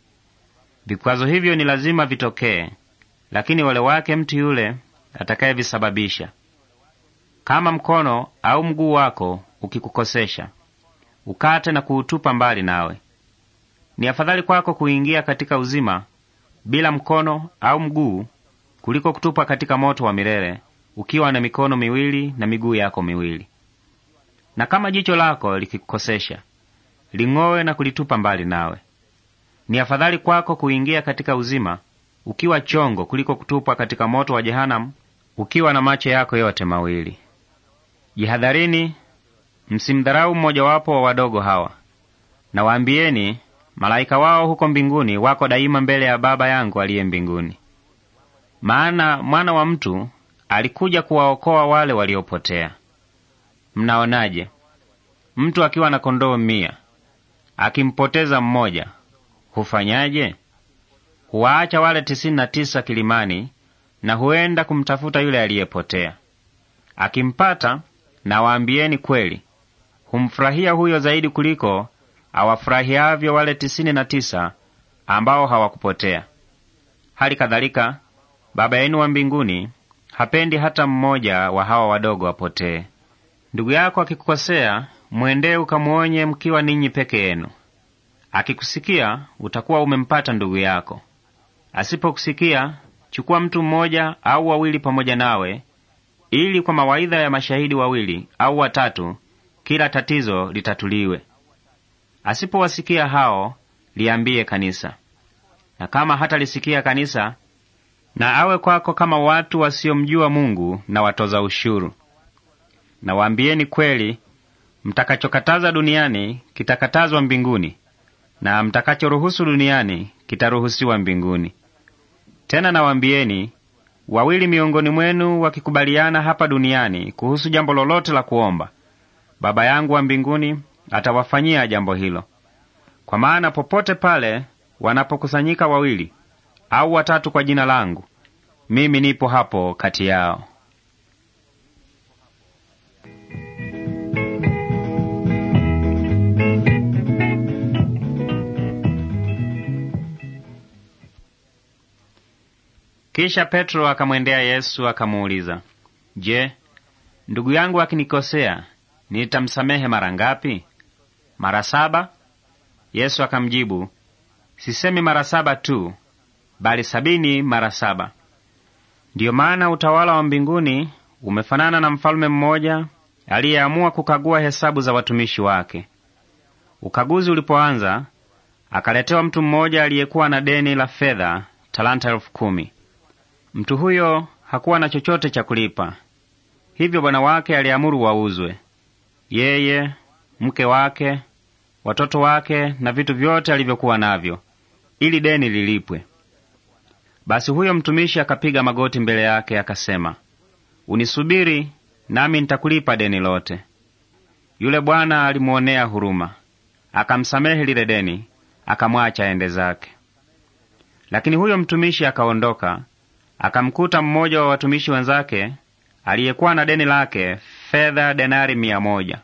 Vikwazo hivyo ni lazima vitokee, lakini ole wake mtu yule atakayevisababisha. Kama mkono au mguu wako ukikukosesha, ukate na kuutupa mbali nawe. Ni afadhali kwako kuingia katika uzima bila mkono au mguu kuliko kutupa katika moto wa milele ukiwa na mikono miwili na miguu yako miwili. Na kama jicho lako likikukosesha, ling'owe na kulitupa mbali nawe. Ni afadhali kwako kuingia katika uzima ukiwa chongo kuliko kutupwa katika moto wa jehanamu ukiwa na macho yako yote mawili. Jihadharini, msimdharau mmojawapo wa wadogo hawa. Na waambieni, malaika wao huko mbinguni wako daima mbele ya Baba yangu aliye mbinguni. Maana mwana wa mtu alikuja kuwaokoa wale waliopotea. Mnaonaje? Mtu akiwa na kondoo mia akimpoteza mmoja, hufanyaje? huwaacha wale tisini na tisa kilimani na huenda kumtafuta yule aliyepotea. Akimpata, na kweli, humfurahia huyo zaidi kuliko awafurahiavyo wale tisini na tisa ambao hawakupotea. Hali kadhalika Baba yenu wa mbinguni hapendi hata mmoja wa hawa wadogo apotee. Ndugu yako akikukosea, mwendee ukamwonye mkiwa ninyi peke yenu. Akikusikia, utakuwa umempata ndugu yako. Asipokusikia, chukua mtu mmoja au wawili pamoja nawe, ili kwa mawaidha ya mashahidi wawili au watatu kila tatizo litatuliwe. Asipowasikia hao, liambie kanisa. Na kama hatalisikia kanisa, na awe kwako kama watu wasiomjua Mungu na watoza ushuru. Na waambieni kweli, mtakachokataza duniani kitakatazwa mbinguni, na mtakachoruhusu duniani kitaruhusiwa mbinguni. Tena nawaambieni, wawili miongoni mwenu wakikubaliana hapa duniani kuhusu jambo lolote la kuomba, Baba yangu wa mbinguni atawafanyia jambo hilo. Kwa maana popote pale wanapokusanyika wawili au watatu kwa jina langu, mimi nipo hapo kati yao. Kisha Petro akamwendea Yesu akamuuliza, Je, ndugu yangu akinikosea nitamsamehe mara ngapi? Mara saba? Yesu akamjibu, sisemi mara saba tu, bali sabini mara saba. Ndiyo maana utawala wa mbinguni umefanana na mfalume mmoja aliyeamua kukagua hesabu za watumishi wake. Ukaguzi ulipoanza, akaletewa mtu mmoja aliyekuwa na deni la fedha talanta elfu kumi. Mtu huyo hakuwa na chochote cha kulipa, hivyo bwana wake aliamuru wauzwe, yeye, mke wake, watoto wake na vitu vyote alivyokuwa navyo, ili deni lilipwe. Basi huyo mtumishi akapiga magoti mbele yake akasema, unisubiri nami nitakulipa deni lote. Yule bwana alimuonea huruma, akamsamehe lile deni, akamwacha ende zake. Lakini huyo mtumishi akaondoka akamkuta mmoja wa watumishi wenzake aliyekuwa na deni lake fedha denari mia moja.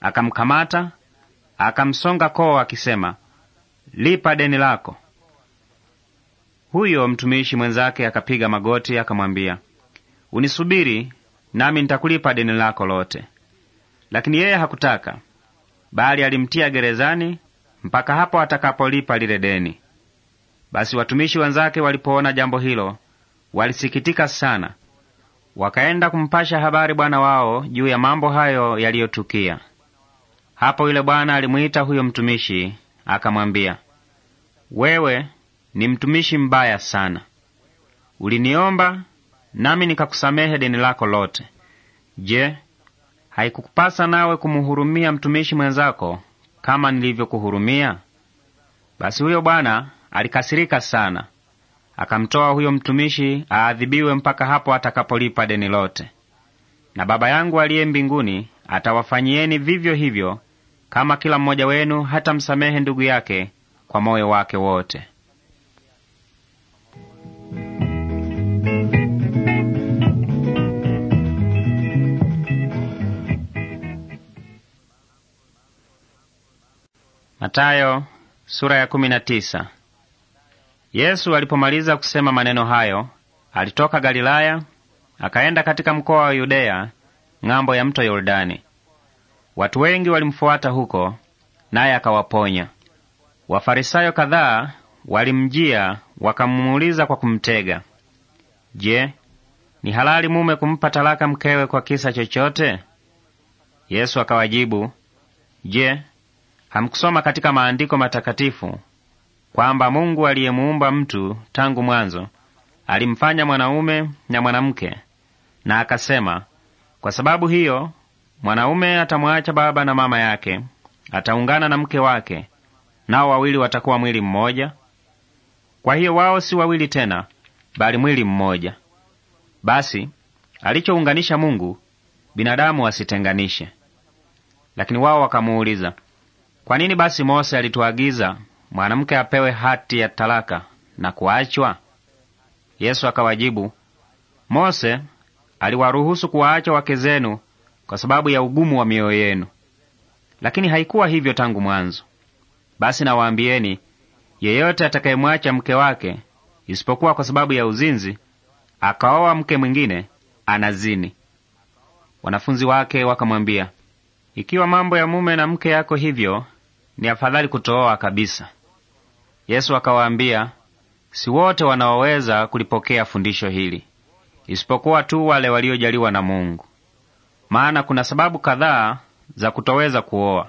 Akamkamata, akamsonga koo akisema, lipa deni lako. Huyo mtumishi mwenzake akapiga magoti akamwambia, unisubiri nami nitakulipa deni lako lote. Lakini yeye hakutaka, bali alimtia gerezani mpaka hapo atakapolipa lile deni. Basi watumishi wenzake walipoona jambo hilo, walisikitika sana, wakaenda kumpasha habari bwana wao juu ya mambo hayo yaliyotukia. Hapo yule bwana alimwita huyo mtumishi akamwambia, wewe ni mtumishi mbaya sana. Uliniomba nami nikakusamehe deni lako lote. Je, haikukupasa nawe kumhurumia mtumishi mwenzako kama nilivyokuhurumia? Basi huyo bwana alikasirika sana, akamtoa huyo mtumishi aadhibiwe mpaka hapo atakapolipa deni lote. Na Baba yangu aliye mbinguni atawafanyieni vivyo hivyo, kama kila mmoja wenu hata msamehe ndugu yake kwa moyo wake wote. Matayo, sura ya kumi na tisa. Yesu alipomaliza kusema maneno hayo, alitoka Galilaya akaenda katika mkoa wa Yudeya ng'ambo ya mto Yordani. Watu wengi walimfuata huko, naye akawaponya. Wafarisayo kadhaa walimjia wakamuuliza kwa kumtega, Je, ni halali mume kumpa talaka mkewe kwa kisa chochote? Yesu akawajibu, Je, hamkusoma katika maandiko matakatifu kwamba Mungu aliyemuumba mtu tangu mwanzo alimfanya mwanaume na mwanamke, na akasema, kwa sababu hiyo mwanaume atamwacha baba na mama yake, ataungana na mke wake, nao wawili watakuwa mwili mmoja. Kwa hiyo wao si wawili tena, bali mwili mmoja. Basi alichounganisha Mungu, binadamu wasitenganishe. Lakini wao wakamuuliza, kwa nini basi Mose alituagiza mwanamke apewe hati ya talaka na kuachwa? Yesu akawajibu, Mose aliwaruhusu kuwaacha wake zenu kwa sababu ya ugumu wa mioyo yenu, lakini haikuwa hivyo tangu mwanzo. Basi nawaambieni, yeyote atakayemwacha mke wake isipokuwa kwa sababu ya uzinzi, akaoa mke mwingine, anazini. Wanafunzi wake wakamwambia, ikiwa mambo ya mume na mke yako hivyo, ni afadhali kutooa kabisa. Yesu akawaambia, si wote wanaoweza kulipokea fundisho hili, isipokuwa tu wale waliojaliwa na Mungu. Maana kuna sababu kadhaa za kutoweza kuoa.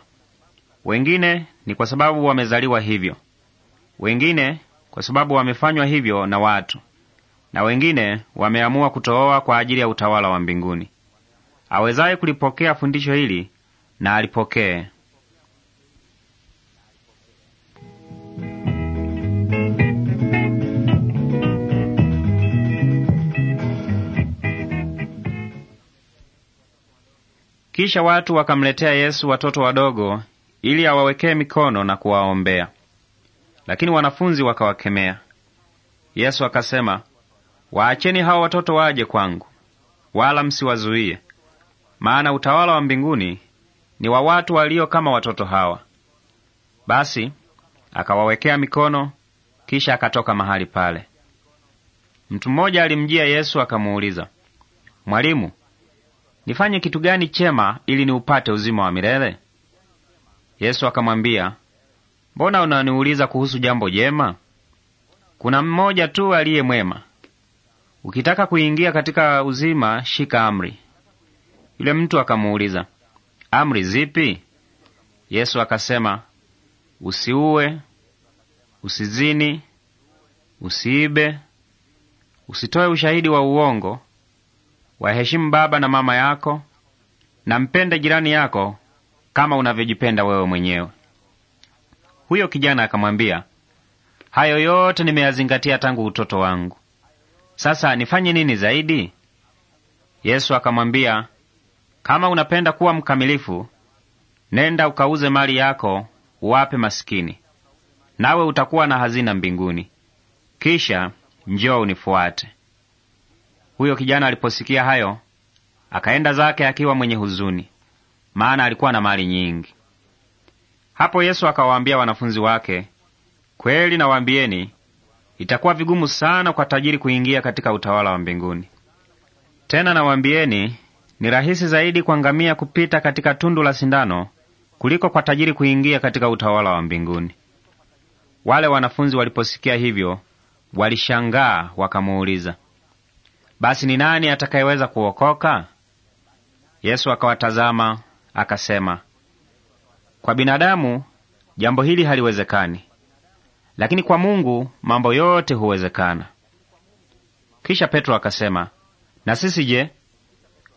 Wengine ni kwa sababu wamezaliwa hivyo, wengine kwa sababu wamefanywa hivyo na watu, na wengine wameamua kutooa kwa ajili ya utawala wa mbinguni. Awezaye kulipokea fundisho hili na alipokee. Kisha watu wakamletea Yesu watoto wadogo ili awawekee mikono na kuwaombea, lakini wanafunzi wakawakemea. Yesu akasema, waacheni hawa watoto waje kwangu, wala msiwazuie, maana utawala wa mbinguni ni wa watu walio kama watoto hawa. Basi akawawekea mikono, kisha akatoka mahali pale. Mtu mmoja alimjia Yesu akamuuliza, Mwalimu, nifanye kitu gani chema ili niupate uzima wa milele? Yesu akamwambia, mbona unaniuliza kuhusu jambo jema? Kuna mmoja tu aliye mwema. Ukitaka kuingia katika uzima, shika amri. Yule mtu akamuuliza, amri zipi? Yesu akasema, usiue, usizini, usiibe, usitoe ushahidi wa uongo Waheshimu baba na mama yako, na mpende jirani yako kama unavyojipenda wewe mwenyewe. Huyo kijana akamwambia, hayo yote nimeyazingatia tangu utoto wangu, sasa nifanye nini zaidi? Yesu akamwambia, kama unapenda kuwa mkamilifu, nenda ukauze mali yako uwape masikini, nawe utakuwa na hazina mbinguni. Kisha njoo unifuate. Huyo kijana aliposikia hayo, akaenda zake akiwa mwenye huzuni, maana alikuwa na mali nyingi. Hapo Yesu akawaambia wanafunzi wake, kweli nawaambieni, itakuwa vigumu sana kwa tajiri kuingia katika utawala wa mbinguni. Tena nawaambieni, ni rahisi zaidi kwa ngamia kupita katika tundu la sindano kuliko kwa tajiri kuingia katika utawala wa mbinguni. Wale wanafunzi waliposikia hivyo, walishangaa wakamuuliza, basi ni nani atakayeweza kuokoka? Yesu akawatazama akasema, kwa binadamu jambo hili haliwezekani, lakini kwa Mungu mambo yote huwezekana. Kisha Petro akasema, na sisi je,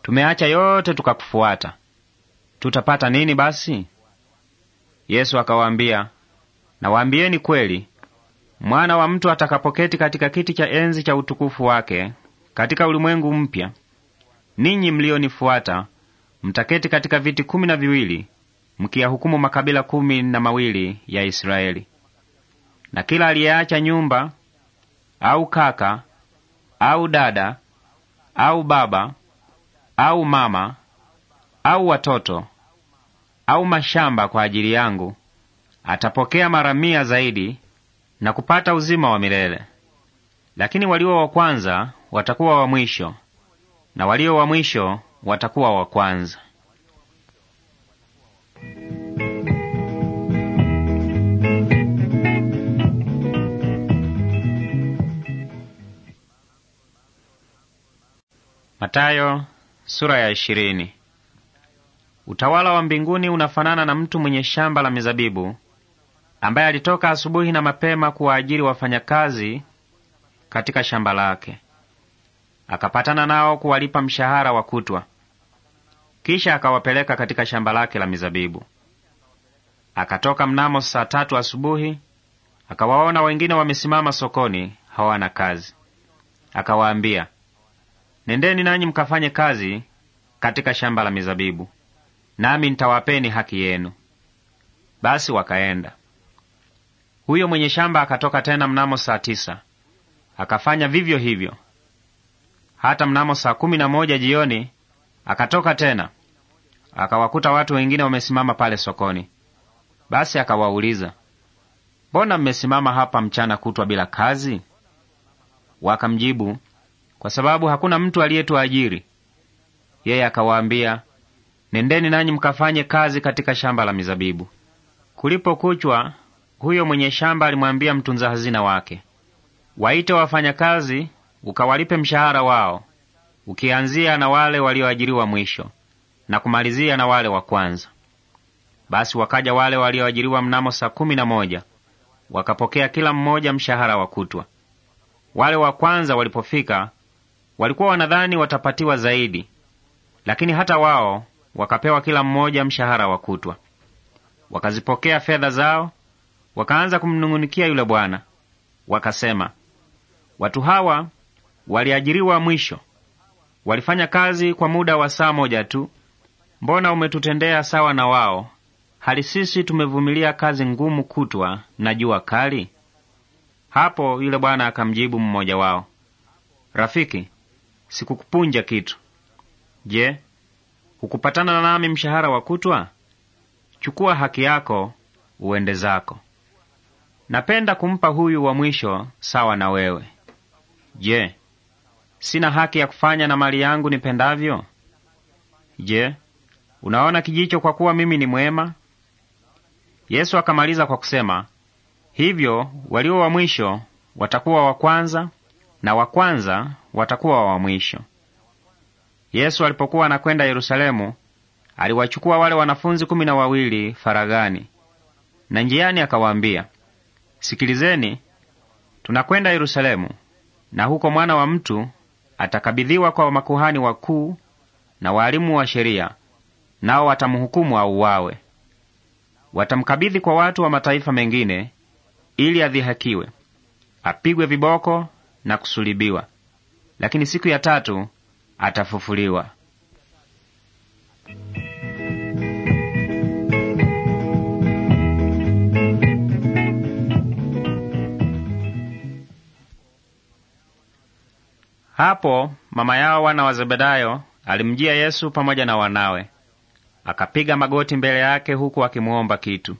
tumeacha yote tukakufuata, tutapata nini basi? Yesu akawaambia, nawaambieni kweli, mwana wa mtu atakapoketi katika kiti cha enzi cha utukufu wake katika ulimwengu mpya, ninyi mlionifuata mtaketi katika viti kumi na viwili mkiyahukumu makabila kumi na mawili ya Israeli. Na kila aliyeacha nyumba au kaka au dada au baba au mama au watoto au mashamba kwa ajili yangu atapokea mara mia zaidi na kupata uzima wa milele. Lakini walio wa kwanza watakuwa wa mwisho, na walio wa mwisho watakuwa wa kwanza. Matayo, sura ya ishirini. Utawala wa mbinguni unafanana na mtu mwenye shamba la mizabibu ambaye alitoka asubuhi na mapema kuwaajiri wafanyakazi katika shamba lake akapatana nao kuwalipa mshahara wa kutwa. Kisha akawapeleka katika shamba lake la mizabibu. Akatoka mnamo saa tatu asubuhi, akawaona wengine wamesimama sokoni hawana kazi. Akawaambia, nendeni nanyi mkafanye kazi katika shamba la mizabibu, nami ntawapeni haki yenu. Basi wakaenda. Huyo mwenye shamba akatoka tena mnamo saa tisa akafanya vivyo hivyo. Hata mnamo saa kumi na moja jioni akatoka tena, akawakuta watu wengine wamesimama pale sokoni. Basi akawauliza, mbona mmesimama hapa mchana kutwa bila kazi? Wakamjibu, kwa sababu hakuna mtu aliyetuajiri. Yeye akawaambia, nendeni nanyi mkafanye kazi katika shamba la mizabibu. kulipo kuchwa huyo mwenye shamba alimwambia mtunza hazina wake, waite wafanyakazi ukawalipe mshahara wao, ukianzia na wale walioajiriwa mwisho na kumalizia na wale wa kwanza. Basi wakaja wale walioajiriwa mnamo saa kumi na moja wakapokea kila mmoja mshahara wa kutwa. Wale wa kwanza walipofika walikuwa wanadhani watapatiwa zaidi, lakini hata wao wakapewa kila mmoja mshahara wa kutwa. Wakazipokea fedha zao, wakaanza kumnung'unikia yule bwana, wakasema, watu hawa waliajiriwa mwisho, walifanya kazi kwa muda wa saa moja tu. Mbona umetutendea sawa na wao, hali sisi tumevumilia kazi ngumu kutwa na jua kali? Hapo yule bwana akamjibu mmoja wao, rafiki, sikukupunja kitu. Je, hukupatana nami mshahara wa kutwa? Chukua haki yako uende zako. Napenda kumpa huyu wa mwisho sawa na wewe. Je, sina haki ya kufanya na mali yangu nipendavyo? Je, unaona kijicho kwa kuwa mimi ni mwema? Yesu akamaliza kwa kusema, hivyo walio wa mwisho watakuwa wa kwanza na wa kwanza watakuwa wa mwisho. Yesu alipokuwa anakwenda Yerusalemu, aliwachukua wale wanafunzi kumi na wawili faragani, na njiani akawaambia, sikilizeni, tunakwenda Yerusalemu, na huko mwana wa mtu atakabidhiwa kwa makuhani wakuu na waalimu wa sheria, nao watamhukumu auwawe Watamkabidhi kwa watu wa mataifa mengine ili adhihakiwe, apigwe viboko na kusulibiwa, lakini siku ya tatu atafufuliwa. Hapo mama yao wana wa Zebedayo alimjia Yesu pamoja na wanawe, akapiga magoti mbele yake huku akimuomba kitu.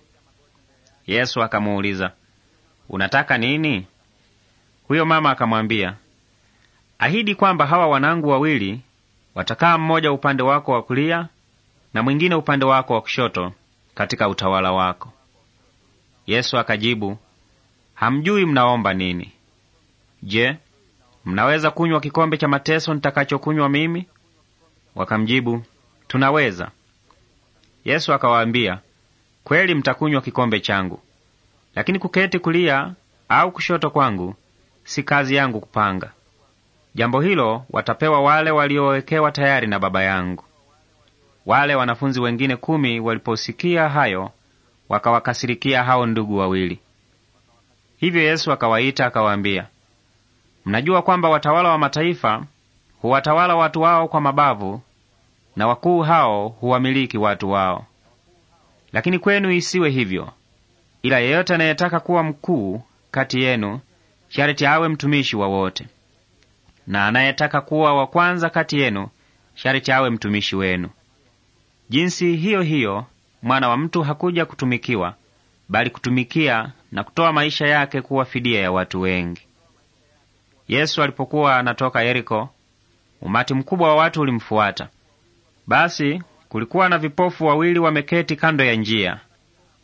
Yesu akamuuliza, unataka nini? Huyo mama akamwambia, ahidi kwamba hawa wanangu wawili watakaa mmoja upande wako wa kulia na mwingine upande wako wa kushoto katika utawala wako. Yesu akajibu, hamjui mnaomba nini. Je, mnaweza kunywa kikombe cha mateso nitakachokunywa mimi? Wakamjibu, tunaweza. Yesu akawaambia, kweli mtakunywa kikombe changu, lakini kuketi kulia au kushoto kwangu si kazi yangu kupanga. Jambo hilo watapewa wale waliowekewa tayari na Baba yangu. Wale wanafunzi wengine kumi waliposikia hayo, wakawakasirikia hao ndugu wawili. Hivyo Yesu akawaita akawaambia Mnajua kwamba watawala wa mataifa huwatawala watu wao kwa mabavu, na wakuu hao huwamiliki watu wao. Lakini kwenu isiwe hivyo, ila yeyote anayetaka kuwa mkuu kati yenu sharti awe mtumishi wa wote, na anayetaka kuwa wa kwanza kati yenu sharti awe mtumishi wenu. Jinsi hiyo hiyo mwana wa mtu hakuja kutumikiwa, bali kutumikia na kutoa maisha yake kuwa fidia ya watu wengi. Yesu alipokuwa anatoka Yeriko, umati mkubwa wa watu ulimfuata. Basi kulikuwa na vipofu wawili wameketi kando ya njia,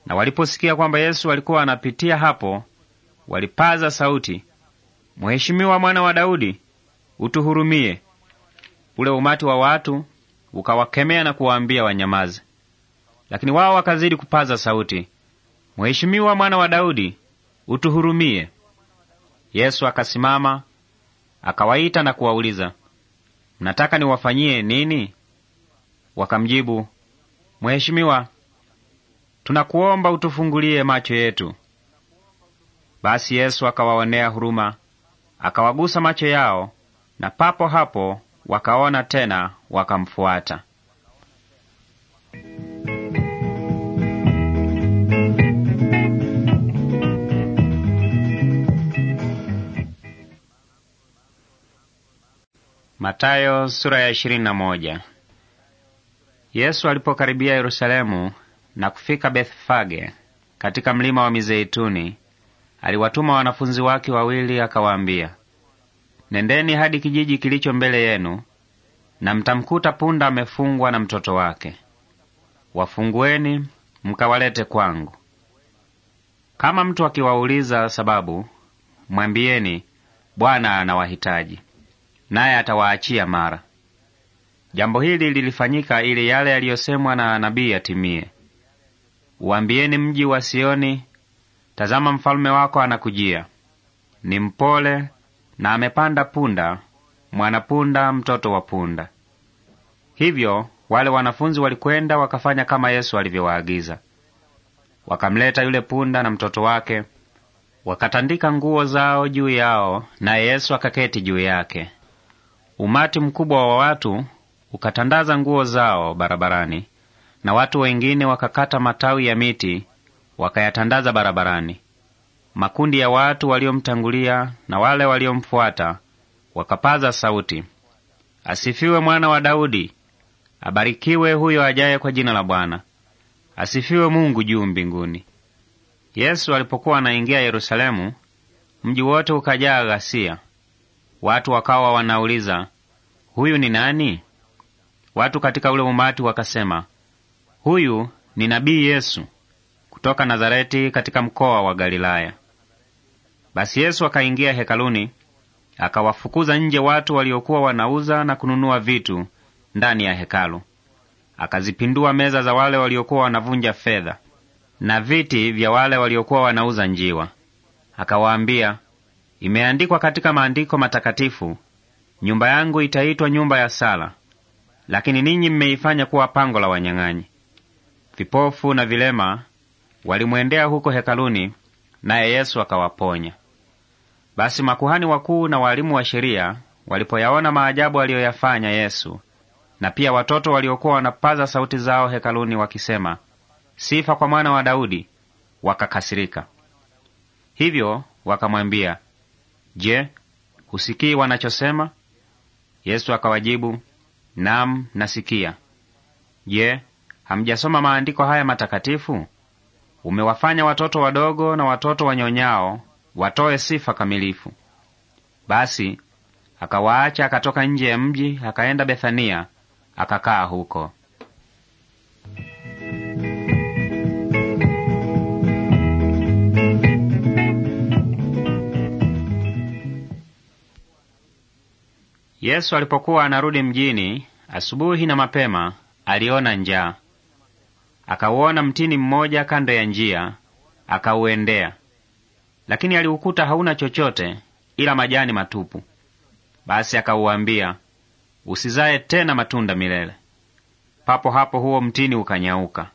na waliposikia kwamba Yesu alikuwa anapitia hapo, walipaza sauti, Mheshimiwa, mwana wa Daudi, utuhurumie. Ule umati wa watu ukawakemea na kuwaambia wanyamaze, lakini wao wakazidi kupaza sauti, Mheshimiwa, mwana wa Daudi, utuhurumie. Yesu akasimama Akawaita na kuwauliza, mnataka niwafanyie nini? Wakamjibu, Mheshimiwa, tunakuomba utufungulie macho yetu. Basi Yesu akawaonea huruma, akawagusa macho yao, na papo hapo wakaona tena, wakamfuata. Matayo sura ya ishirini na moja. Yesu alipokaribia Yerusalemu na kufika Bethfage katika mlima wa Mizeituni, aliwatuma wanafunzi wake wawili akawaambia, nendeni hadi kijiji kilicho mbele yenu, na mtamkuta punda amefungwa na mtoto wake. Wafungueni mkawalete kwangu. Kama mtu akiwauliza sababu, mwambieni Bwana anawahitaji naye atawaachia mara. Jambo hili lilifanyika ili yale yaliyosemwa na nabii yatimie: uambieni mji wa Sioni, tazama mfalme wako anakujia, ni mpole na amepanda punda, mwanapunda, mtoto wa punda. Hivyo wale wanafunzi walikwenda wakafanya kama Yesu alivyowaagiza. Wakamleta yule punda na mtoto wake, wakatandika nguo zao juu yao, naye Yesu akaketi juu yake. Umati mkubwa wa watu ukatandaza nguo zao barabarani, na watu wengine wakakata matawi ya miti wakayatandaza barabarani. Makundi ya watu waliomtangulia na wale waliomfuata wakapaza sauti, asifiwe mwana wa Daudi, abarikiwe huyo ajaye kwa jina la Bwana, asifiwe Mungu juu mbinguni. Yesu alipokuwa anaingia Yerusalemu, mji wote ukajaa ghasia. Watu wakawa wanauliza, huyu ni nani? Watu katika ule umati wakasema, huyu ni nabii Yesu kutoka Nazareti katika mkoa wa Galilaya. Basi Yesu akaingia hekaluni, akawafukuza nje watu waliokuwa wanauza na kununua vitu ndani ya hekalu. Akazipindua meza za wale waliokuwa wanavunja fedha na viti vya wale waliokuwa wanauza njiwa. Akawaambia, Imeandikwa katika maandiko matakatifu, nyumba yangu itaitwa nyumba ya sala, lakini ninyi mmeifanya kuwa pango la wanyang'anyi. Vipofu na vilema walimwendea huko hekaluni, naye Yesu akawaponya. Basi makuhani wakuu na waalimu wa sheria walipoyaona maajabu aliyoyafanya Yesu, na pia watoto waliokuwa wanapaza sauti zao hekaluni wakisema, sifa kwa mwana wa Daudi, wakakasirika. Hivyo wakamwambia, Je, husikii wanachosema? Yesu akawajibu, nam, nasikia. Je, hamjasoma maandiko haya matakatifu? Umewafanya watoto wadogo na watoto wanyonyao watoe sifa kamilifu. Basi akawaacha, akatoka nje ya mji, akaenda Bethania, akakaa huko. Yesu alipokuwa anarudi mjini asubuhi na mapema, aliona njaa. Akauona mtini mmoja kando ya njia, akauendea, lakini aliukuta hauna chochote ila majani matupu. Basi akauambia, usizae tena matunda milele. Papo hapo huo mtini ukanyauka.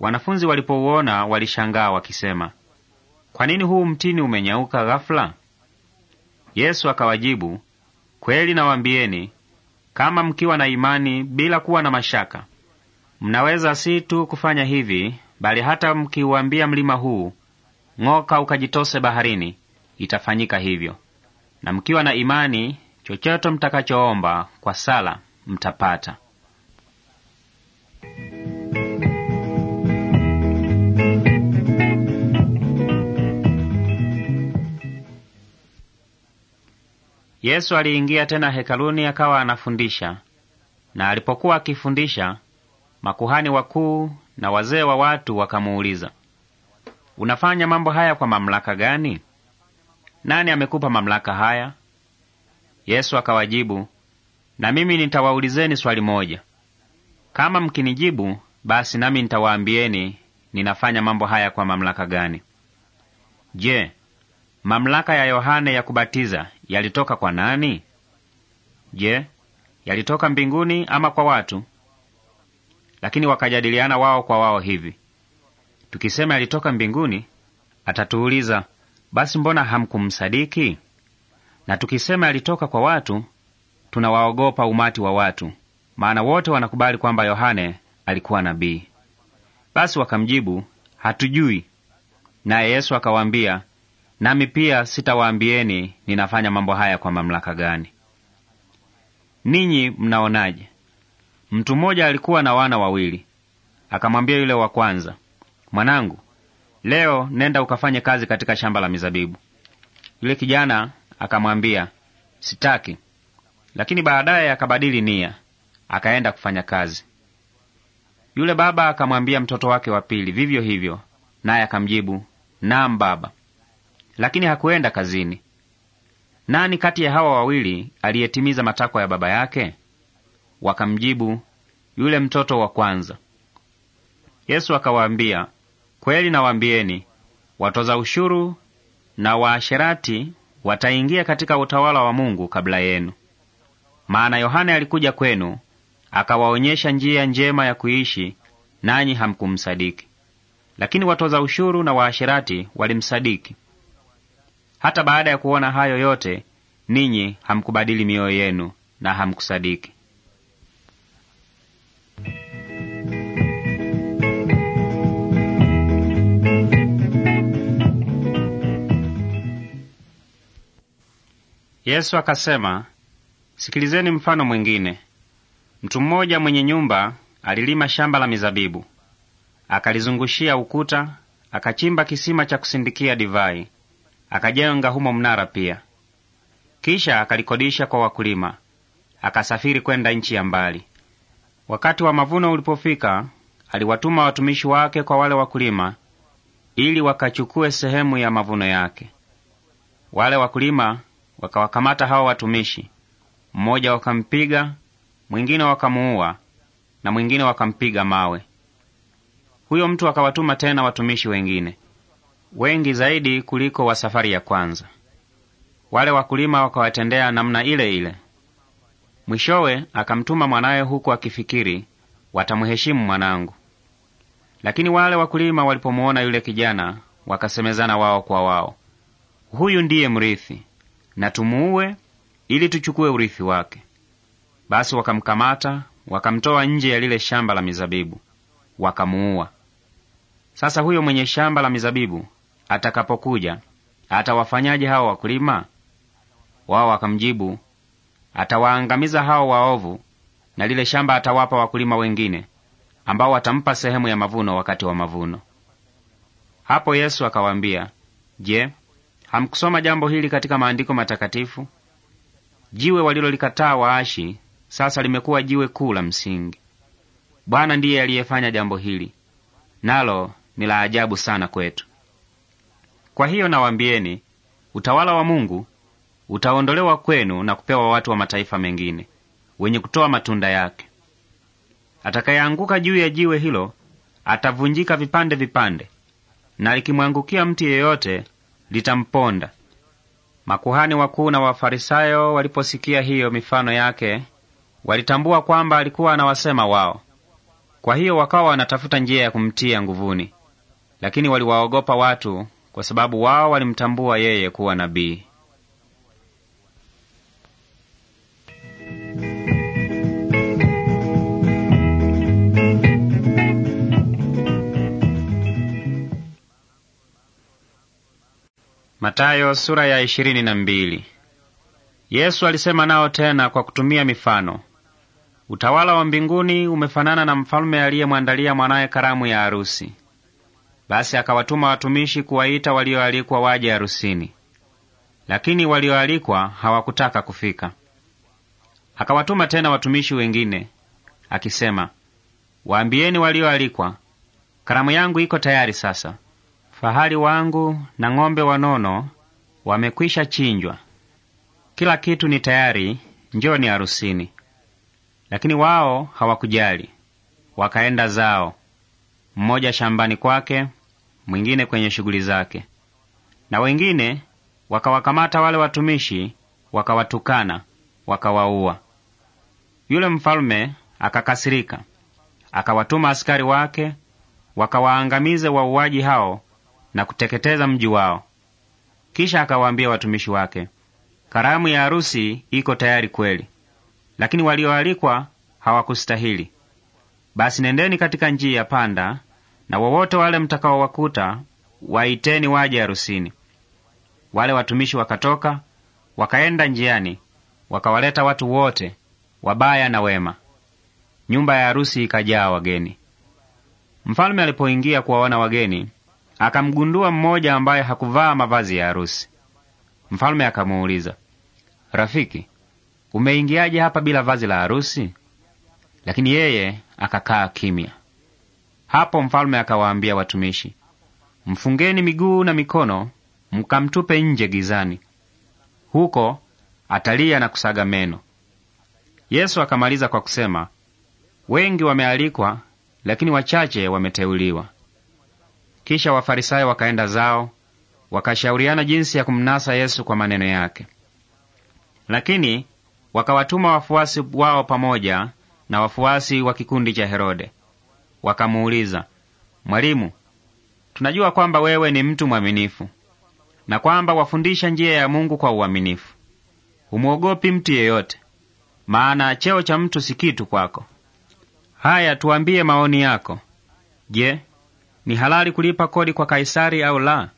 Wanafunzi walipouona walishangaa wakisema, kwa nini huu mtini umenyauka ghafula? Yesu akawajibu, Kweli nawambieni, kama mkiwa na imani bila kuwa na mashaka, mnaweza si tu kufanya hivi, bali hata mkiuambia mlima huu, ng'oka ukajitose baharini, itafanyika hivyo. Na mkiwa na imani, chochote mtakachoomba kwa sala mtapata. Yesu aliingia tena hekaluni akawa anafundisha. Na alipokuwa akifundisha, makuhani wakuu na wazee wa watu wakamuuliza, unafanya mambo haya kwa mamlaka gani? Nani amekupa mamlaka haya? Yesu akawajibu, na mimi nitawaulizeni swali moja. Kama mkinijibu, basi nami nitawaambieni ninafanya mambo haya kwa mamlaka gani. Je, mamlaka ya Yohane ya kubatiza yalitoka kwa nani? Je, yalitoka mbinguni ama kwa watu? Lakini wakajadiliana wao kwa wao hivi, tukisema yalitoka mbinguni, atatuuliza basi, mbona hamkumsadiki? Na tukisema yalitoka kwa watu, tunawaogopa umati wa watu, maana wote wanakubali kwamba Yohane alikuwa nabii. Basi wakamjibu hatujui. Naye Yesu akawaambia, nami pia sitawaambieni ninafanya mambo haya kwa mamlaka gani. Ninyi mnaonaje? Mtu mmoja alikuwa na wana wawili, akamwambia yule wa kwanza, mwanangu, leo nenda ukafanye kazi katika shamba la mizabibu. Yule kijana akamwambia, sitaki. Lakini baadaye akabadili nia, akaenda kufanya kazi. Yule baba akamwambia mtoto wake wa pili vivyo hivyo, naye akamjibu, naam baba lakini hakuenda kazini. Nani kati ya hawa wawili aliyetimiza matakwa ya baba yake? Wakamjibu, yule mtoto wa kwanza. Yesu akawaambia, kweli nawaambieni, watoza ushuru na waasherati wataingia katika utawala wa Mungu kabla yenu. Maana Yohane alikuja kwenu akawaonyesha njia njema ya kuishi, nanyi hamkumsadiki. Lakini watoza ushuru na waasherati walimsadiki. Hata baada ya kuona hayo yote, ninyi hamkubadili mioyo yenu na hamkusadiki. Yesu akasema, sikilizeni mfano mwingine. Mtu mmoja mwenye nyumba alilima shamba la mizabibu, akalizungushia ukuta, akachimba kisima cha kusindikia divai Akajenga humo mnara pia. Kisha akalikodisha kwa wakulima, akasafiri kwenda nchi ya mbali. Wakati wa mavuno ulipofika, aliwatuma watumishi wake kwa wale wakulima ili wakachukue sehemu ya mavuno yake. Wale wakulima wakawakamata hawa watumishi, mmoja wakampiga, mwingine wakamuua, na mwingine wakampiga mawe. Huyo mtu akawatuma tena watumishi wengine wengi zaidi kuliko wa safari ya kwanza. Wale wakulima wakawatendea namna ile ile. Mwishowe akamtuma mwanawe huku akifikiri watamheshimu mwanangu. Lakini wale wakulima walipomuona yule kijana, wakasemezana wao kwa wao, huyu ndiye mrithi, na tumuue ili tuchukue urithi wake. Basi wakamkamata wakamtoa nje ya lile shamba la mizabibu wakamuua. Sasa huyo mwenye shamba la mizabibu atakapokuja atawafanyaje hao wakulima? Wao wakamjibu, atawaangamiza hao waovu, na lile shamba atawapa wakulima wengine, ambao watampa sehemu ya mavuno wakati wa mavuno. Hapo Yesu akawaambia, Je, hamkusoma jambo hili katika maandiko matakatifu? Jiwe walilolikataa waashi sasa limekuwa jiwe kuu la msingi. Bwana ndiye aliyefanya jambo hili, nalo ni la ajabu sana kwetu. Kwa hiyo nawaambieni, utawala wa Mungu utaondolewa kwenu na kupewa watu wa mataifa mengine wenye kutoa matunda yake. Atakayeanguka juu ya jiwe hilo atavunjika vipande vipande, na likimwangukia mtu yeyote litamponda. Makuhani wakuu na Wafarisayo waliposikia hiyo mifano yake, walitambua kwamba alikuwa anawasema wao. Kwa hiyo wakawa wanatafuta njia ya kumtia nguvuni, lakini waliwaogopa watu kwa sababu wao walimtambua yeye kuwa nabii. Matayo sura ya ishirini na mbili. Yesu alisema nao tena kwa kutumia mifano, utawala wa mbinguni umefanana na mfalme aliyemwandalia mwanaye karamu ya harusi. Basi akawatuma watumishi kuwaita walioalikwa waje harusini, lakini walioalikwa hawakutaka kufika. Akawatuma tena watumishi wengine akisema, waambieni walioalikwa, karamu yangu iko tayari sasa. Fahali wangu na ng'ombe wanono wamekwisha chinjwa, kila kitu ni tayari, njoni harusini. Lakini wao hawakujali, wakaenda zao mmoja shambani kwake, mwingine kwenye shughuli zake. Na wengine wakawakamata wale watumishi, wakawatukana, wakawaua. Yule mfalme akakasirika, akawatuma askari wake wakawaangamize wauaji hao na kuteketeza mji wao. Kisha akawaambia watumishi wake, karamu ya harusi iko tayari kweli, lakini walioalikwa hawakustahili. Basi nendeni katika njia ya panda, na wowote wale mtakaowakuta waiteni waje harusini. Wale watumishi wakatoka wakaenda njiani, wakawaleta watu wote wabaya na wema. Nyumba ya harusi ikajaa wageni. Mfalme alipoingia kuwaona wageni, akamgundua mmoja ambaye hakuvaa mavazi ya harusi. Mfalme akamuuliza, rafiki, umeingiaje hapa bila vazi la harusi? Lakini yeye akakaa kimya. Hapo mfalme akawaambia watumishi, mfungeni miguu na mikono, mkamtupe nje gizani, huko atalia na kusaga meno. Yesu akamaliza kwa kusema, wengi wamealikwa, lakini wachache wameteuliwa. Kisha Wafarisayo wakaenda zao, wakashauriana jinsi ya kumnasa Yesu kwa maneno yake. Lakini wakawatuma wafuasi wao pamoja na wafuasi wa kikundi cha Herode wakamuuliza, Mwalimu, tunajua kwamba wewe ni mtu mwaminifu na kwamba wafundisha njia ya Mungu kwa uaminifu. Humwogopi mtu yeyote, maana cheo cha mtu si kitu kwako. Haya, tuambie maoni yako. Je, ni halali kulipa kodi kwa Kaisari au la?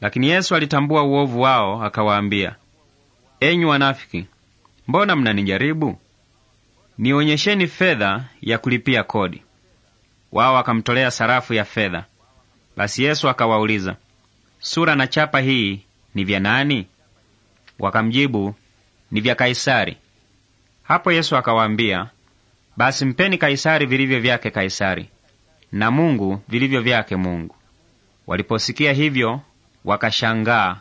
Lakini Yesu alitambua uovu wao, akawaambia, enyi wanafiki, mbona mnanijaribu? Nionyesheni fedha ya kulipia kodi wao wakamtolea sarafu ya fedha. Basi Yesu akawauliza, sura na chapa hii ni vya nani? Wakamjibu, ni vya Kaisari. Hapo Yesu akawaambia, basi mpeni Kaisari vilivyo vyake Kaisari, na Mungu vilivyo vyake Mungu. Waliposikia hivyo, wakashangaa,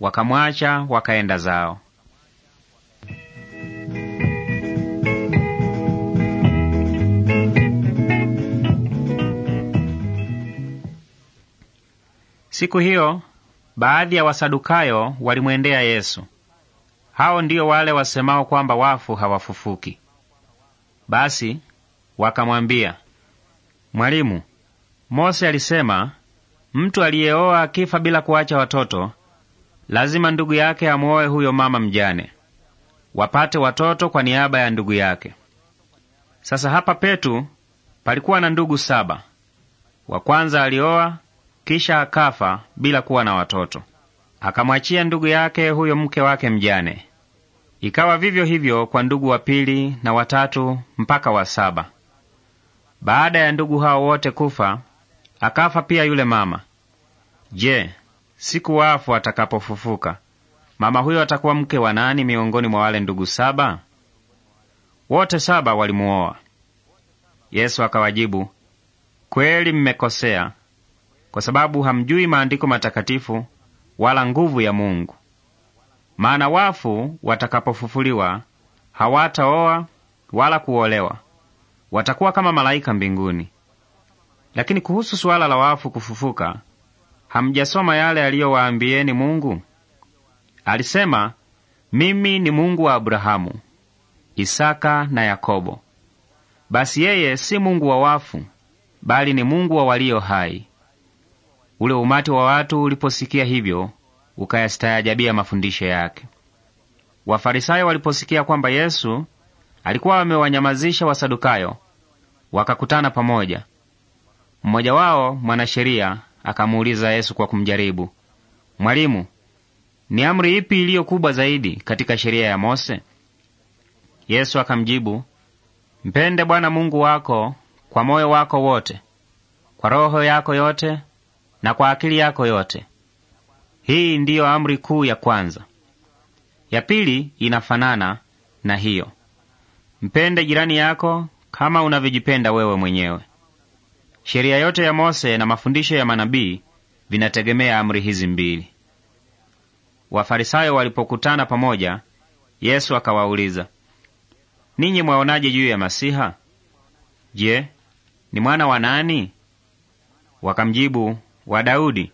wakamwacha, wakaenda zao. Siku hiyo baadhi ya Wasadukayo walimwendea Yesu. Hao ndiyo wale wasemao kwamba wafu hawafufuki. Basi wakamwambia, Mwalimu, Mose alisema mtu aliyeoa akifa bila kuacha watoto, lazima ndugu yake amwoe huyo mama mjane, wapate watoto kwa niaba ya ndugu yake. Sasa hapa petu palikuwa na ndugu saba. Wa kwanza alioa kisha akafa bila kuwa na watoto, akamwachia ndugu yake huyo mke wake mjane. Ikawa vivyo hivyo kwa ndugu wa pili na watatu mpaka wa saba. Baada ya ndugu hao wote kufa, akafa pia yule mama. Je, siku wafu atakapofufuka, mama huyo atakuwa mke wa nani miongoni mwa wale ndugu saba? Wote saba walimuoa. Yesu akawajibu, kweli mmekosea kwa sababu hamjui maandiko matakatifu wala nguvu ya Mungu. Maana wafu watakapofufuliwa hawataoa wala kuolewa, watakuwa kama malaika mbinguni. Lakini kuhusu suala la wafu kufufuka, hamjasoma yale aliyowaambieni Mungu? Alisema, mimi ni Mungu wa Abrahamu, Isaka na Yakobo. Basi yeye si Mungu wa wafu, bali ni Mungu wa walio hai. Ule umati wa watu uliposikia hivyo, ukayastaajabia mafundisho yake. Wafarisayo waliposikia kwamba Yesu alikuwa amewanyamazisha Wasadukayo, wakakutana pamoja. Mmoja wao mwanasheria akamuuliza Yesu kwa kumjaribu, Mwalimu, ni amri ipi iliyo kubwa zaidi katika sheria ya Mose? Yesu akamjibu, mpende Bwana Mungu wako kwa moyo wako wote, kwa roho yako yote na kwa akili yako yote. Hii ndiyo amri kuu ya kwanza. Ya pili inafanana na hiyo, mpende jirani yako kama unavyojipenda wewe mwenyewe. Sheria yote ya Mose na mafundisho ya manabii vinategemea amri hizi mbili. Wafarisayo walipokutana pamoja, Yesu akawauliza, ninyi mwaonaje juu ya Masiha? Je, ni mwana wa nani? Wakamjibu, wa Daudi?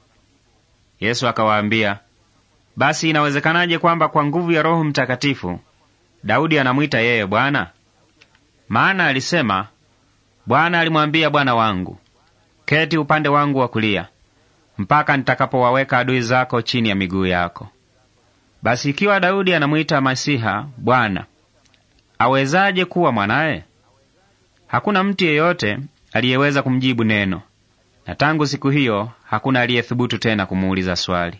Yesu akawaambia, basi inawezekanaje kwamba kwa nguvu ya Roho Mtakatifu Daudi anamwita yeye Bwana? Maana alisema, Bwana alimwambia Bwana wangu, keti upande wangu wa kulia mpaka nitakapowaweka adui zako chini ya miguu yako. Basi ikiwa Daudi anamwita Masiha Bwana, awezaje kuwa mwanaye? Hakuna mtu yeyote aliyeweza kumjibu neno, na tangu siku hiyo hakuna aliyethubutu tena kumuuliza swali.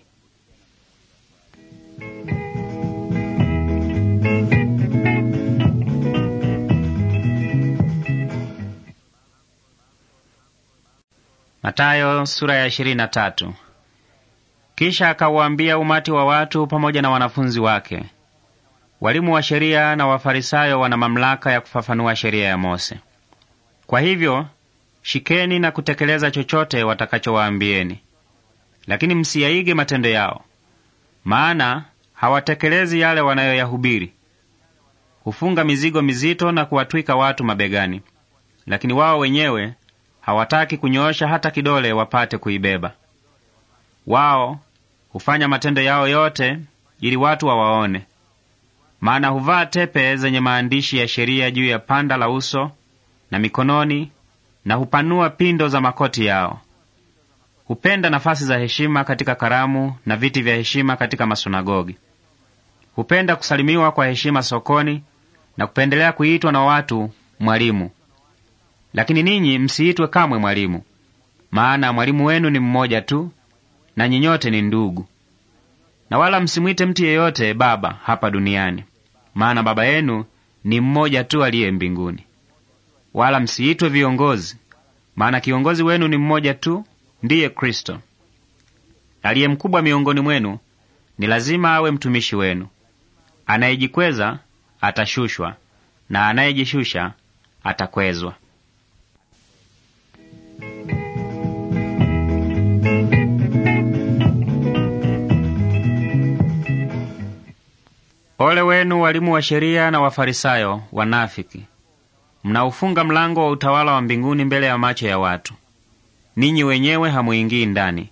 Matayo sura ya Kisha akawaambia umati wa watu pamoja na wanafunzi wake, walimu wa sheria na Wafarisayo wana mamlaka ya kufafanua sheria ya Mose. Kwa hivyo shikeni na kutekeleza chochote watakachowaambieni, lakini msiyaige matendo yao, maana hawatekelezi yale wanayoyahubiri. Hufunga mizigo mizito na kuwatwika watu mabegani, lakini wao wenyewe hawataki kunyoosha hata kidole wapate kuibeba. Wao hufanya matendo yao yote ili watu wawaone. Maana huvaa tepe zenye maandishi ya sheria juu ya panda la uso na mikononi na hupanua pindo za makoti yao. Hupenda nafasi za heshima katika karamu na viti vya heshima katika masunagogi. Hupenda kusalimiwa kwa heshima sokoni na kupendelea kuitwa na watu mwalimu. Lakini ninyi msiitwe kamwe mwalimu, maana mwalimu wenu ni mmoja tu na nyinyote ni ndugu. Na wala msimwite mtu yeyote baba hapa duniani, maana Baba yenu ni mmoja tu aliye mbinguni wala msiitwe viongozi, maana kiongozi wenu ni mmoja tu, ndiye Kristo. Aliye mkubwa miongoni mwenu ni lazima awe mtumishi wenu. Anayejikweza atashushwa, na anayejishusha atakwezwa. Ole wenu walimu wa sheria na Wafarisayo wanafiki, mnaufunga mlango wa utawala wa mbinguni mbele ya macho ya watu. Ninyi wenyewe hamuingii ndani,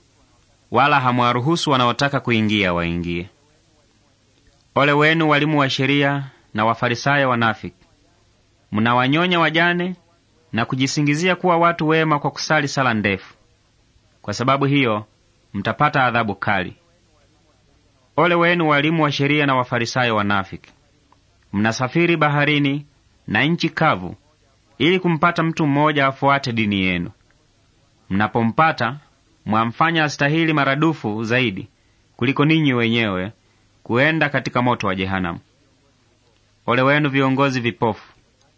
wala hamwaruhusu wanaotaka kuingia waingie. Ole wenu walimu wa sheria na Wafarisayo wanafiki, mnawanyonya wajane na kujisingizia kuwa watu wema kwa kusali sala ndefu. Kwa sababu hiyo mtapata adhabu kali. Ole wenu walimu wa sheria na Wafarisayo wanafiki, mnasafiri baharini na nchi kavu ili kumpata mtu mmoja afuate dini yenu. Mnapompata mwamfanya astahili maradufu zaidi kuliko ninyi wenyewe kuenda katika moto wa jehanamu. Ole wenu viongozi vipofu!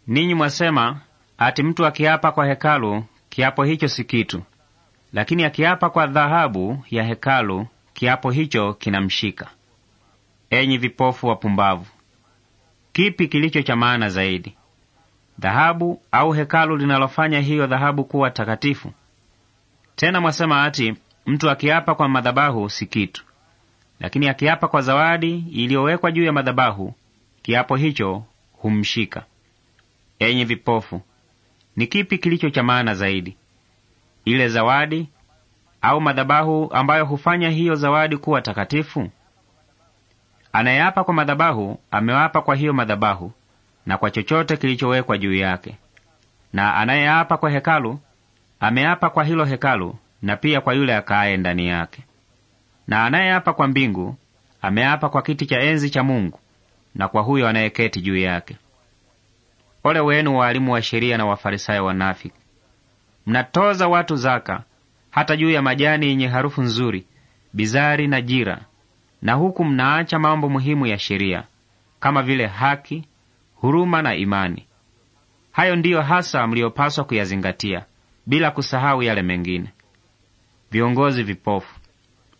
Ninyi mwasema ati mtu akiapa kwa hekalu, kiapo hicho si kitu, lakini akiapa kwa dhahabu ya hekalu, kiapo hicho kinamshika. Enyi vipofu wapumbavu! Kipi kilicho cha maana zaidi, dhahabu au hekalu linalofanya hiyo dhahabu kuwa takatifu. Tena mwasema ati mtu akiapa kwa madhabahu si kitu, lakini akiapa kwa zawadi iliyowekwa juu ya madhabahu, kiapo hicho humshika. Enyi vipofu, ni kipi kilicho cha maana zaidi, ile zawadi au madhabahu ambayo hufanya hiyo zawadi kuwa takatifu? Anayeapa kwa madhabahu amewapa kwa hiyo madhabahu, na kwa chochote kilichowekwa juu yake. Na anayeapa kwa hekalu ameapa kwa hilo hekalu na pia kwa yule akaaye ndani yake. Na anayeapa kwa mbingu ameapa kwa kiti cha enzi cha Mungu na kwa huyo anayeketi juu yake. Ole wenu waalimu wa sheria na Wafarisayo wanafiki, mnatoza watu zaka hata juu ya majani yenye harufu nzuri, bizari na jira, na huku mnaacha mambo muhimu ya sheria kama vile haki, huruma na imani. Hayo ndiyo hasa mliyopaswa kuyazingatia, bila kusahau yale mengine. Viongozi vipofu,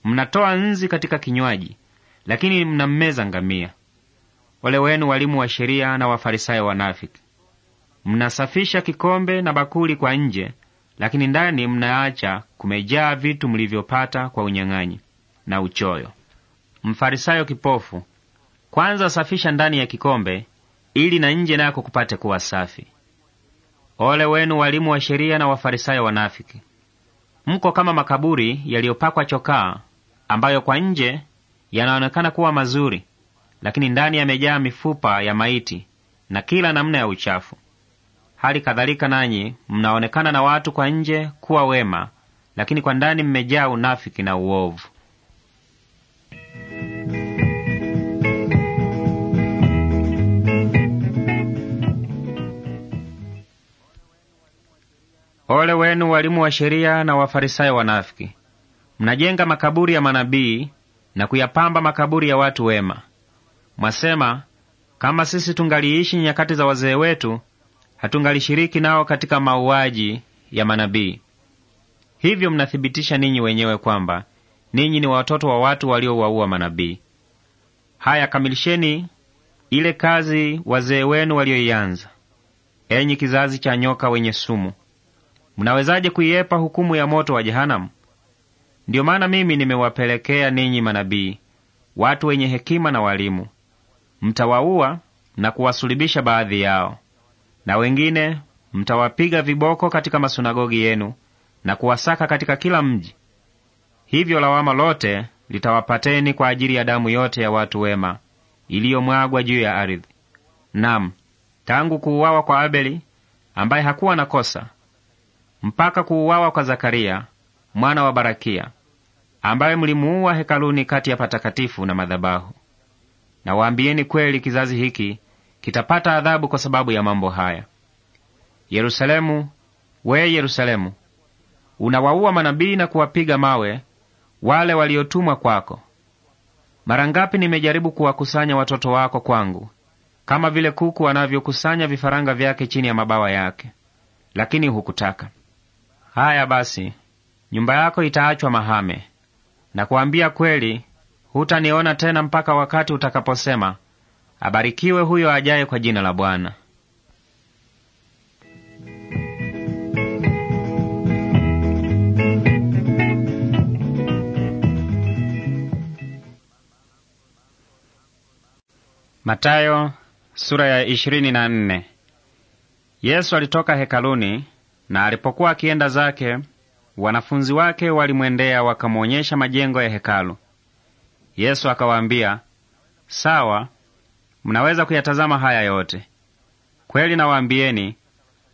mnatoa nzi katika kinywaji, lakini mnammeza ngamia. Ole wenu walimu wa sheria na wafarisayo wanafiki! Mnasafisha kikombe na bakuli kwa nje, lakini ndani mnaacha kumejaa vitu mlivyopata kwa unyang'anyi na uchoyo. Mfarisayo kipofu, kwanza safisha ndani ya kikombe ili na nje nako kupate kuwa safi. Ole wenu walimu wa sheria na wafarisayo wanafiki, mko kama makaburi yaliyopakwa chokaa, ambayo kwa nje yanaonekana kuwa mazuri, lakini ndani yamejaa mifupa ya maiti na kila namna ya uchafu. Hali kadhalika nanyi mnaonekana na watu kwa nje kuwa wema, lakini kwa ndani mmejaa unafiki na uovu. Ole wenu walimu wa sheria na Wafarisayo wanafiki, mnajenga makaburi ya manabii na kuyapamba makaburi ya watu wema. Mwasema, kama sisi tungaliishi nyakati za wazee wetu, hatungalishiriki nao katika mauaji ya manabii. Hivyo mnathibitisha ninyi wenyewe kwamba ninyi ni watoto wa watu waliowaua manabii. Haya, kamilisheni ile kazi wazee wenu walioianza, enyi kizazi cha nyoka wenye sumu mnawezaje kuiepa hukumu ya moto wa jehanamu? Ndiyo maana mimi nimewapelekea ninyi manabii, watu wenye hekima na walimu. Mtawaua na kuwasulubisha baadhi yao, na wengine mtawapiga viboko katika masunagogi yenu na kuwasaka katika kila mji. Hivyo lawama lote litawapateni kwa ajili ya damu yote ya watu wema iliyomwagwa juu ya ardhi. Nam, tangu kuuawa kwa Abeli ambaye hakuwa na kosa mpaka kuuawa kwa Zakaria mwana wa Barakia, ambaye mlimuua hekaluni kati ya patakatifu na madhabahu. Nawaambieni kweli, kizazi hiki kitapata adhabu kwa sababu ya mambo haya. Yerusalemu, we Yerusalemu, unawaua manabii na kuwapiga mawe wale waliotumwa kwako. Mara ngapi nimejaribu kuwakusanya watoto wako kwangu, kama vile kuku anavyokusanya vifaranga vyake chini ya mabawa yake, lakini hukutaka. Haya basi, nyumba yako itaachwa mahame. Nakuambia kweli, hutaniona tena mpaka wakati utakaposema, abarikiwe huyo ajaye kwa jina la Bwana. Matayo sura ya 24. Yesu alitoka hekaluni na alipokuwa akienda zake, wanafunzi wake walimwendea wakamwonyesha majengo ya hekalu. Yesu akawaambia, sawa, mnaweza kuyatazama haya yote. Kweli nawaambieni,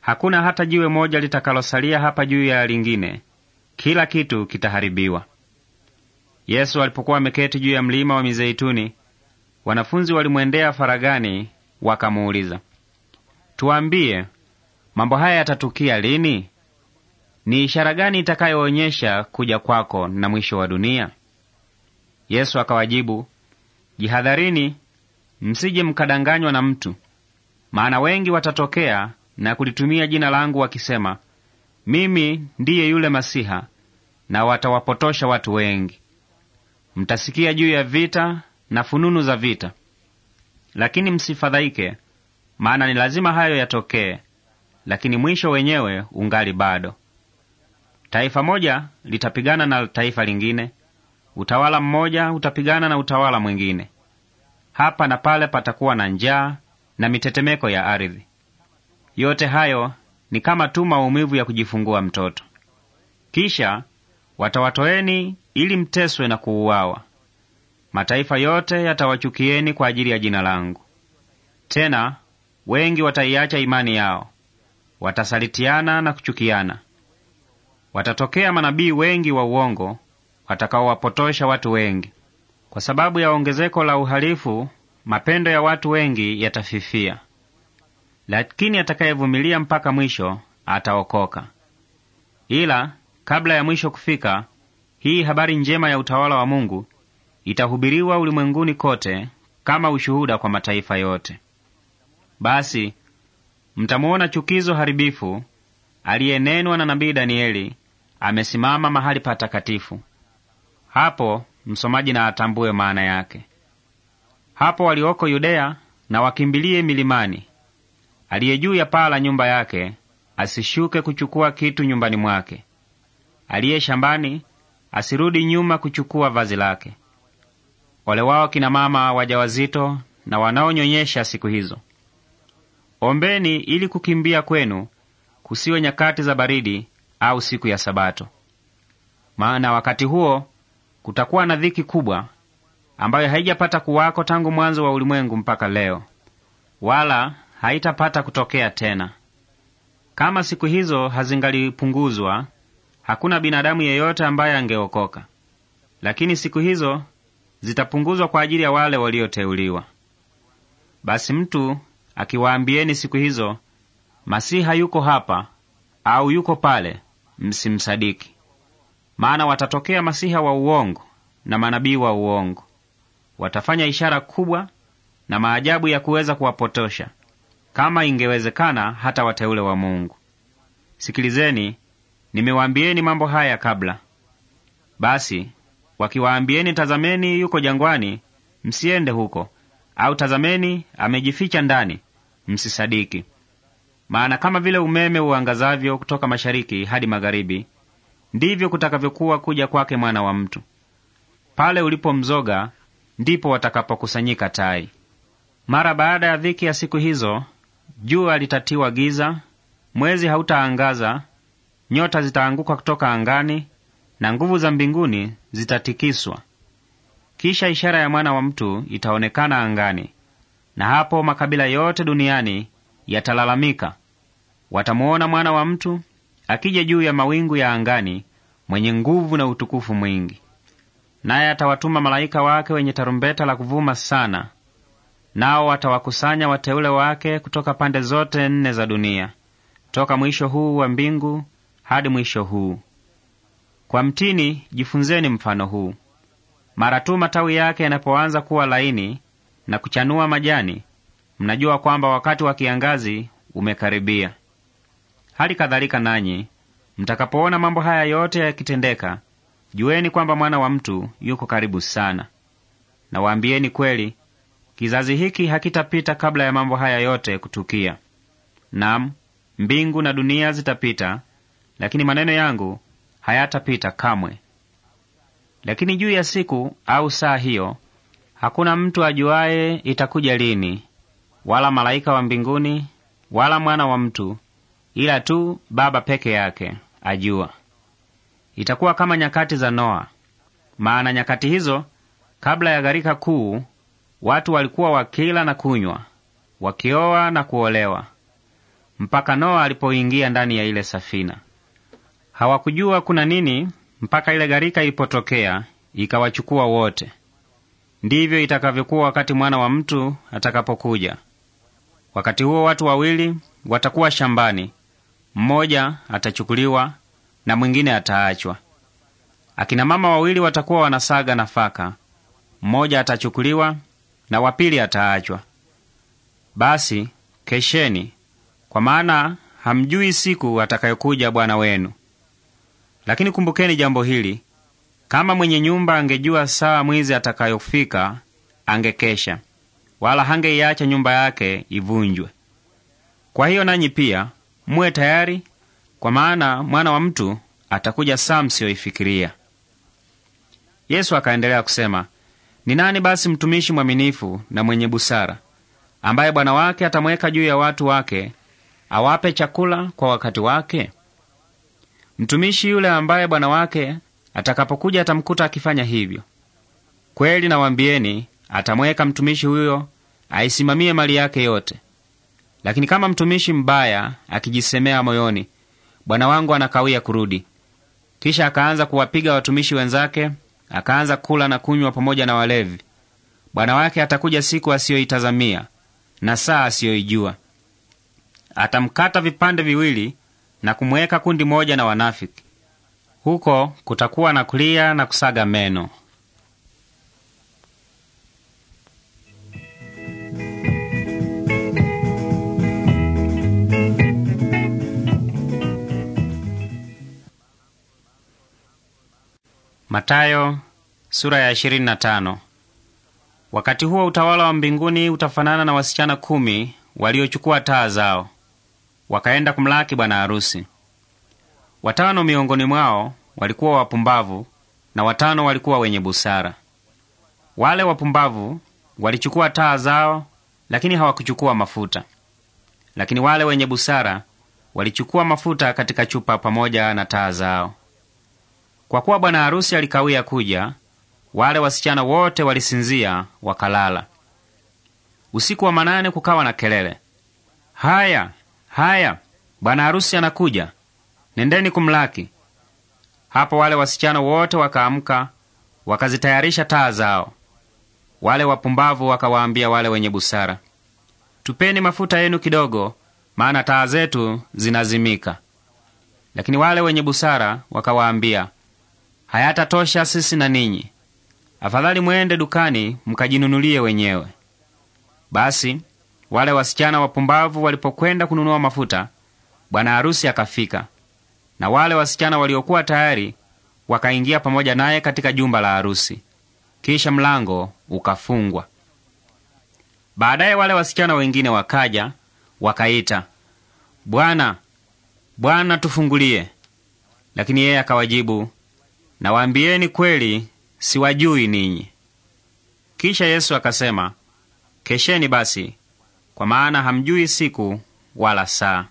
hakuna hata jiwe moja litakalosalia hapa juu ya lingine; kila kitu kitaharibiwa. Yesu alipokuwa ameketi juu ya mlima wa Mizeituni, wanafunzi walimwendea faragani, wakamuuliza, tuambie, Mambo haya yatatukia lini? Ni ishara gani itakayoonyesha kuja kwako na mwisho wa dunia? Yesu akawajibu, jihadharini, msije mkadanganywa na mtu, maana wengi watatokea na kulitumia jina langu wakisema, mimi ndiye yule Masiha, na watawapotosha watu wengi. Mtasikia juu ya vita na fununu za vita, lakini msifadhaike, maana ni lazima hayo yatokee lakini mwisho wenyewe ungali bado. Taifa moja litapigana na taifa lingine, utawala mmoja utapigana na utawala mwingine. Hapa na pale patakuwa na njaa na mitetemeko ya ardhi. Yote hayo ni kama tu maumivu ya kujifungua mtoto. Kisha watawatoeni ili mteswe na kuuawa. Mataifa yote yatawachukieni kwa ajili ya jina langu. Tena wengi wataiacha imani yao, Watasalitiana na kuchukiana. Watatokea manabii wengi wa uongo watakaowapotosha watu wengi. Kwa sababu ya ongezeko la uhalifu, mapendo ya watu wengi yatafifia, lakini atakayevumilia mpaka mwisho ataokoka. Ila kabla ya mwisho kufika, hii habari njema ya utawala wa Mungu itahubiriwa ulimwenguni kote kama ushuhuda kwa mataifa yote. Basi mtamuona chukizo haribifu aliyenenwa na nabii Danieli amesimama mahali patakatifu. Hapo msomaji na atambue maana yake. Hapo walioko Yudeya na wakimbilie milimani. Aliye juu ya paa la nyumba yake asishuke kuchukua kitu nyumbani mwake. Aliye shambani asirudi nyuma kuchukua vazi lake. Ole wao kina mama wajawazito na wanaonyonyesha siku hizo, Ombeni ili kukimbia kwenu kusiwe nyakati za baridi au siku ya Sabato, maana wakati huo kutakuwa na dhiki kubwa ambayo haijapata kuwako tangu mwanzo wa ulimwengu mpaka leo, wala haitapata kutokea tena. Kama siku hizo hazingalipunguzwa, hakuna binadamu yeyote ambaye angeokoka. Lakini siku hizo zitapunguzwa kwa ajili ya wale walioteuliwa. Basi mtu akiwaambieni siku hizo, Masiha yuko hapa au yuko pale, msimsadiki. Maana watatokea masiha wa uongo na manabii wa uongo, watafanya ishara kubwa na maajabu ya kuweza kuwapotosha, kama ingewezekana, hata wateule wa Mungu. Sikilizeni, nimewaambieni mambo haya kabla. Basi wakiwaambieni, tazameni yuko jangwani, msiende huko, au tazameni amejificha ndani, msisadiki. Maana kama vile umeme uangazavyo kutoka mashariki hadi magharibi, ndivyo kutakavyokuwa kuja kwake Mwana wa Mtu. Pale ulipomzoga ndipo watakapokusanyika tai. Mara baada ya dhiki ya siku hizo, jua litatiwa giza, mwezi hautaangaza, nyota zitaanguka kutoka angani, na nguvu za mbinguni zitatikiswa. Kisha ishara ya mwana wa mtu itaonekana angani, na hapo makabila yote duniani yatalalamika. Watamuona mwana wa mtu akija juu ya mawingu ya angani, mwenye nguvu na utukufu mwingi. Naye atawatuma malaika wake wenye tarumbeta la kuvuma sana, nao watawakusanya wateule wake kutoka pande zote nne za dunia, toka mwisho huu wa mbingu hadi mwisho huu. Kwa mtini jifunzeni mfano huu. Mara tu matawi yake yanapoanza kuwa laini na kuchanua majani, mnajua kwamba wakati wa kiangazi umekaribia. Hali kadhalika nanyi mtakapoona mambo haya yote yakitendeka, jueni kwamba mwana wa mtu yuko karibu sana. Nawaambieni kweli, kizazi hiki hakitapita kabla ya mambo haya yote kutukia. nam mbingu na dunia zitapita, lakini maneno yangu hayatapita kamwe. Lakini juu ya siku au saa hiyo Hakuna mtu ajuaye itakuja lini, wala malaika wa mbinguni, wala mwana wa mtu, ila tu Baba peke yake ajua. Itakuwa kama nyakati za Noa, maana nyakati hizo kabla ya gharika kuu, watu walikuwa wakila na kunywa, wakioa na kuolewa, mpaka Noa alipoingia ndani ya ile safina. Hawakujua kuna nini mpaka ile gharika ilipotokea ikawachukua wote ndivyo itakavyokuwa wakati mwana wa mtu atakapokuja. Wakati huo watu wawili watakuwa shambani, mmoja atachukuliwa na mwingine ataachwa. Akina mama wawili watakuwa wanasaga nafaka, mmoja atachukuliwa na wapili ataachwa. Basi kesheni, kwa maana hamjui siku atakayokuja Bwana wenu. Lakini kumbukeni jambo hili, kama mwenye nyumba angejua saa mwizi atakayofika, angekesha, wala hangeiacha nyumba yake ivunjwe. Kwa hiyo nanyi pia muwe tayari, kwa maana mwana wa mtu atakuja saa msiyoifikiria. Yesu akaendelea kusema, ni nani basi mtumishi mwaminifu na mwenye busara ambaye bwana wake atamweka juu ya watu wake awape chakula kwa wakati wake? Mtumishi yule ambaye bwana wake Atakapokuja atamkuta akifanya hivyo. Kweli nawambieni, atamweka mtumishi huyo aisimamie mali yake yote. Lakini kama mtumishi mbaya akijisemea moyoni, bwana wangu anakawia kurudi, kisha akaanza kuwapiga watumishi wenzake, akaanza kula na kunywa pamoja na walevi, bwana wake atakuja siku asiyoitazamia na saa asiyoijua. Atamkata vipande viwili na kumweka kundi moja na wanafiki, huko kutakuwa na kulia na kusaga meno. Matayo, sura ya 25. Wakati huo utawala wa mbinguni utafanana na wasichana kumi waliochukua taa zao wakaenda kumlaki bwana harusi. Watano miongoni mwao walikuwa wapumbavu na watano walikuwa wenye busara. Wale wapumbavu walichukua taa zao, lakini hawakuchukua mafuta. Lakini wale wenye busara walichukua mafuta katika chupa pamoja na taa zao. Kwa kuwa bwana harusi alikawia kuja, wale wasichana wote walisinzia wakalala. Usiku wa manane kukawa na kelele, haya haya, bwana harusi anakuja! nendeni kumlaki. Hapo wale wasichana wote wakaamka, wakazitayarisha taa zao. Wale wapumbavu wakawaambia wale wenye busara, tupeni mafuta yenu kidogo, maana taa zetu zinazimika. Lakini wale wenye busara wakawaambia, hayatatosha sisi na ninyi, afadhali mwende dukani mkajinunulie wenyewe. Basi wale wasichana wapumbavu walipokwenda kununua mafuta, bwana harusi akafika na wale wasichana waliokuwa tayari wakaingia pamoja naye katika jumba la harusi. Kisha mlango ukafungwa. Baadaye wale wasichana wengine wakaja, wakaita, Bwana, Bwana, tufungulie. Lakini yeye akawajibu, nawaambieni kweli, siwajui ninyi. Kisha Yesu akasema, kesheni basi, kwa maana hamjui siku wala saa.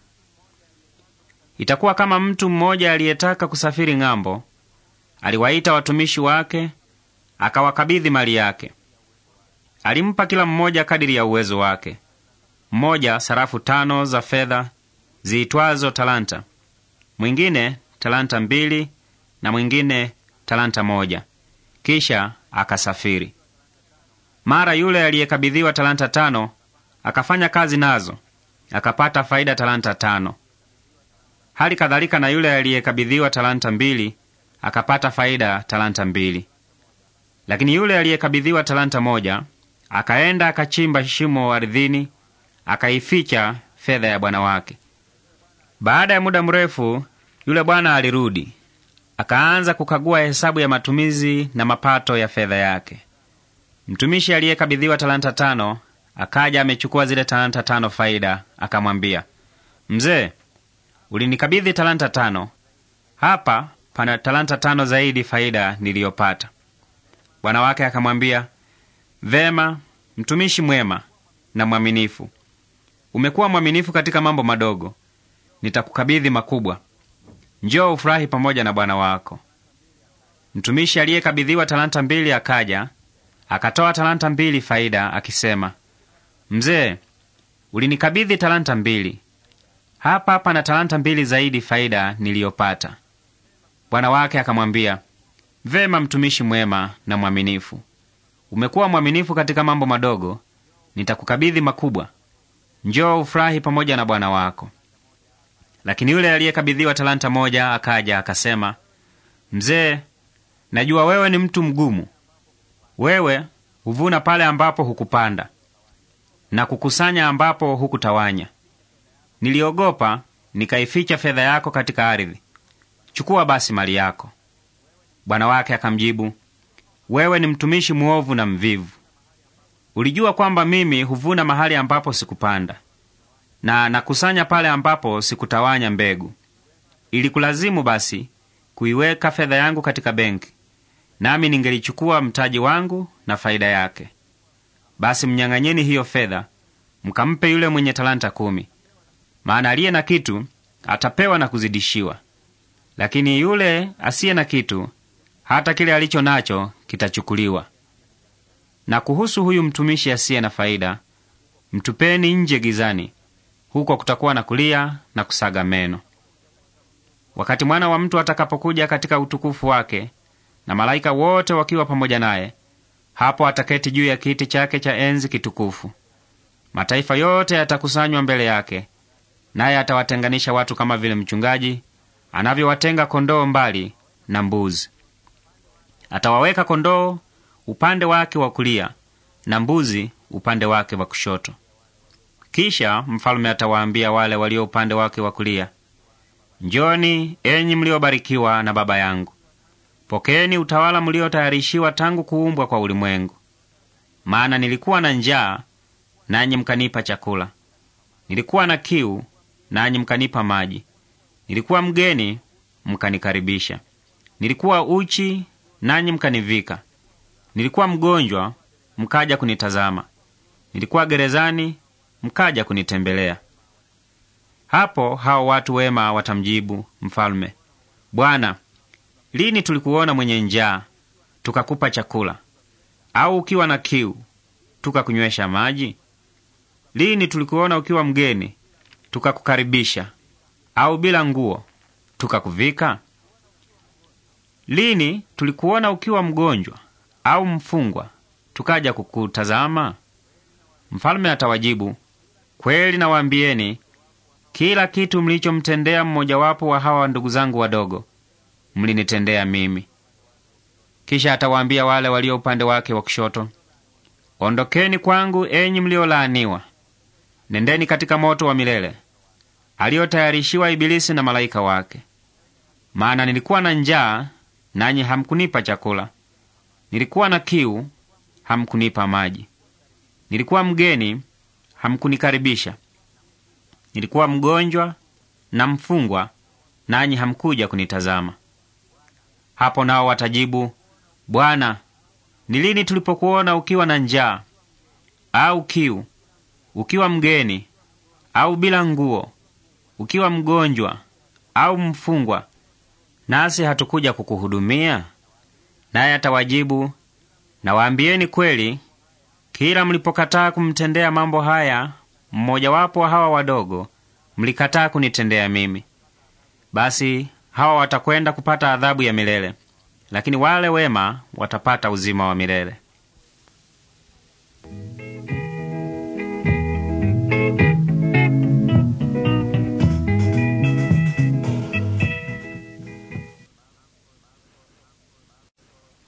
Itakuwa kama mtu mmoja aliyetaka kusafiri ng'ambo. Aliwaita watumishi wake, akawakabidhi mali yake. Alimpa kila mmoja kadiri ya uwezo wake, mmoja sarafu tano za fedha ziitwazo talanta, mwingine talanta mbili na mwingine talanta moja. Kisha akasafiri. Mara yule aliyekabidhiwa talanta tano akafanya kazi nazo, akapata faida talanta tano. Hali kadhalika na yule aliyekabidhiwa talanta mbili akapata faida talanta mbili. Lakini yule aliyekabidhiwa talanta moja akaenda akachimba shimo ardhini, akaificha fedha ya bwana wake. Baada ya muda mrefu, yule bwana alirudi, akaanza kukagua hesabu ya matumizi na mapato ya fedha yake. Mtumishi aliyekabidhiwa talanta tano akaja amechukua zile talanta tano faida, akamwambia mzee ulinikabidhi talanta tano. Hapa pana talanta tano zaidi faida niliyopata. Bwana wake akamwambia, vema, mtumishi mwema na mwaminifu, umekuwa mwaminifu katika mambo madogo, nitakukabidhi makubwa. Njoo ufurahi pamoja na bwana wako. Mtumishi aliyekabidhiwa talanta mbili akaja akatoa talanta mbili faida, akisema, mzee, ulinikabidhi talanta mbili hapa pana talanta mbili zaidi faida niliyopata. Bwana wake akamwambia, vema, mtumishi mwema na mwaminifu, umekuwa mwaminifu katika mambo madogo, nitakukabidhi makubwa. Njoo ufurahi pamoja na bwana wako. Lakini yule aliyekabidhiwa talanta moja akaja akasema, mzee, najua wewe ni mtu mgumu. Wewe huvuna pale ambapo hukupanda na kukusanya ambapo hukutawanya. Niliogopa, nikaificha fedha yako katika ardhi. Chukua basi mali yako. Bwana wake akamjibu, wewe ni mtumishi mwovu na mvivu. Ulijua kwamba mimi huvuna mahali ambapo sikupanda na nakusanya pale ambapo sikutawanya mbegu. Ilikulazimu basi kuiweka fedha yangu katika benki, nami ningelichukua mtaji wangu na faida yake. Basi mnyang'anyeni hiyo fedha, mkampe yule mwenye talanta kumi. Maana aliye na kitu atapewa na kuzidishiwa, lakini yule asiye na kitu, hata kile alicho nacho kitachukuliwa. Na kuhusu huyu mtumishi asiye na faida, mtupeni nje gizani, huko kutakuwa na kulia na kusaga meno, wakati mwana wa mtu atakapokuja katika utukufu wake na malaika wote wakiwa pamoja naye. Hapo ataketi juu ya kiti chake cha enzi kitukufu. Mataifa yote yatakusanywa mbele yake, naye atawatenganisha watu kama vile mchungaji anavyowatenga kondoo mbali na mbuzi. Atawaweka kondoo upande wake wa kulia na mbuzi upande wake wa kushoto. Kisha mfalume atawaambia wale walio upande wake wa kulia, njoni enyi mliobarikiwa na Baba yangu, pokeeni utawala mliotayarishiwa tangu kuumbwa kwa ulimwengu. Maana nilikuwa na njaa, nanyi mkanipa chakula, nilikuwa na kiu, nanyi mkanipa maji. Nilikuwa mgeni, mkanikaribisha. Nilikuwa uchi, nanyi mkanivika. Nilikuwa mgonjwa, mkaja kunitazama. Nilikuwa gerezani, mkaja kunitembelea. Hapo hao watu wema watamjibu mfalme, Bwana, lini tulikuona mwenye njaa tukakupa chakula, au ukiwa na kiu tukakunywesha maji? Lini tulikuona ukiwa mgeni tukakukaribisha, au bila nguo tukakuvika? Lini tulikuona ukiwa mgonjwa au mfungwa tukaja kukutazama? Mfalme atawajibu, kweli nawaambieni, kila kitu mlichomtendea mmojawapo wa hawa ndugu zangu wadogo mlinitendea mimi. Kisha atawaambia wale walio upande wake wa kushoto, ondokeni kwangu, enyi mliolaaniwa, nendeni katika moto wa milele aliyotayarishiwa Ibilisi na malaika wake. Maana nilikuwa na njaa, nanyi hamkunipa chakula; nilikuwa na kiu, hamkunipa maji; nilikuwa mgeni, hamkunikaribisha; nilikuwa mgonjwa na mfungwa, nanyi hamkuja kunitazama. Hapo nao watajibu, Bwana, ni lini tulipokuona ukiwa na njaa au kiu, ukiwa mgeni au bila nguo, ukiwa mgonjwa au mfungwa, nasi hatukuja kukuhudumia? Naye atawajibu, nawaambieni kweli, kila mlipokataa kumtendea mambo haya mmojawapo wa hawa wadogo, mlikataa kunitendea mimi. Basi hawa watakwenda kupata adhabu ya milele, lakini wale wema watapata uzima wa milele.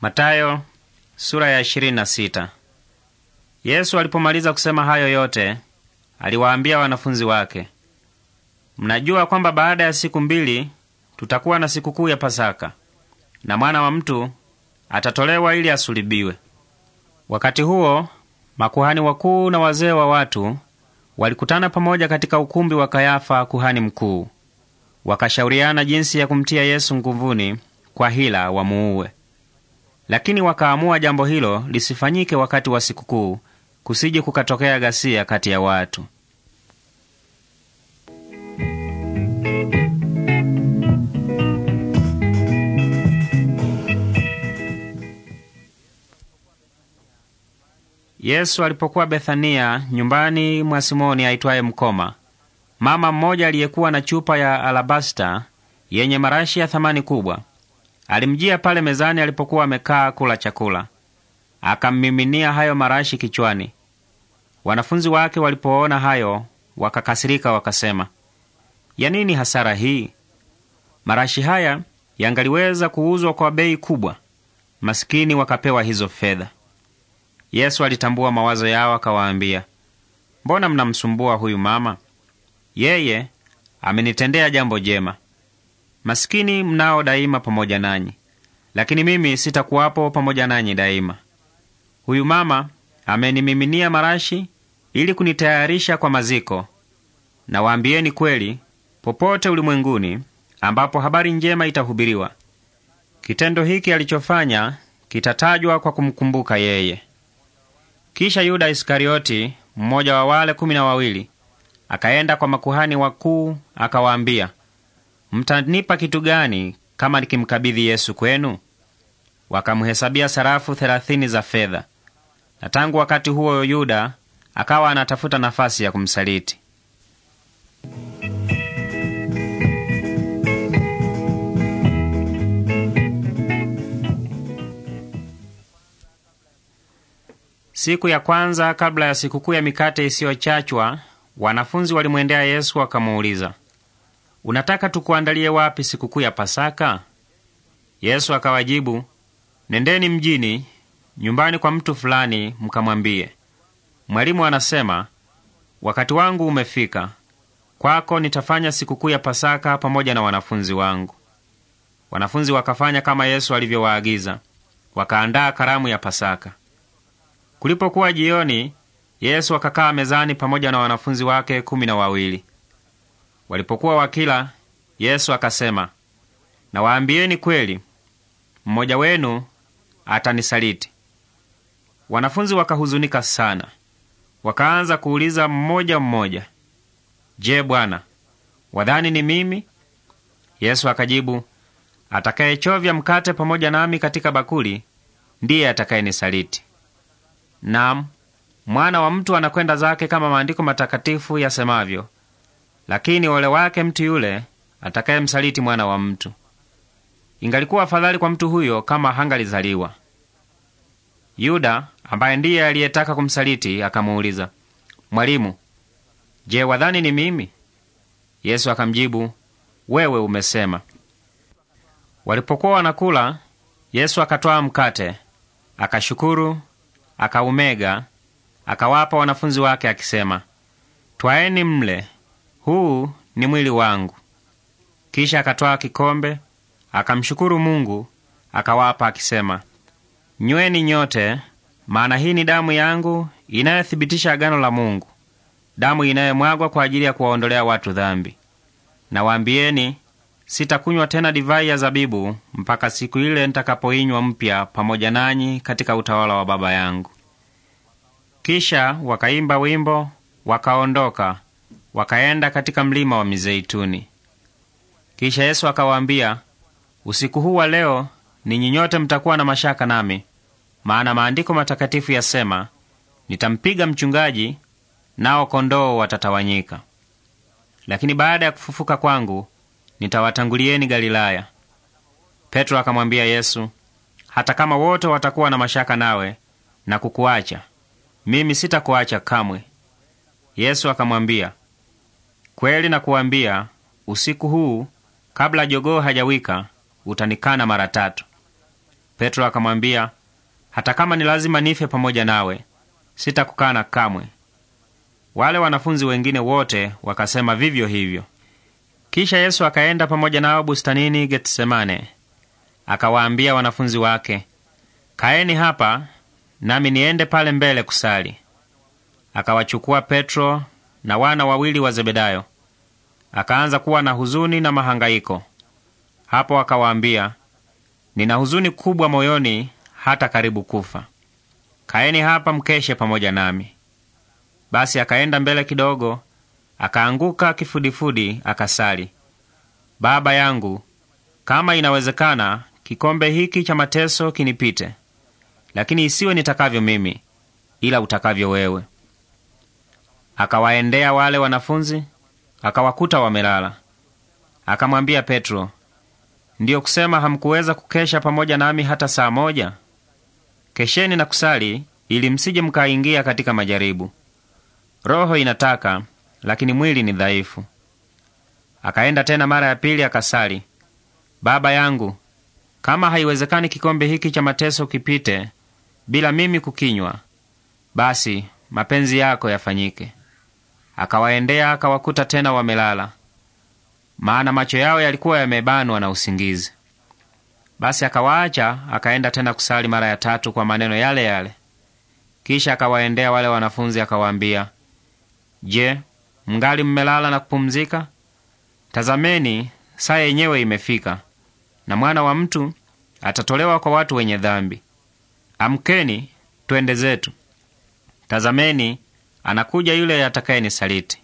Matayo, sura ya Yesu alipomaliza kusema hayo yote, aliwaambia wanafunzi wake, mnajua kwamba baada ya siku mbili tutakuwa na sikukuu ya Pasaka na mwana wa mtu atatolewa ili asulibiwe. Wakati huo makuhani wakuu na wazee wa watu walikutana pamoja katika ukumbi wa Kayafa kuhani mkuu, wakashauriana jinsi ya kumtia Yesu nguvuni kwa hila wamuue. Lakini wakaamua jambo hilo lisifanyike wakati wa sikukuu, kusije kukatokea ghasia kati ya watu. Yesu alipokuwa Bethania, nyumbani mwa Simoni aitwaye mkoma, mama mmoja aliyekuwa na chupa ya alabasta yenye marashi ya thamani kubwa Alimjia pale mezani alipokuwa amekaa kula chakula, akammiminia hayo marashi kichwani. Wanafunzi wake walipoona hayo wakakasirika, wakasema, ya nini hasara hii? Marashi haya yangaliweza kuuzwa kwa bei kubwa, masikini wakapewa hizo fedha. Yesu alitambua mawazo yao, akawaambia, mbona mnamsumbua huyu mama? Yeye amenitendea jambo jema masikini mnao daima pamoja nanyi, lakini mimi sitakuwapo pamoja nanyi daima. Huyu mama amenimiminia marashi ili kunitayarisha kwa maziko. Nawaambieni kweli, popote ulimwenguni ambapo habari njema itahubiriwa, kitendo hiki alichofanya kitatajwa kwa kumkumbuka yeye. Kisha Yuda Iskarioti, mmoja wa wale kumi na wawili, akaenda kwa makuhani wakuu, akawaambia, mtanipa kitu gani kama nikimkabidhi Yesu kwenu? Wakamhesabia sarafu thelathini za fedha. Na tangu wakati huo Yuda akawa anatafuta nafasi ya kumsaliti. Siku ya kwanza kabla ya sikukuu ya mikate isiyochachwa, wanafunzi walimwendea Yesu wakamuuliza unataka tukuandalie wapi sikukuu ya Pasaka? Yesu akawajibu, nendeni mjini, nyumbani kwa mtu fulani, mkamwambie, mwalimu anasema, wakati wangu umefika, kwako nitafanya sikukuu ya Pasaka pamoja na wanafunzi wangu. Wanafunzi wakafanya kama Yesu alivyowaagiza, wakaandaa karamu ya Pasaka. Kulipokuwa jioni, Yesu akakaa mezani pamoja na wanafunzi wake kumi na wawili. Walipokuwa wakila, Yesu akasema, nawaambieni kweli, mmoja wenu atanisaliti. Wanafunzi wakahuzunika sana, wakaanza kuuliza mmoja mmoja, Je, Bwana, wadhani ni mimi? Yesu akajibu, atakayechovya mkate pamoja nami katika bakuli ndiye atakayenisaliti. Naam, mwana wa mtu anakwenda zake kama maandiko matakatifu yasemavyo. Lakini ole wake mtu yule atakayemsaliti mwana wa mtu! Ingalikuwa afadhali kwa mtu huyo kama hangalizaliwa. Yuda ambaye ndiye aliyetaka kumsaliti akamuuliza, Mwalimu, je, wadhani ni mimi? Yesu akamjibu, wewe umesema. Walipokuwa wanakula, Yesu akatwaa mkate, akashukuru, akaumega, akawapa wanafunzi wake akisema, twaeni mle, huu ni mwili wangu. Kisha akatwaa kikombe, akamshukuru Mungu, akawapa akisema, nyweni nyote, maana hii ni damu yangu inayothibitisha agano la Mungu, damu inayomwagwa kwa ajili ya kuwaondolea watu dhambi. Nawaambieni, sitakunywa tena divai ya zabibu mpaka siku ile nitakapoinywa mpya pamoja nanyi katika utawala wa Baba yangu. Kisha wakaimba wimbo wakaondoka, wakaenda katika mlima wa Mizeituni. Kisha Yesu akawaambia, usiku huu wa leo ninyi nyote mtakuwa na mashaka nami, maana maandiko matakatifu yasema, nitampiga mchungaji, nao kondoo watatawanyika. Lakini baada ya kufufuka kwangu nitawatangulieni Galilaya. Petro akamwambia Yesu, hata kama wote watakuwa na mashaka nawe na kukuacha, mimi sitakuacha kamwe. Yesu akamwambia, Kweli nakuwambia, usiku huu kabla jogoo hajawika utanikana mara tatu. Petro akamwambia, hata kama ni lazima nife pamoja nawe, sitakukana kamwe. Wale wanafunzi wengine wote wakasema vivyo hivyo. Kisha Yesu akaenda pamoja nao bustanini Getsemane, akawaambia wanafunzi wake, kaeni hapa nami niende pale mbele kusali. Akawachukua Petro na wana wawili wa Zebedayo. Akaanza kuwa na huzuni na mahangaiko. Hapo akawaambia, nina huzuni kubwa moyoni hata karibu kufa. Kaeni hapa mkeshe pamoja nami. Basi akaenda mbele kidogo, akaanguka kifudifudi, akasali, Baba yangu, kama inawezekana, kikombe hiki cha mateso kinipite, lakini isiwe nitakavyo mimi, ila utakavyo wewe. Akawaendea wale wanafunzi, akawakuta wamelala. Akamwambia Petro, ndiyo kusema hamkuweza kukesha pamoja nami hata saa moja? Kesheni na kusali, ili msije mkaingia katika majaribu. Roho inataka, lakini mwili ni dhaifu. Akaenda tena mara ya pili akasali, Baba yangu, kama haiwezekani kikombe hiki cha mateso kipite bila mimi kukinywa, basi mapenzi yako yafanyike. Akawaendea akawakuta tena wamelala, maana macho yao yalikuwa yamebanwa na usingizi. Basi akawaacha akaenda tena kusali mara ya tatu kwa maneno yale yale. Kisha akawaendea wale wanafunzi akawaambia, Je, mngali mmelala na kupumzika? Tazameni, saa yenyewe imefika, na mwana wa mtu atatolewa kwa watu wenye dhambi. Amkeni, twende zetu. Tazameni, anakuja yule atakayenisaliti.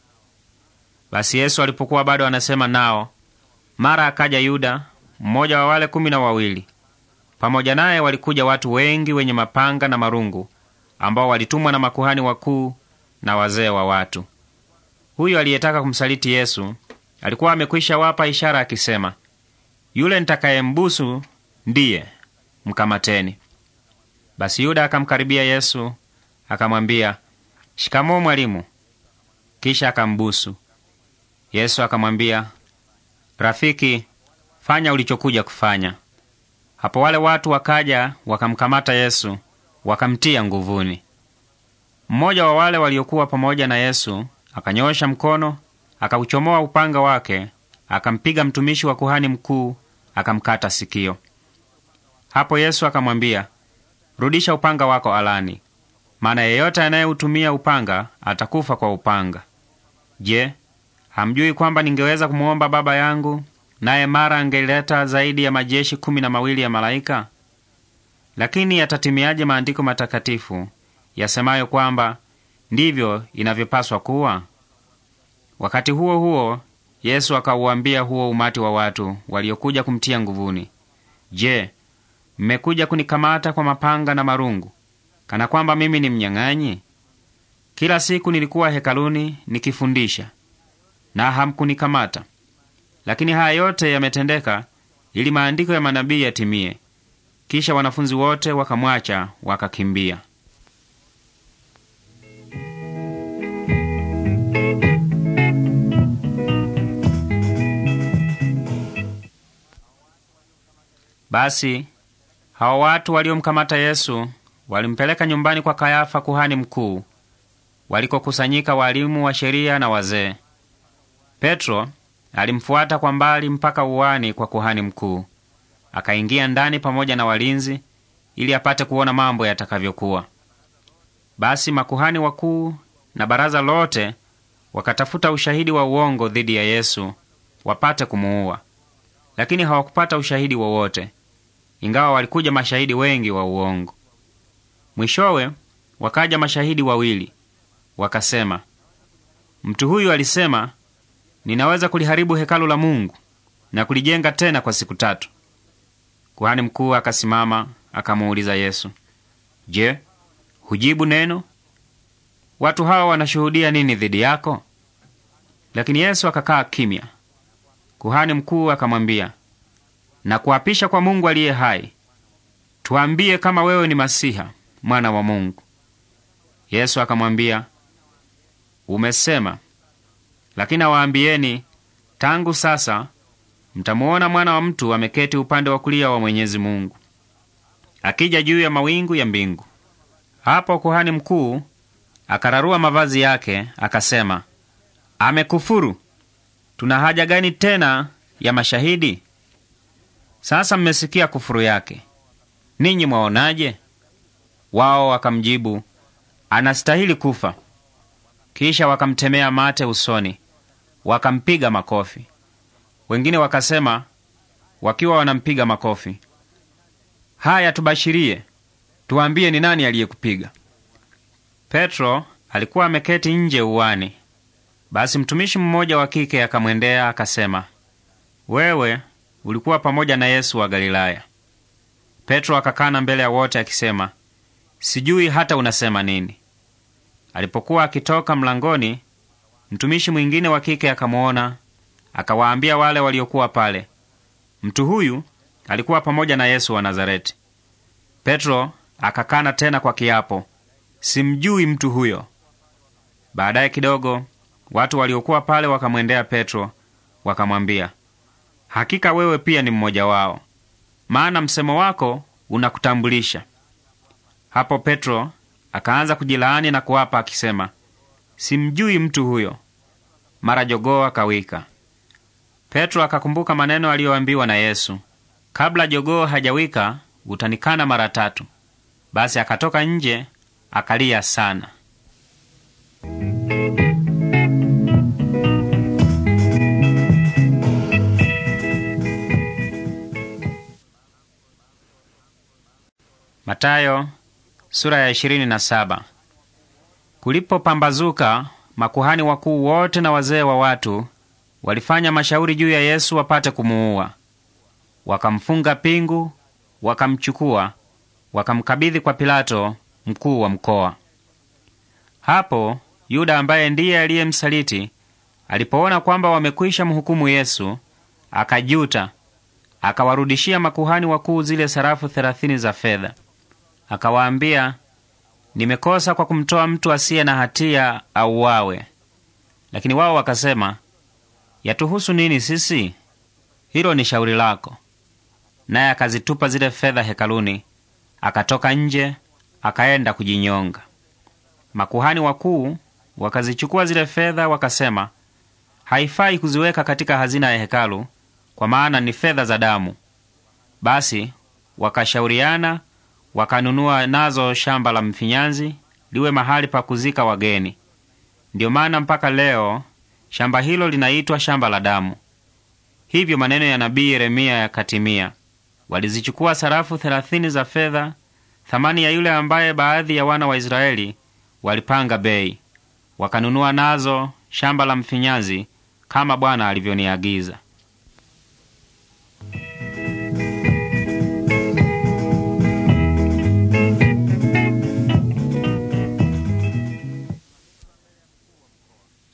Basi Yesu alipokuwa bado anasema nao, mara akaja Yuda, mmoja wa wale kumi na wawili. Pamoja naye walikuja watu wengi wenye mapanga na marungu, ambao walitumwa na makuhani wakuu na wazee wa watu. Huyo aliyetaka kumsaliti Yesu alikuwa amekwisha wapa ishara akisema, yule nitakayembusu ndiye, mkamateni. Basi Yuda akamkaribia Yesu akamwambia, Shikamoo mwalimu. Kisha akambusu. Yesu akamwambia, rafiki, fanya ulichokuja kufanya. Hapo wale watu wakaja wakamkamata Yesu wakamtia nguvuni. Mmoja wa wale waliokuwa pamoja na Yesu akanyoosha mkono akauchomoa upanga wake akampiga mtumishi wa kuhani mkuu akamkata sikio. Hapo Yesu akamwambia, rudisha upanga wako alani maana yeyote anayeutumia upanga atakufa kwa upanga. Je, hamjui kwamba ningeweza kumwomba Baba yangu, naye mara angeleta zaidi ya majeshi kumi na mawili ya malaika? Lakini yatatimiaje maandiko matakatifu yasemayo kwamba ndivyo inavyopaswa kuwa? Wakati huo huo, Yesu akauambia huo umati wa watu waliokuja kumtia nguvuni, Je, mmekuja kunikamata kwa mapanga na marungu kana kwamba mimi ni mnyang'anyi? Kila siku nilikuwa hekaluni nikifundisha na hamkunikamata. Lakini haya yote yametendeka ili maandiko ya manabii yatimie. Kisha wanafunzi wote wakamwacha, wakakimbia. Basi hawa watu waliomkamata Yesu walimpeleka nyumbani kwa Kayafa kuhani mkuu, walikokusanyika walimu wa sheria na wazee. Petro alimfuata kwa mbali mpaka uwani kwa kuhani mkuu, akaingia ndani pamoja na walinzi ili apate kuona mambo yatakavyokuwa. Basi makuhani wakuu na baraza lote wakatafuta ushahidi wa uongo dhidi ya Yesu wapate kumuua, lakini hawakupata ushahidi wowote, ingawa walikuja mashahidi wengi wa uongo. Mwishowe wakaja mashahidi wawili wakasema, mtu huyu alisema, ninaweza kuliharibu hekalu la Mungu na kulijenga tena kwa siku tatu. Kuhani mkuu akasimama akamuuliza Yesu, Je, hujibu neno? Watu hawa wanashuhudia nini dhidi yako? Lakini Yesu akakaa kimya. Kuhani mkuu akamwambia, na kuapisha kwa Mungu aliye hai, tuambie kama wewe ni Masiha, mwana wa Mungu. Yesu akamwambia, umesema. Lakini awaambieni, tangu sasa mtamuona mwana wa mtu ameketi upande wa kulia wa Mwenyezi Mungu akija juu ya mawingu ya mbingu. Hapo kuhani mkuu akararua mavazi yake akasema, amekufuru! Tuna haja gani tena ya mashahidi? Sasa mmesikia kufuru yake. Ninyi mwaonaje? Wao wakamjibu, anastahili kufa. Kisha wakamtemea mate usoni, wakampiga makofi. Wengine wakasema, wakiwa wanampiga makofi, haya, tubashirie, tuambie ni nani aliyekupiga. Petro alikuwa ameketi nje uwani. Basi mtumishi mmoja wa kike akamwendea akasema, wewe ulikuwa pamoja na Yesu wa Galilaya. Petro akakana mbele ya wote akisema, sijui hata unasema nini. Alipokuwa akitoka mlangoni, mtumishi mwingine wa kike akamwona, akawaambia wale waliokuwa pale, mtu huyu alikuwa pamoja na Yesu wa Nazareti. Petro akakana tena kwa kiapo, simjui mtu huyo. Baadaye kidogo watu waliokuwa pale wakamwendea Petro wakamwambia, hakika wewe pia ni mmoja wao, maana msemo wako unakutambulisha. Hapo Petro akaanza kujilaani na kuapa akisema, simjui mtu huyo. Mara jogoo akawika. Petro akakumbuka maneno aliyoambiwa na Yesu, kabla jogoo hajawika utanikana mara tatu. Basi akatoka nje akalia sana. Matayo Sura ya makuhani wakuu wote na wazee wa watu walifanya mashauri juu ya Yesu wapate kumuua. Wakamfunga pingu, wakamchukua, wakamkabidhi kwa Pilato, mkuu wa mkoa. Hapo Yuda ambaye ndiye msaliti alipoona kwamba wamekwisha mhukumu Yesu, akajuta, akawarudishia makuhani wakuu zile sarafu thelathini za fedha akawaambia, nimekosa kwa kumtoa mtu asiye na hatia auawe. Lakini wao wakasema, yatuhusu nini sisi? Hilo ni shauri lako. Naye akazitupa zile fedha hekaluni, akatoka nje, akaenda kujinyonga. Makuhani wakuu wakazichukua zile fedha, wakasema, haifai kuziweka katika hazina ya hekalu, kwa maana ni fedha za damu. Basi wakashauriana wakanunua nazo shamba la mfinyanzi liwe mahali pa kuzika wageni. Ndiyo maana mpaka leo shamba hilo linaitwa shamba la damu. Hivyo maneno ya nabii Yeremia yakatimia. Walizichukua sarafu thelathini za fedha, thamani ya yule ambaye baadhi ya wana wa Israeli walipanga bei, wakanunua nazo shamba la mfinyanzi kama Bwana alivyoniagiza.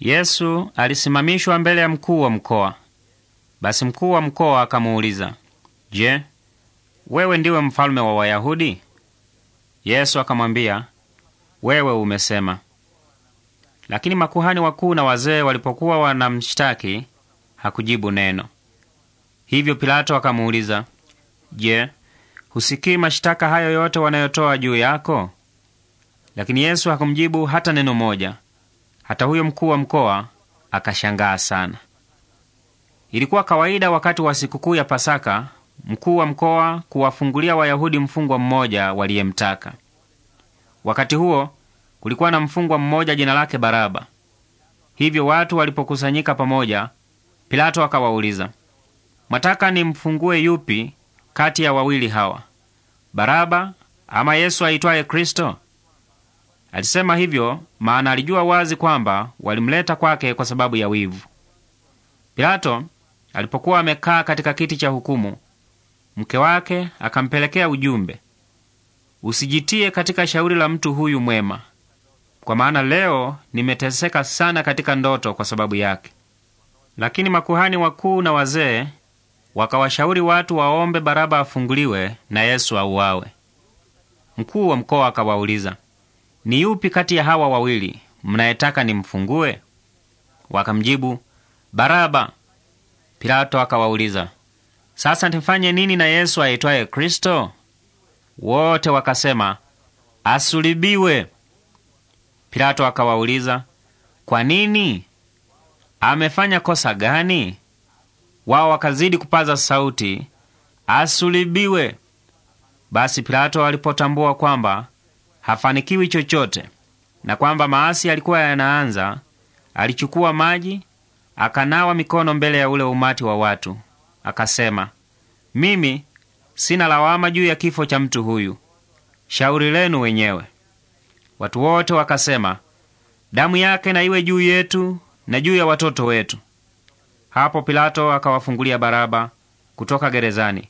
Yesu alisimamishwa mbele ya mkuu wa mkoa. Basi mkuu wa mkoa akamuuliza, Je, wewe ndiwe mfalme wa Wayahudi? Yesu akamwambia, wewe umesema. Lakini makuhani wakuu na wazee walipokuwa wanamshtaki, hakujibu neno. Hivyo Pilato akamuuliza, Je, husikii mashtaka hayo yote wanayotoa juu yako? Lakini Yesu hakumjibu hata neno moja. Hata huyo mkuu wa mkoa akashangaa sana. Ilikuwa kawaida wakati wa sikukuu ya Pasaka mkuu wa mkoa kuwafungulia Wayahudi mfungwa mmoja waliyemtaka. Wakati huo kulikuwa na mfungwa mmoja jina lake Baraba. Hivyo watu walipokusanyika pamoja, Pilato akawauliza, mwataka nimfungue yupi kati ya wawili hawa, Baraba ama Yesu aitwaye Kristo? Alisema hivyo maana alijua wazi kwamba walimleta kwake kwa sababu ya wivu. Pilato alipokuwa amekaa katika kiti cha hukumu, mke wake akampelekea ujumbe, usijitie katika shauri la mtu huyu mwema, kwa maana leo nimeteseka sana katika ndoto kwa sababu yake. Lakini makuhani wakuu na wazee wakawashauri watu waombe Baraba afunguliwe na Yesu auawe. Mkuu wa mkoa akawauliza ni yupi kati ya hawa wawili mnayetaka nimfungue? Wakamjibu, Baraba. Pilato akawauliza, sasa tumfanye nini na Yesu aitwaye Kristo? Wote wakasema, asulibiwe. Pilato akawauliza, kwa nini? Amefanya kosa gani? Wao wakazidi kupaza sauti, asulibiwe. Basi Pilato alipotambua kwamba hafanikiwi chochote, na kwamba maasi yalikuwa yanaanza, alichukua maji akanawa mikono mbele ya ule umati wa watu, akasema, mimi sina lawama juu ya kifo cha mtu huyu, shauri lenu wenyewe. Watu wote wakasema, damu yake na iwe juu yetu na juu ya watoto wetu. Hapo Pilato akawafungulia Baraba kutoka gerezani,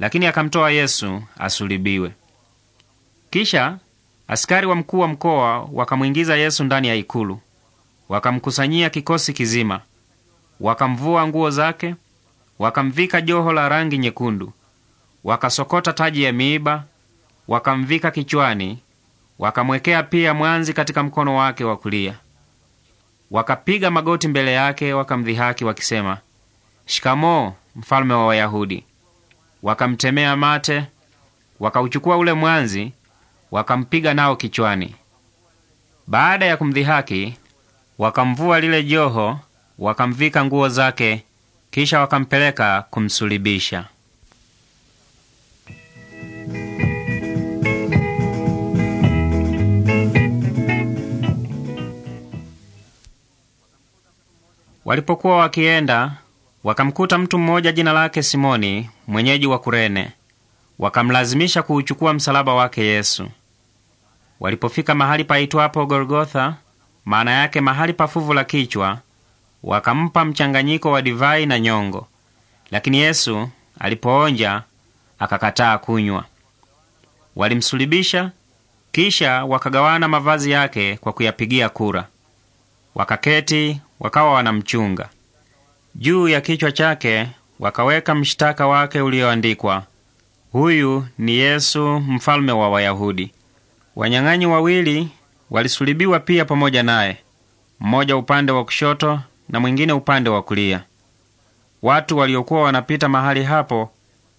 lakini akamtoa Yesu asulibiwe. Kisha Askari wa mkuu wa mkoa wakamwingiza Yesu ndani ya ikulu, wakamkusanyia kikosi kizima, wakamvua nguo zake, wakamvika joho la rangi nyekundu, wakasokota taji ya miiba, wakamvika kichwani, wakamwekea pia mwanzi katika mkono wake wa kulia. Wakapiga magoti mbele yake, wakamdhihaki wakisema, Shikamoo, mfalme wa Wayahudi. Wakamtemea mate, wakauchukua ule mwanzi wakampiga nao kichwani. Baada ya kumdhihaki, wakamvua lile joho, wakamvika nguo zake, kisha wakampeleka kumsulibisha. Walipokuwa wakienda, wakamkuta mtu mmoja jina lake Simoni, mwenyeji wa Kurene, wakamlazimisha kuuchukua msalaba wake Yesu. Walipofika mahali paitwapo Golgotha, maana yake mahali pa fuvu la kichwa, wakampa mchanganyiko wa divai na nyongo, lakini Yesu alipoonja akakataa kunywa. Walimsulubisha, kisha wakagawana mavazi yake kwa kuyapigia kura. Wakaketi wakawa wanamchunga. Juu ya kichwa chake wakaweka mshitaka wake ulioandikwa, huyu ni Yesu, mfalme wa Wayahudi. Wanyang'anyi wawili walisulibiwa pia pamoja naye, mmoja upande wa kushoto na mwingine upande wa kulia. Watu waliokuwa wanapita mahali hapo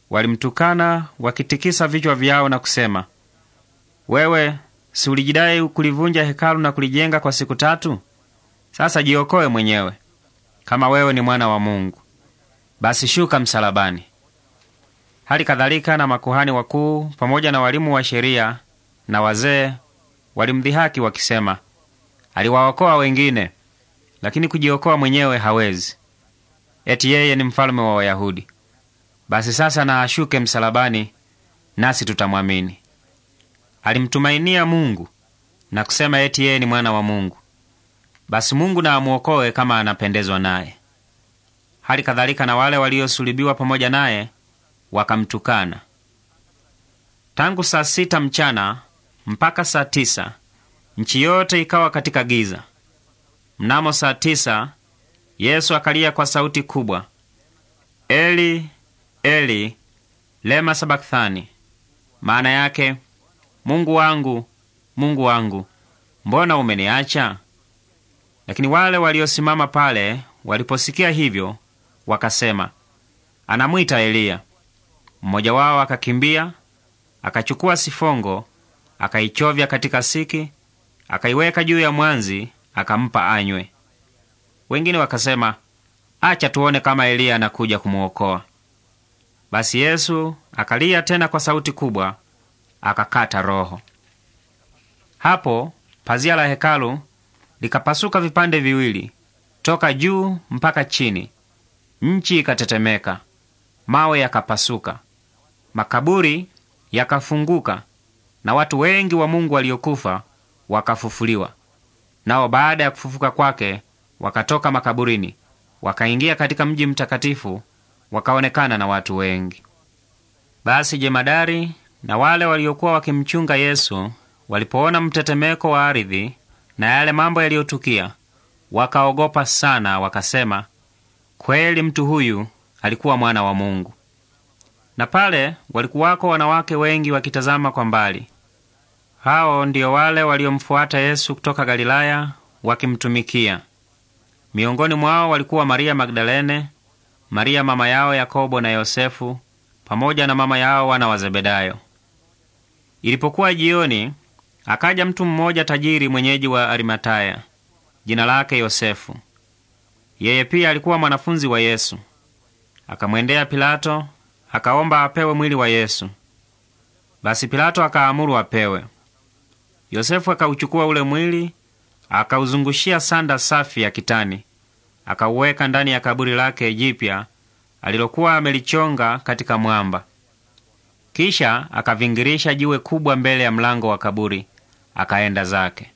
walimtukana wakitikisa vichwa vyao na kusema, wewe si ulijidai kulivunja hekalu na kulijenga kwa siku tatu? Sasa jiokoe mwenyewe, kama wewe ni mwana wa Mungu, basi shuka msalabani. Hali kadhalika na makuhani wakuu pamoja na walimu wa sheria na wazee walimdhihaki wakisema, aliwaokoa wengine, lakini kujiokoa mwenyewe hawezi. Eti yeye ni mfalme wa Wayahudi. Basi sasa na ashuke msalabani, nasi tutamwamini. Alimtumainia Mungu na kusema eti yeye ni mwana wa Mungu. Basi Mungu na amwokoe kama anapendezwa naye. Hali kadhalika na wale waliosulubiwa pamoja naye wakamtukana. Tangu saa sita mchana mpaka saa tisa nchi yote ikawa katika giza. Mnamo saa tisa Yesu akalia kwa sauti kubwa, Eli Eli lema sabakthani, maana yake Mungu wangu, Mungu wangu, mbona umeniacha? Lakini wale waliosimama pale waliposikia hivyo wakasema, anamwita Eliya. Mmoja wao akakimbia akachukua sifongo akaichovya katika siki, akaiweka juu ya mwanzi, akampa anywe. Wengine wakasema, acha tuone kama Eliya anakuja kumwokoa. Basi Yesu akalia tena kwa sauti kubwa, akakata roho. Hapo pazia la hekalu likapasuka vipande viwili toka juu mpaka chini, nchi ikatetemeka, mawe yakapasuka, makaburi yakafunguka na watu wengi wa Mungu waliokufa wakafufuliwa. Nao baada ya kufufuka kwake wakatoka makaburini, wakaingia katika mji mtakatifu, wakaonekana na watu wengi. Basi jemadari na wale waliokuwa wakimchunga Yesu walipoona mtetemeko wa ardhi na yale mambo yaliyotukia, wakaogopa sana, wakasema, kweli mtu huyu alikuwa mwana wa Mungu. Na pale walikuwako wanawake wengi wakitazama kwa mbali, hao ndio wale waliomfuata Yesu kutoka Galilaya wakimtumikia. Miongoni mwao walikuwa Maria Magdalene, Maria mama yao Yakobo na Yosefu, pamoja na mama yao wana wa Zebedayo. Ilipokuwa jioni, akaja mtu mmoja tajiri mwenyeji wa Arimataya, jina lake Yosefu. Yeye pia alikuwa mwanafunzi wa Yesu. Akamwendea Pilato, akaomba apewe mwili wa Yesu. Basi Pilato akaamuru apewe. Yosefu akauchukua ule mwili akauzungushia sanda safi ya kitani, akauweka ndani ya kaburi lake jipya alilokuwa amelichonga katika mwamba. Kisha akavingirisha jiwe kubwa mbele ya mlango wa kaburi, akaenda zake.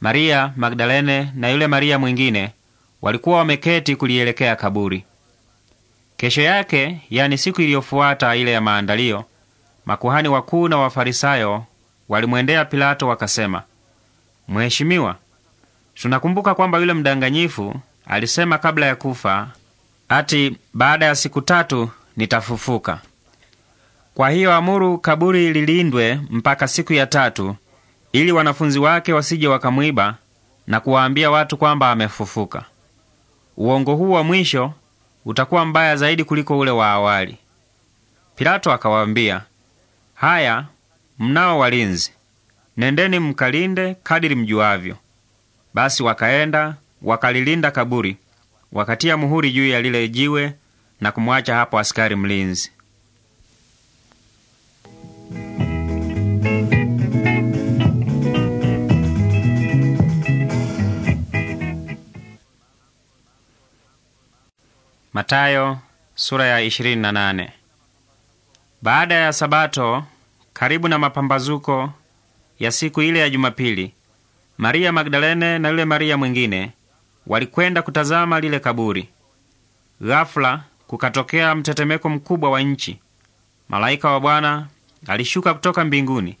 Maria Magdalene na yule Maria mwingine walikuwa wameketi kulielekea kaburi. Kesho yake, yani siku iliyofuata ile ya maandalio, makuhani wakuu na Wafarisayo walimwendea Pilato wakasema, Mheshimiwa, tunakumbuka kwamba yule mdanganyifu alisema kabla ya kufa ati baada ya siku tatu nitafufuka. Kwa hiyo amuru kaburi lilindwe mpaka siku ya tatu, ili wanafunzi wake wasije wakamwiba na kuwaambia watu kwamba amefufuka. Uongo huu wa mwisho utakuwa mbaya zaidi kuliko ule wa awali. Pilato akawaambia, haya mnao walinzi, nendeni mkalinde kadiri mjuavyo. Basi wakaenda wakalilinda kaburi, wakatia muhuri juu ya lile jiwe na kumwacha hapo askari mlinzi. Matayo, sura ya 28. Baada ya Sabato karibu na mapambazuko ya siku ile ya Jumapili, Maria Magdalene na yule Maria mwingine walikwenda kutazama lile kaburi. Ghafula kukatokea mtetemeko mkubwa wa nchi. Malaika wa Bwana alishuka kutoka mbinguni,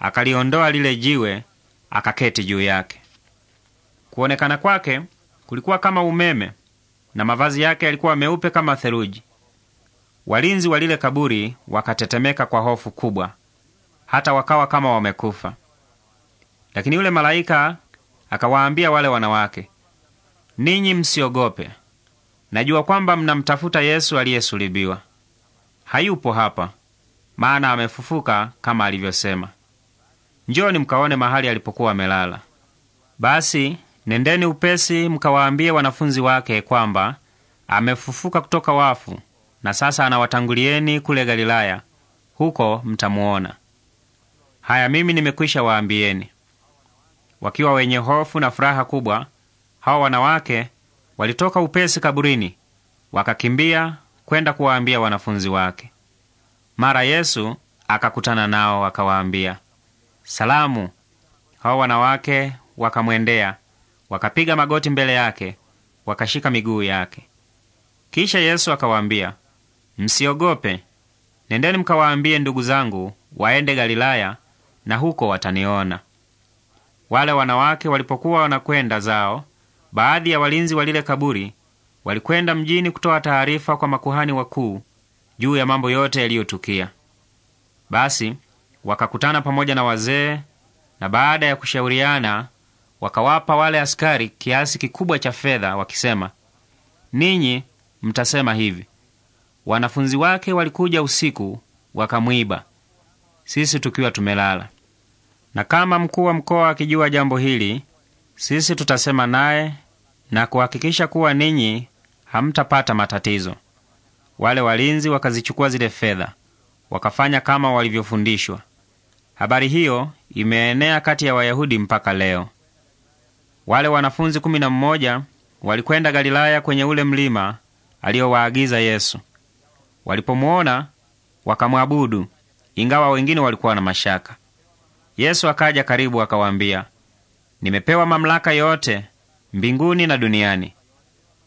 akaliondoa lile jiwe, akaketi juu yake. Kuonekana kwake kulikuwa kama umeme na mavazi yake yalikuwa meupe kama theluji. Walinzi wa lile kaburi wakatetemeka kwa hofu kubwa hata wakawa kama wamekufa. Lakini yule malaika akawaambia wale wanawake, ninyi msiogope. Najua kwamba mnamtafuta Yesu aliyesulibiwa. Hayupo hapa, maana amefufuka kama alivyosema. Njoni mkaone mahali alipokuwa amelala. Basi nendeni upesi mkawaambie wanafunzi wake kwamba amefufuka kutoka wafu, na sasa anawatangulieni kule Galilaya, huko mtamuona. Haya, mimi nimekwisha waambieni. Wakiwa wenye hofu na furaha kubwa, hawa wanawake walitoka upesi kaburini, wakakimbia kwenda kuwaambia wanafunzi wake. Mara Yesu akakutana nao, akawaambia, salamu. Hawa wanawake wakamwendea, wakapiga magoti mbele yake, wakashika miguu yake. Kisha Yesu akawaambia, msiogope, nendeni mkawaambie ndugu zangu waende Galilaya, na huko wataniona. Wale wanawake walipokuwa wanakwenda zao, baadhi ya walinzi wa lile kaburi walikwenda mjini kutoa taarifa kwa makuhani wakuu juu ya mambo yote yaliyotukia. Basi wakakutana pamoja na wazee, na baada ya kushauriana wakawapa wale askari kiasi kikubwa cha fedha, wakisema, ninyi mtasema hivi, wanafunzi wake walikuja usiku wakamwiba, sisi tukiwa tumelala na kama mkuu wa mkoa akijua jambo hili, sisi tutasema naye na kuhakikisha kuwa ninyi hamtapata matatizo. Wale walinzi wakazichukua zile fedha, wakafanya kama walivyofundishwa. Habari hiyo imeenea kati ya Wayahudi mpaka leo. Wale wanafunzi kumi na mmoja walikwenda Galilaya kwenye ule mlima aliyowaagiza Yesu. Walipomuona wakamwabudu, ingawa wengine walikuwa na mashaka. Yesu akaja karibu akawaambia, nimepewa mamlaka yote mbinguni na duniani.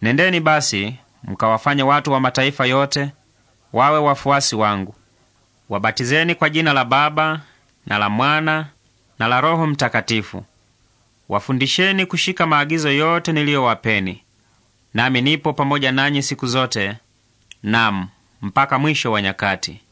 Nendeni basi mkawafanye watu wa mataifa yote wawe wafuasi wangu, wabatizeni kwa jina la Baba na la Mwana na la Roho Mtakatifu, wafundisheni kushika maagizo yote niliyowapeni, nami nipo pamoja nanyi siku zote, nam mpaka mwisho wa nyakati.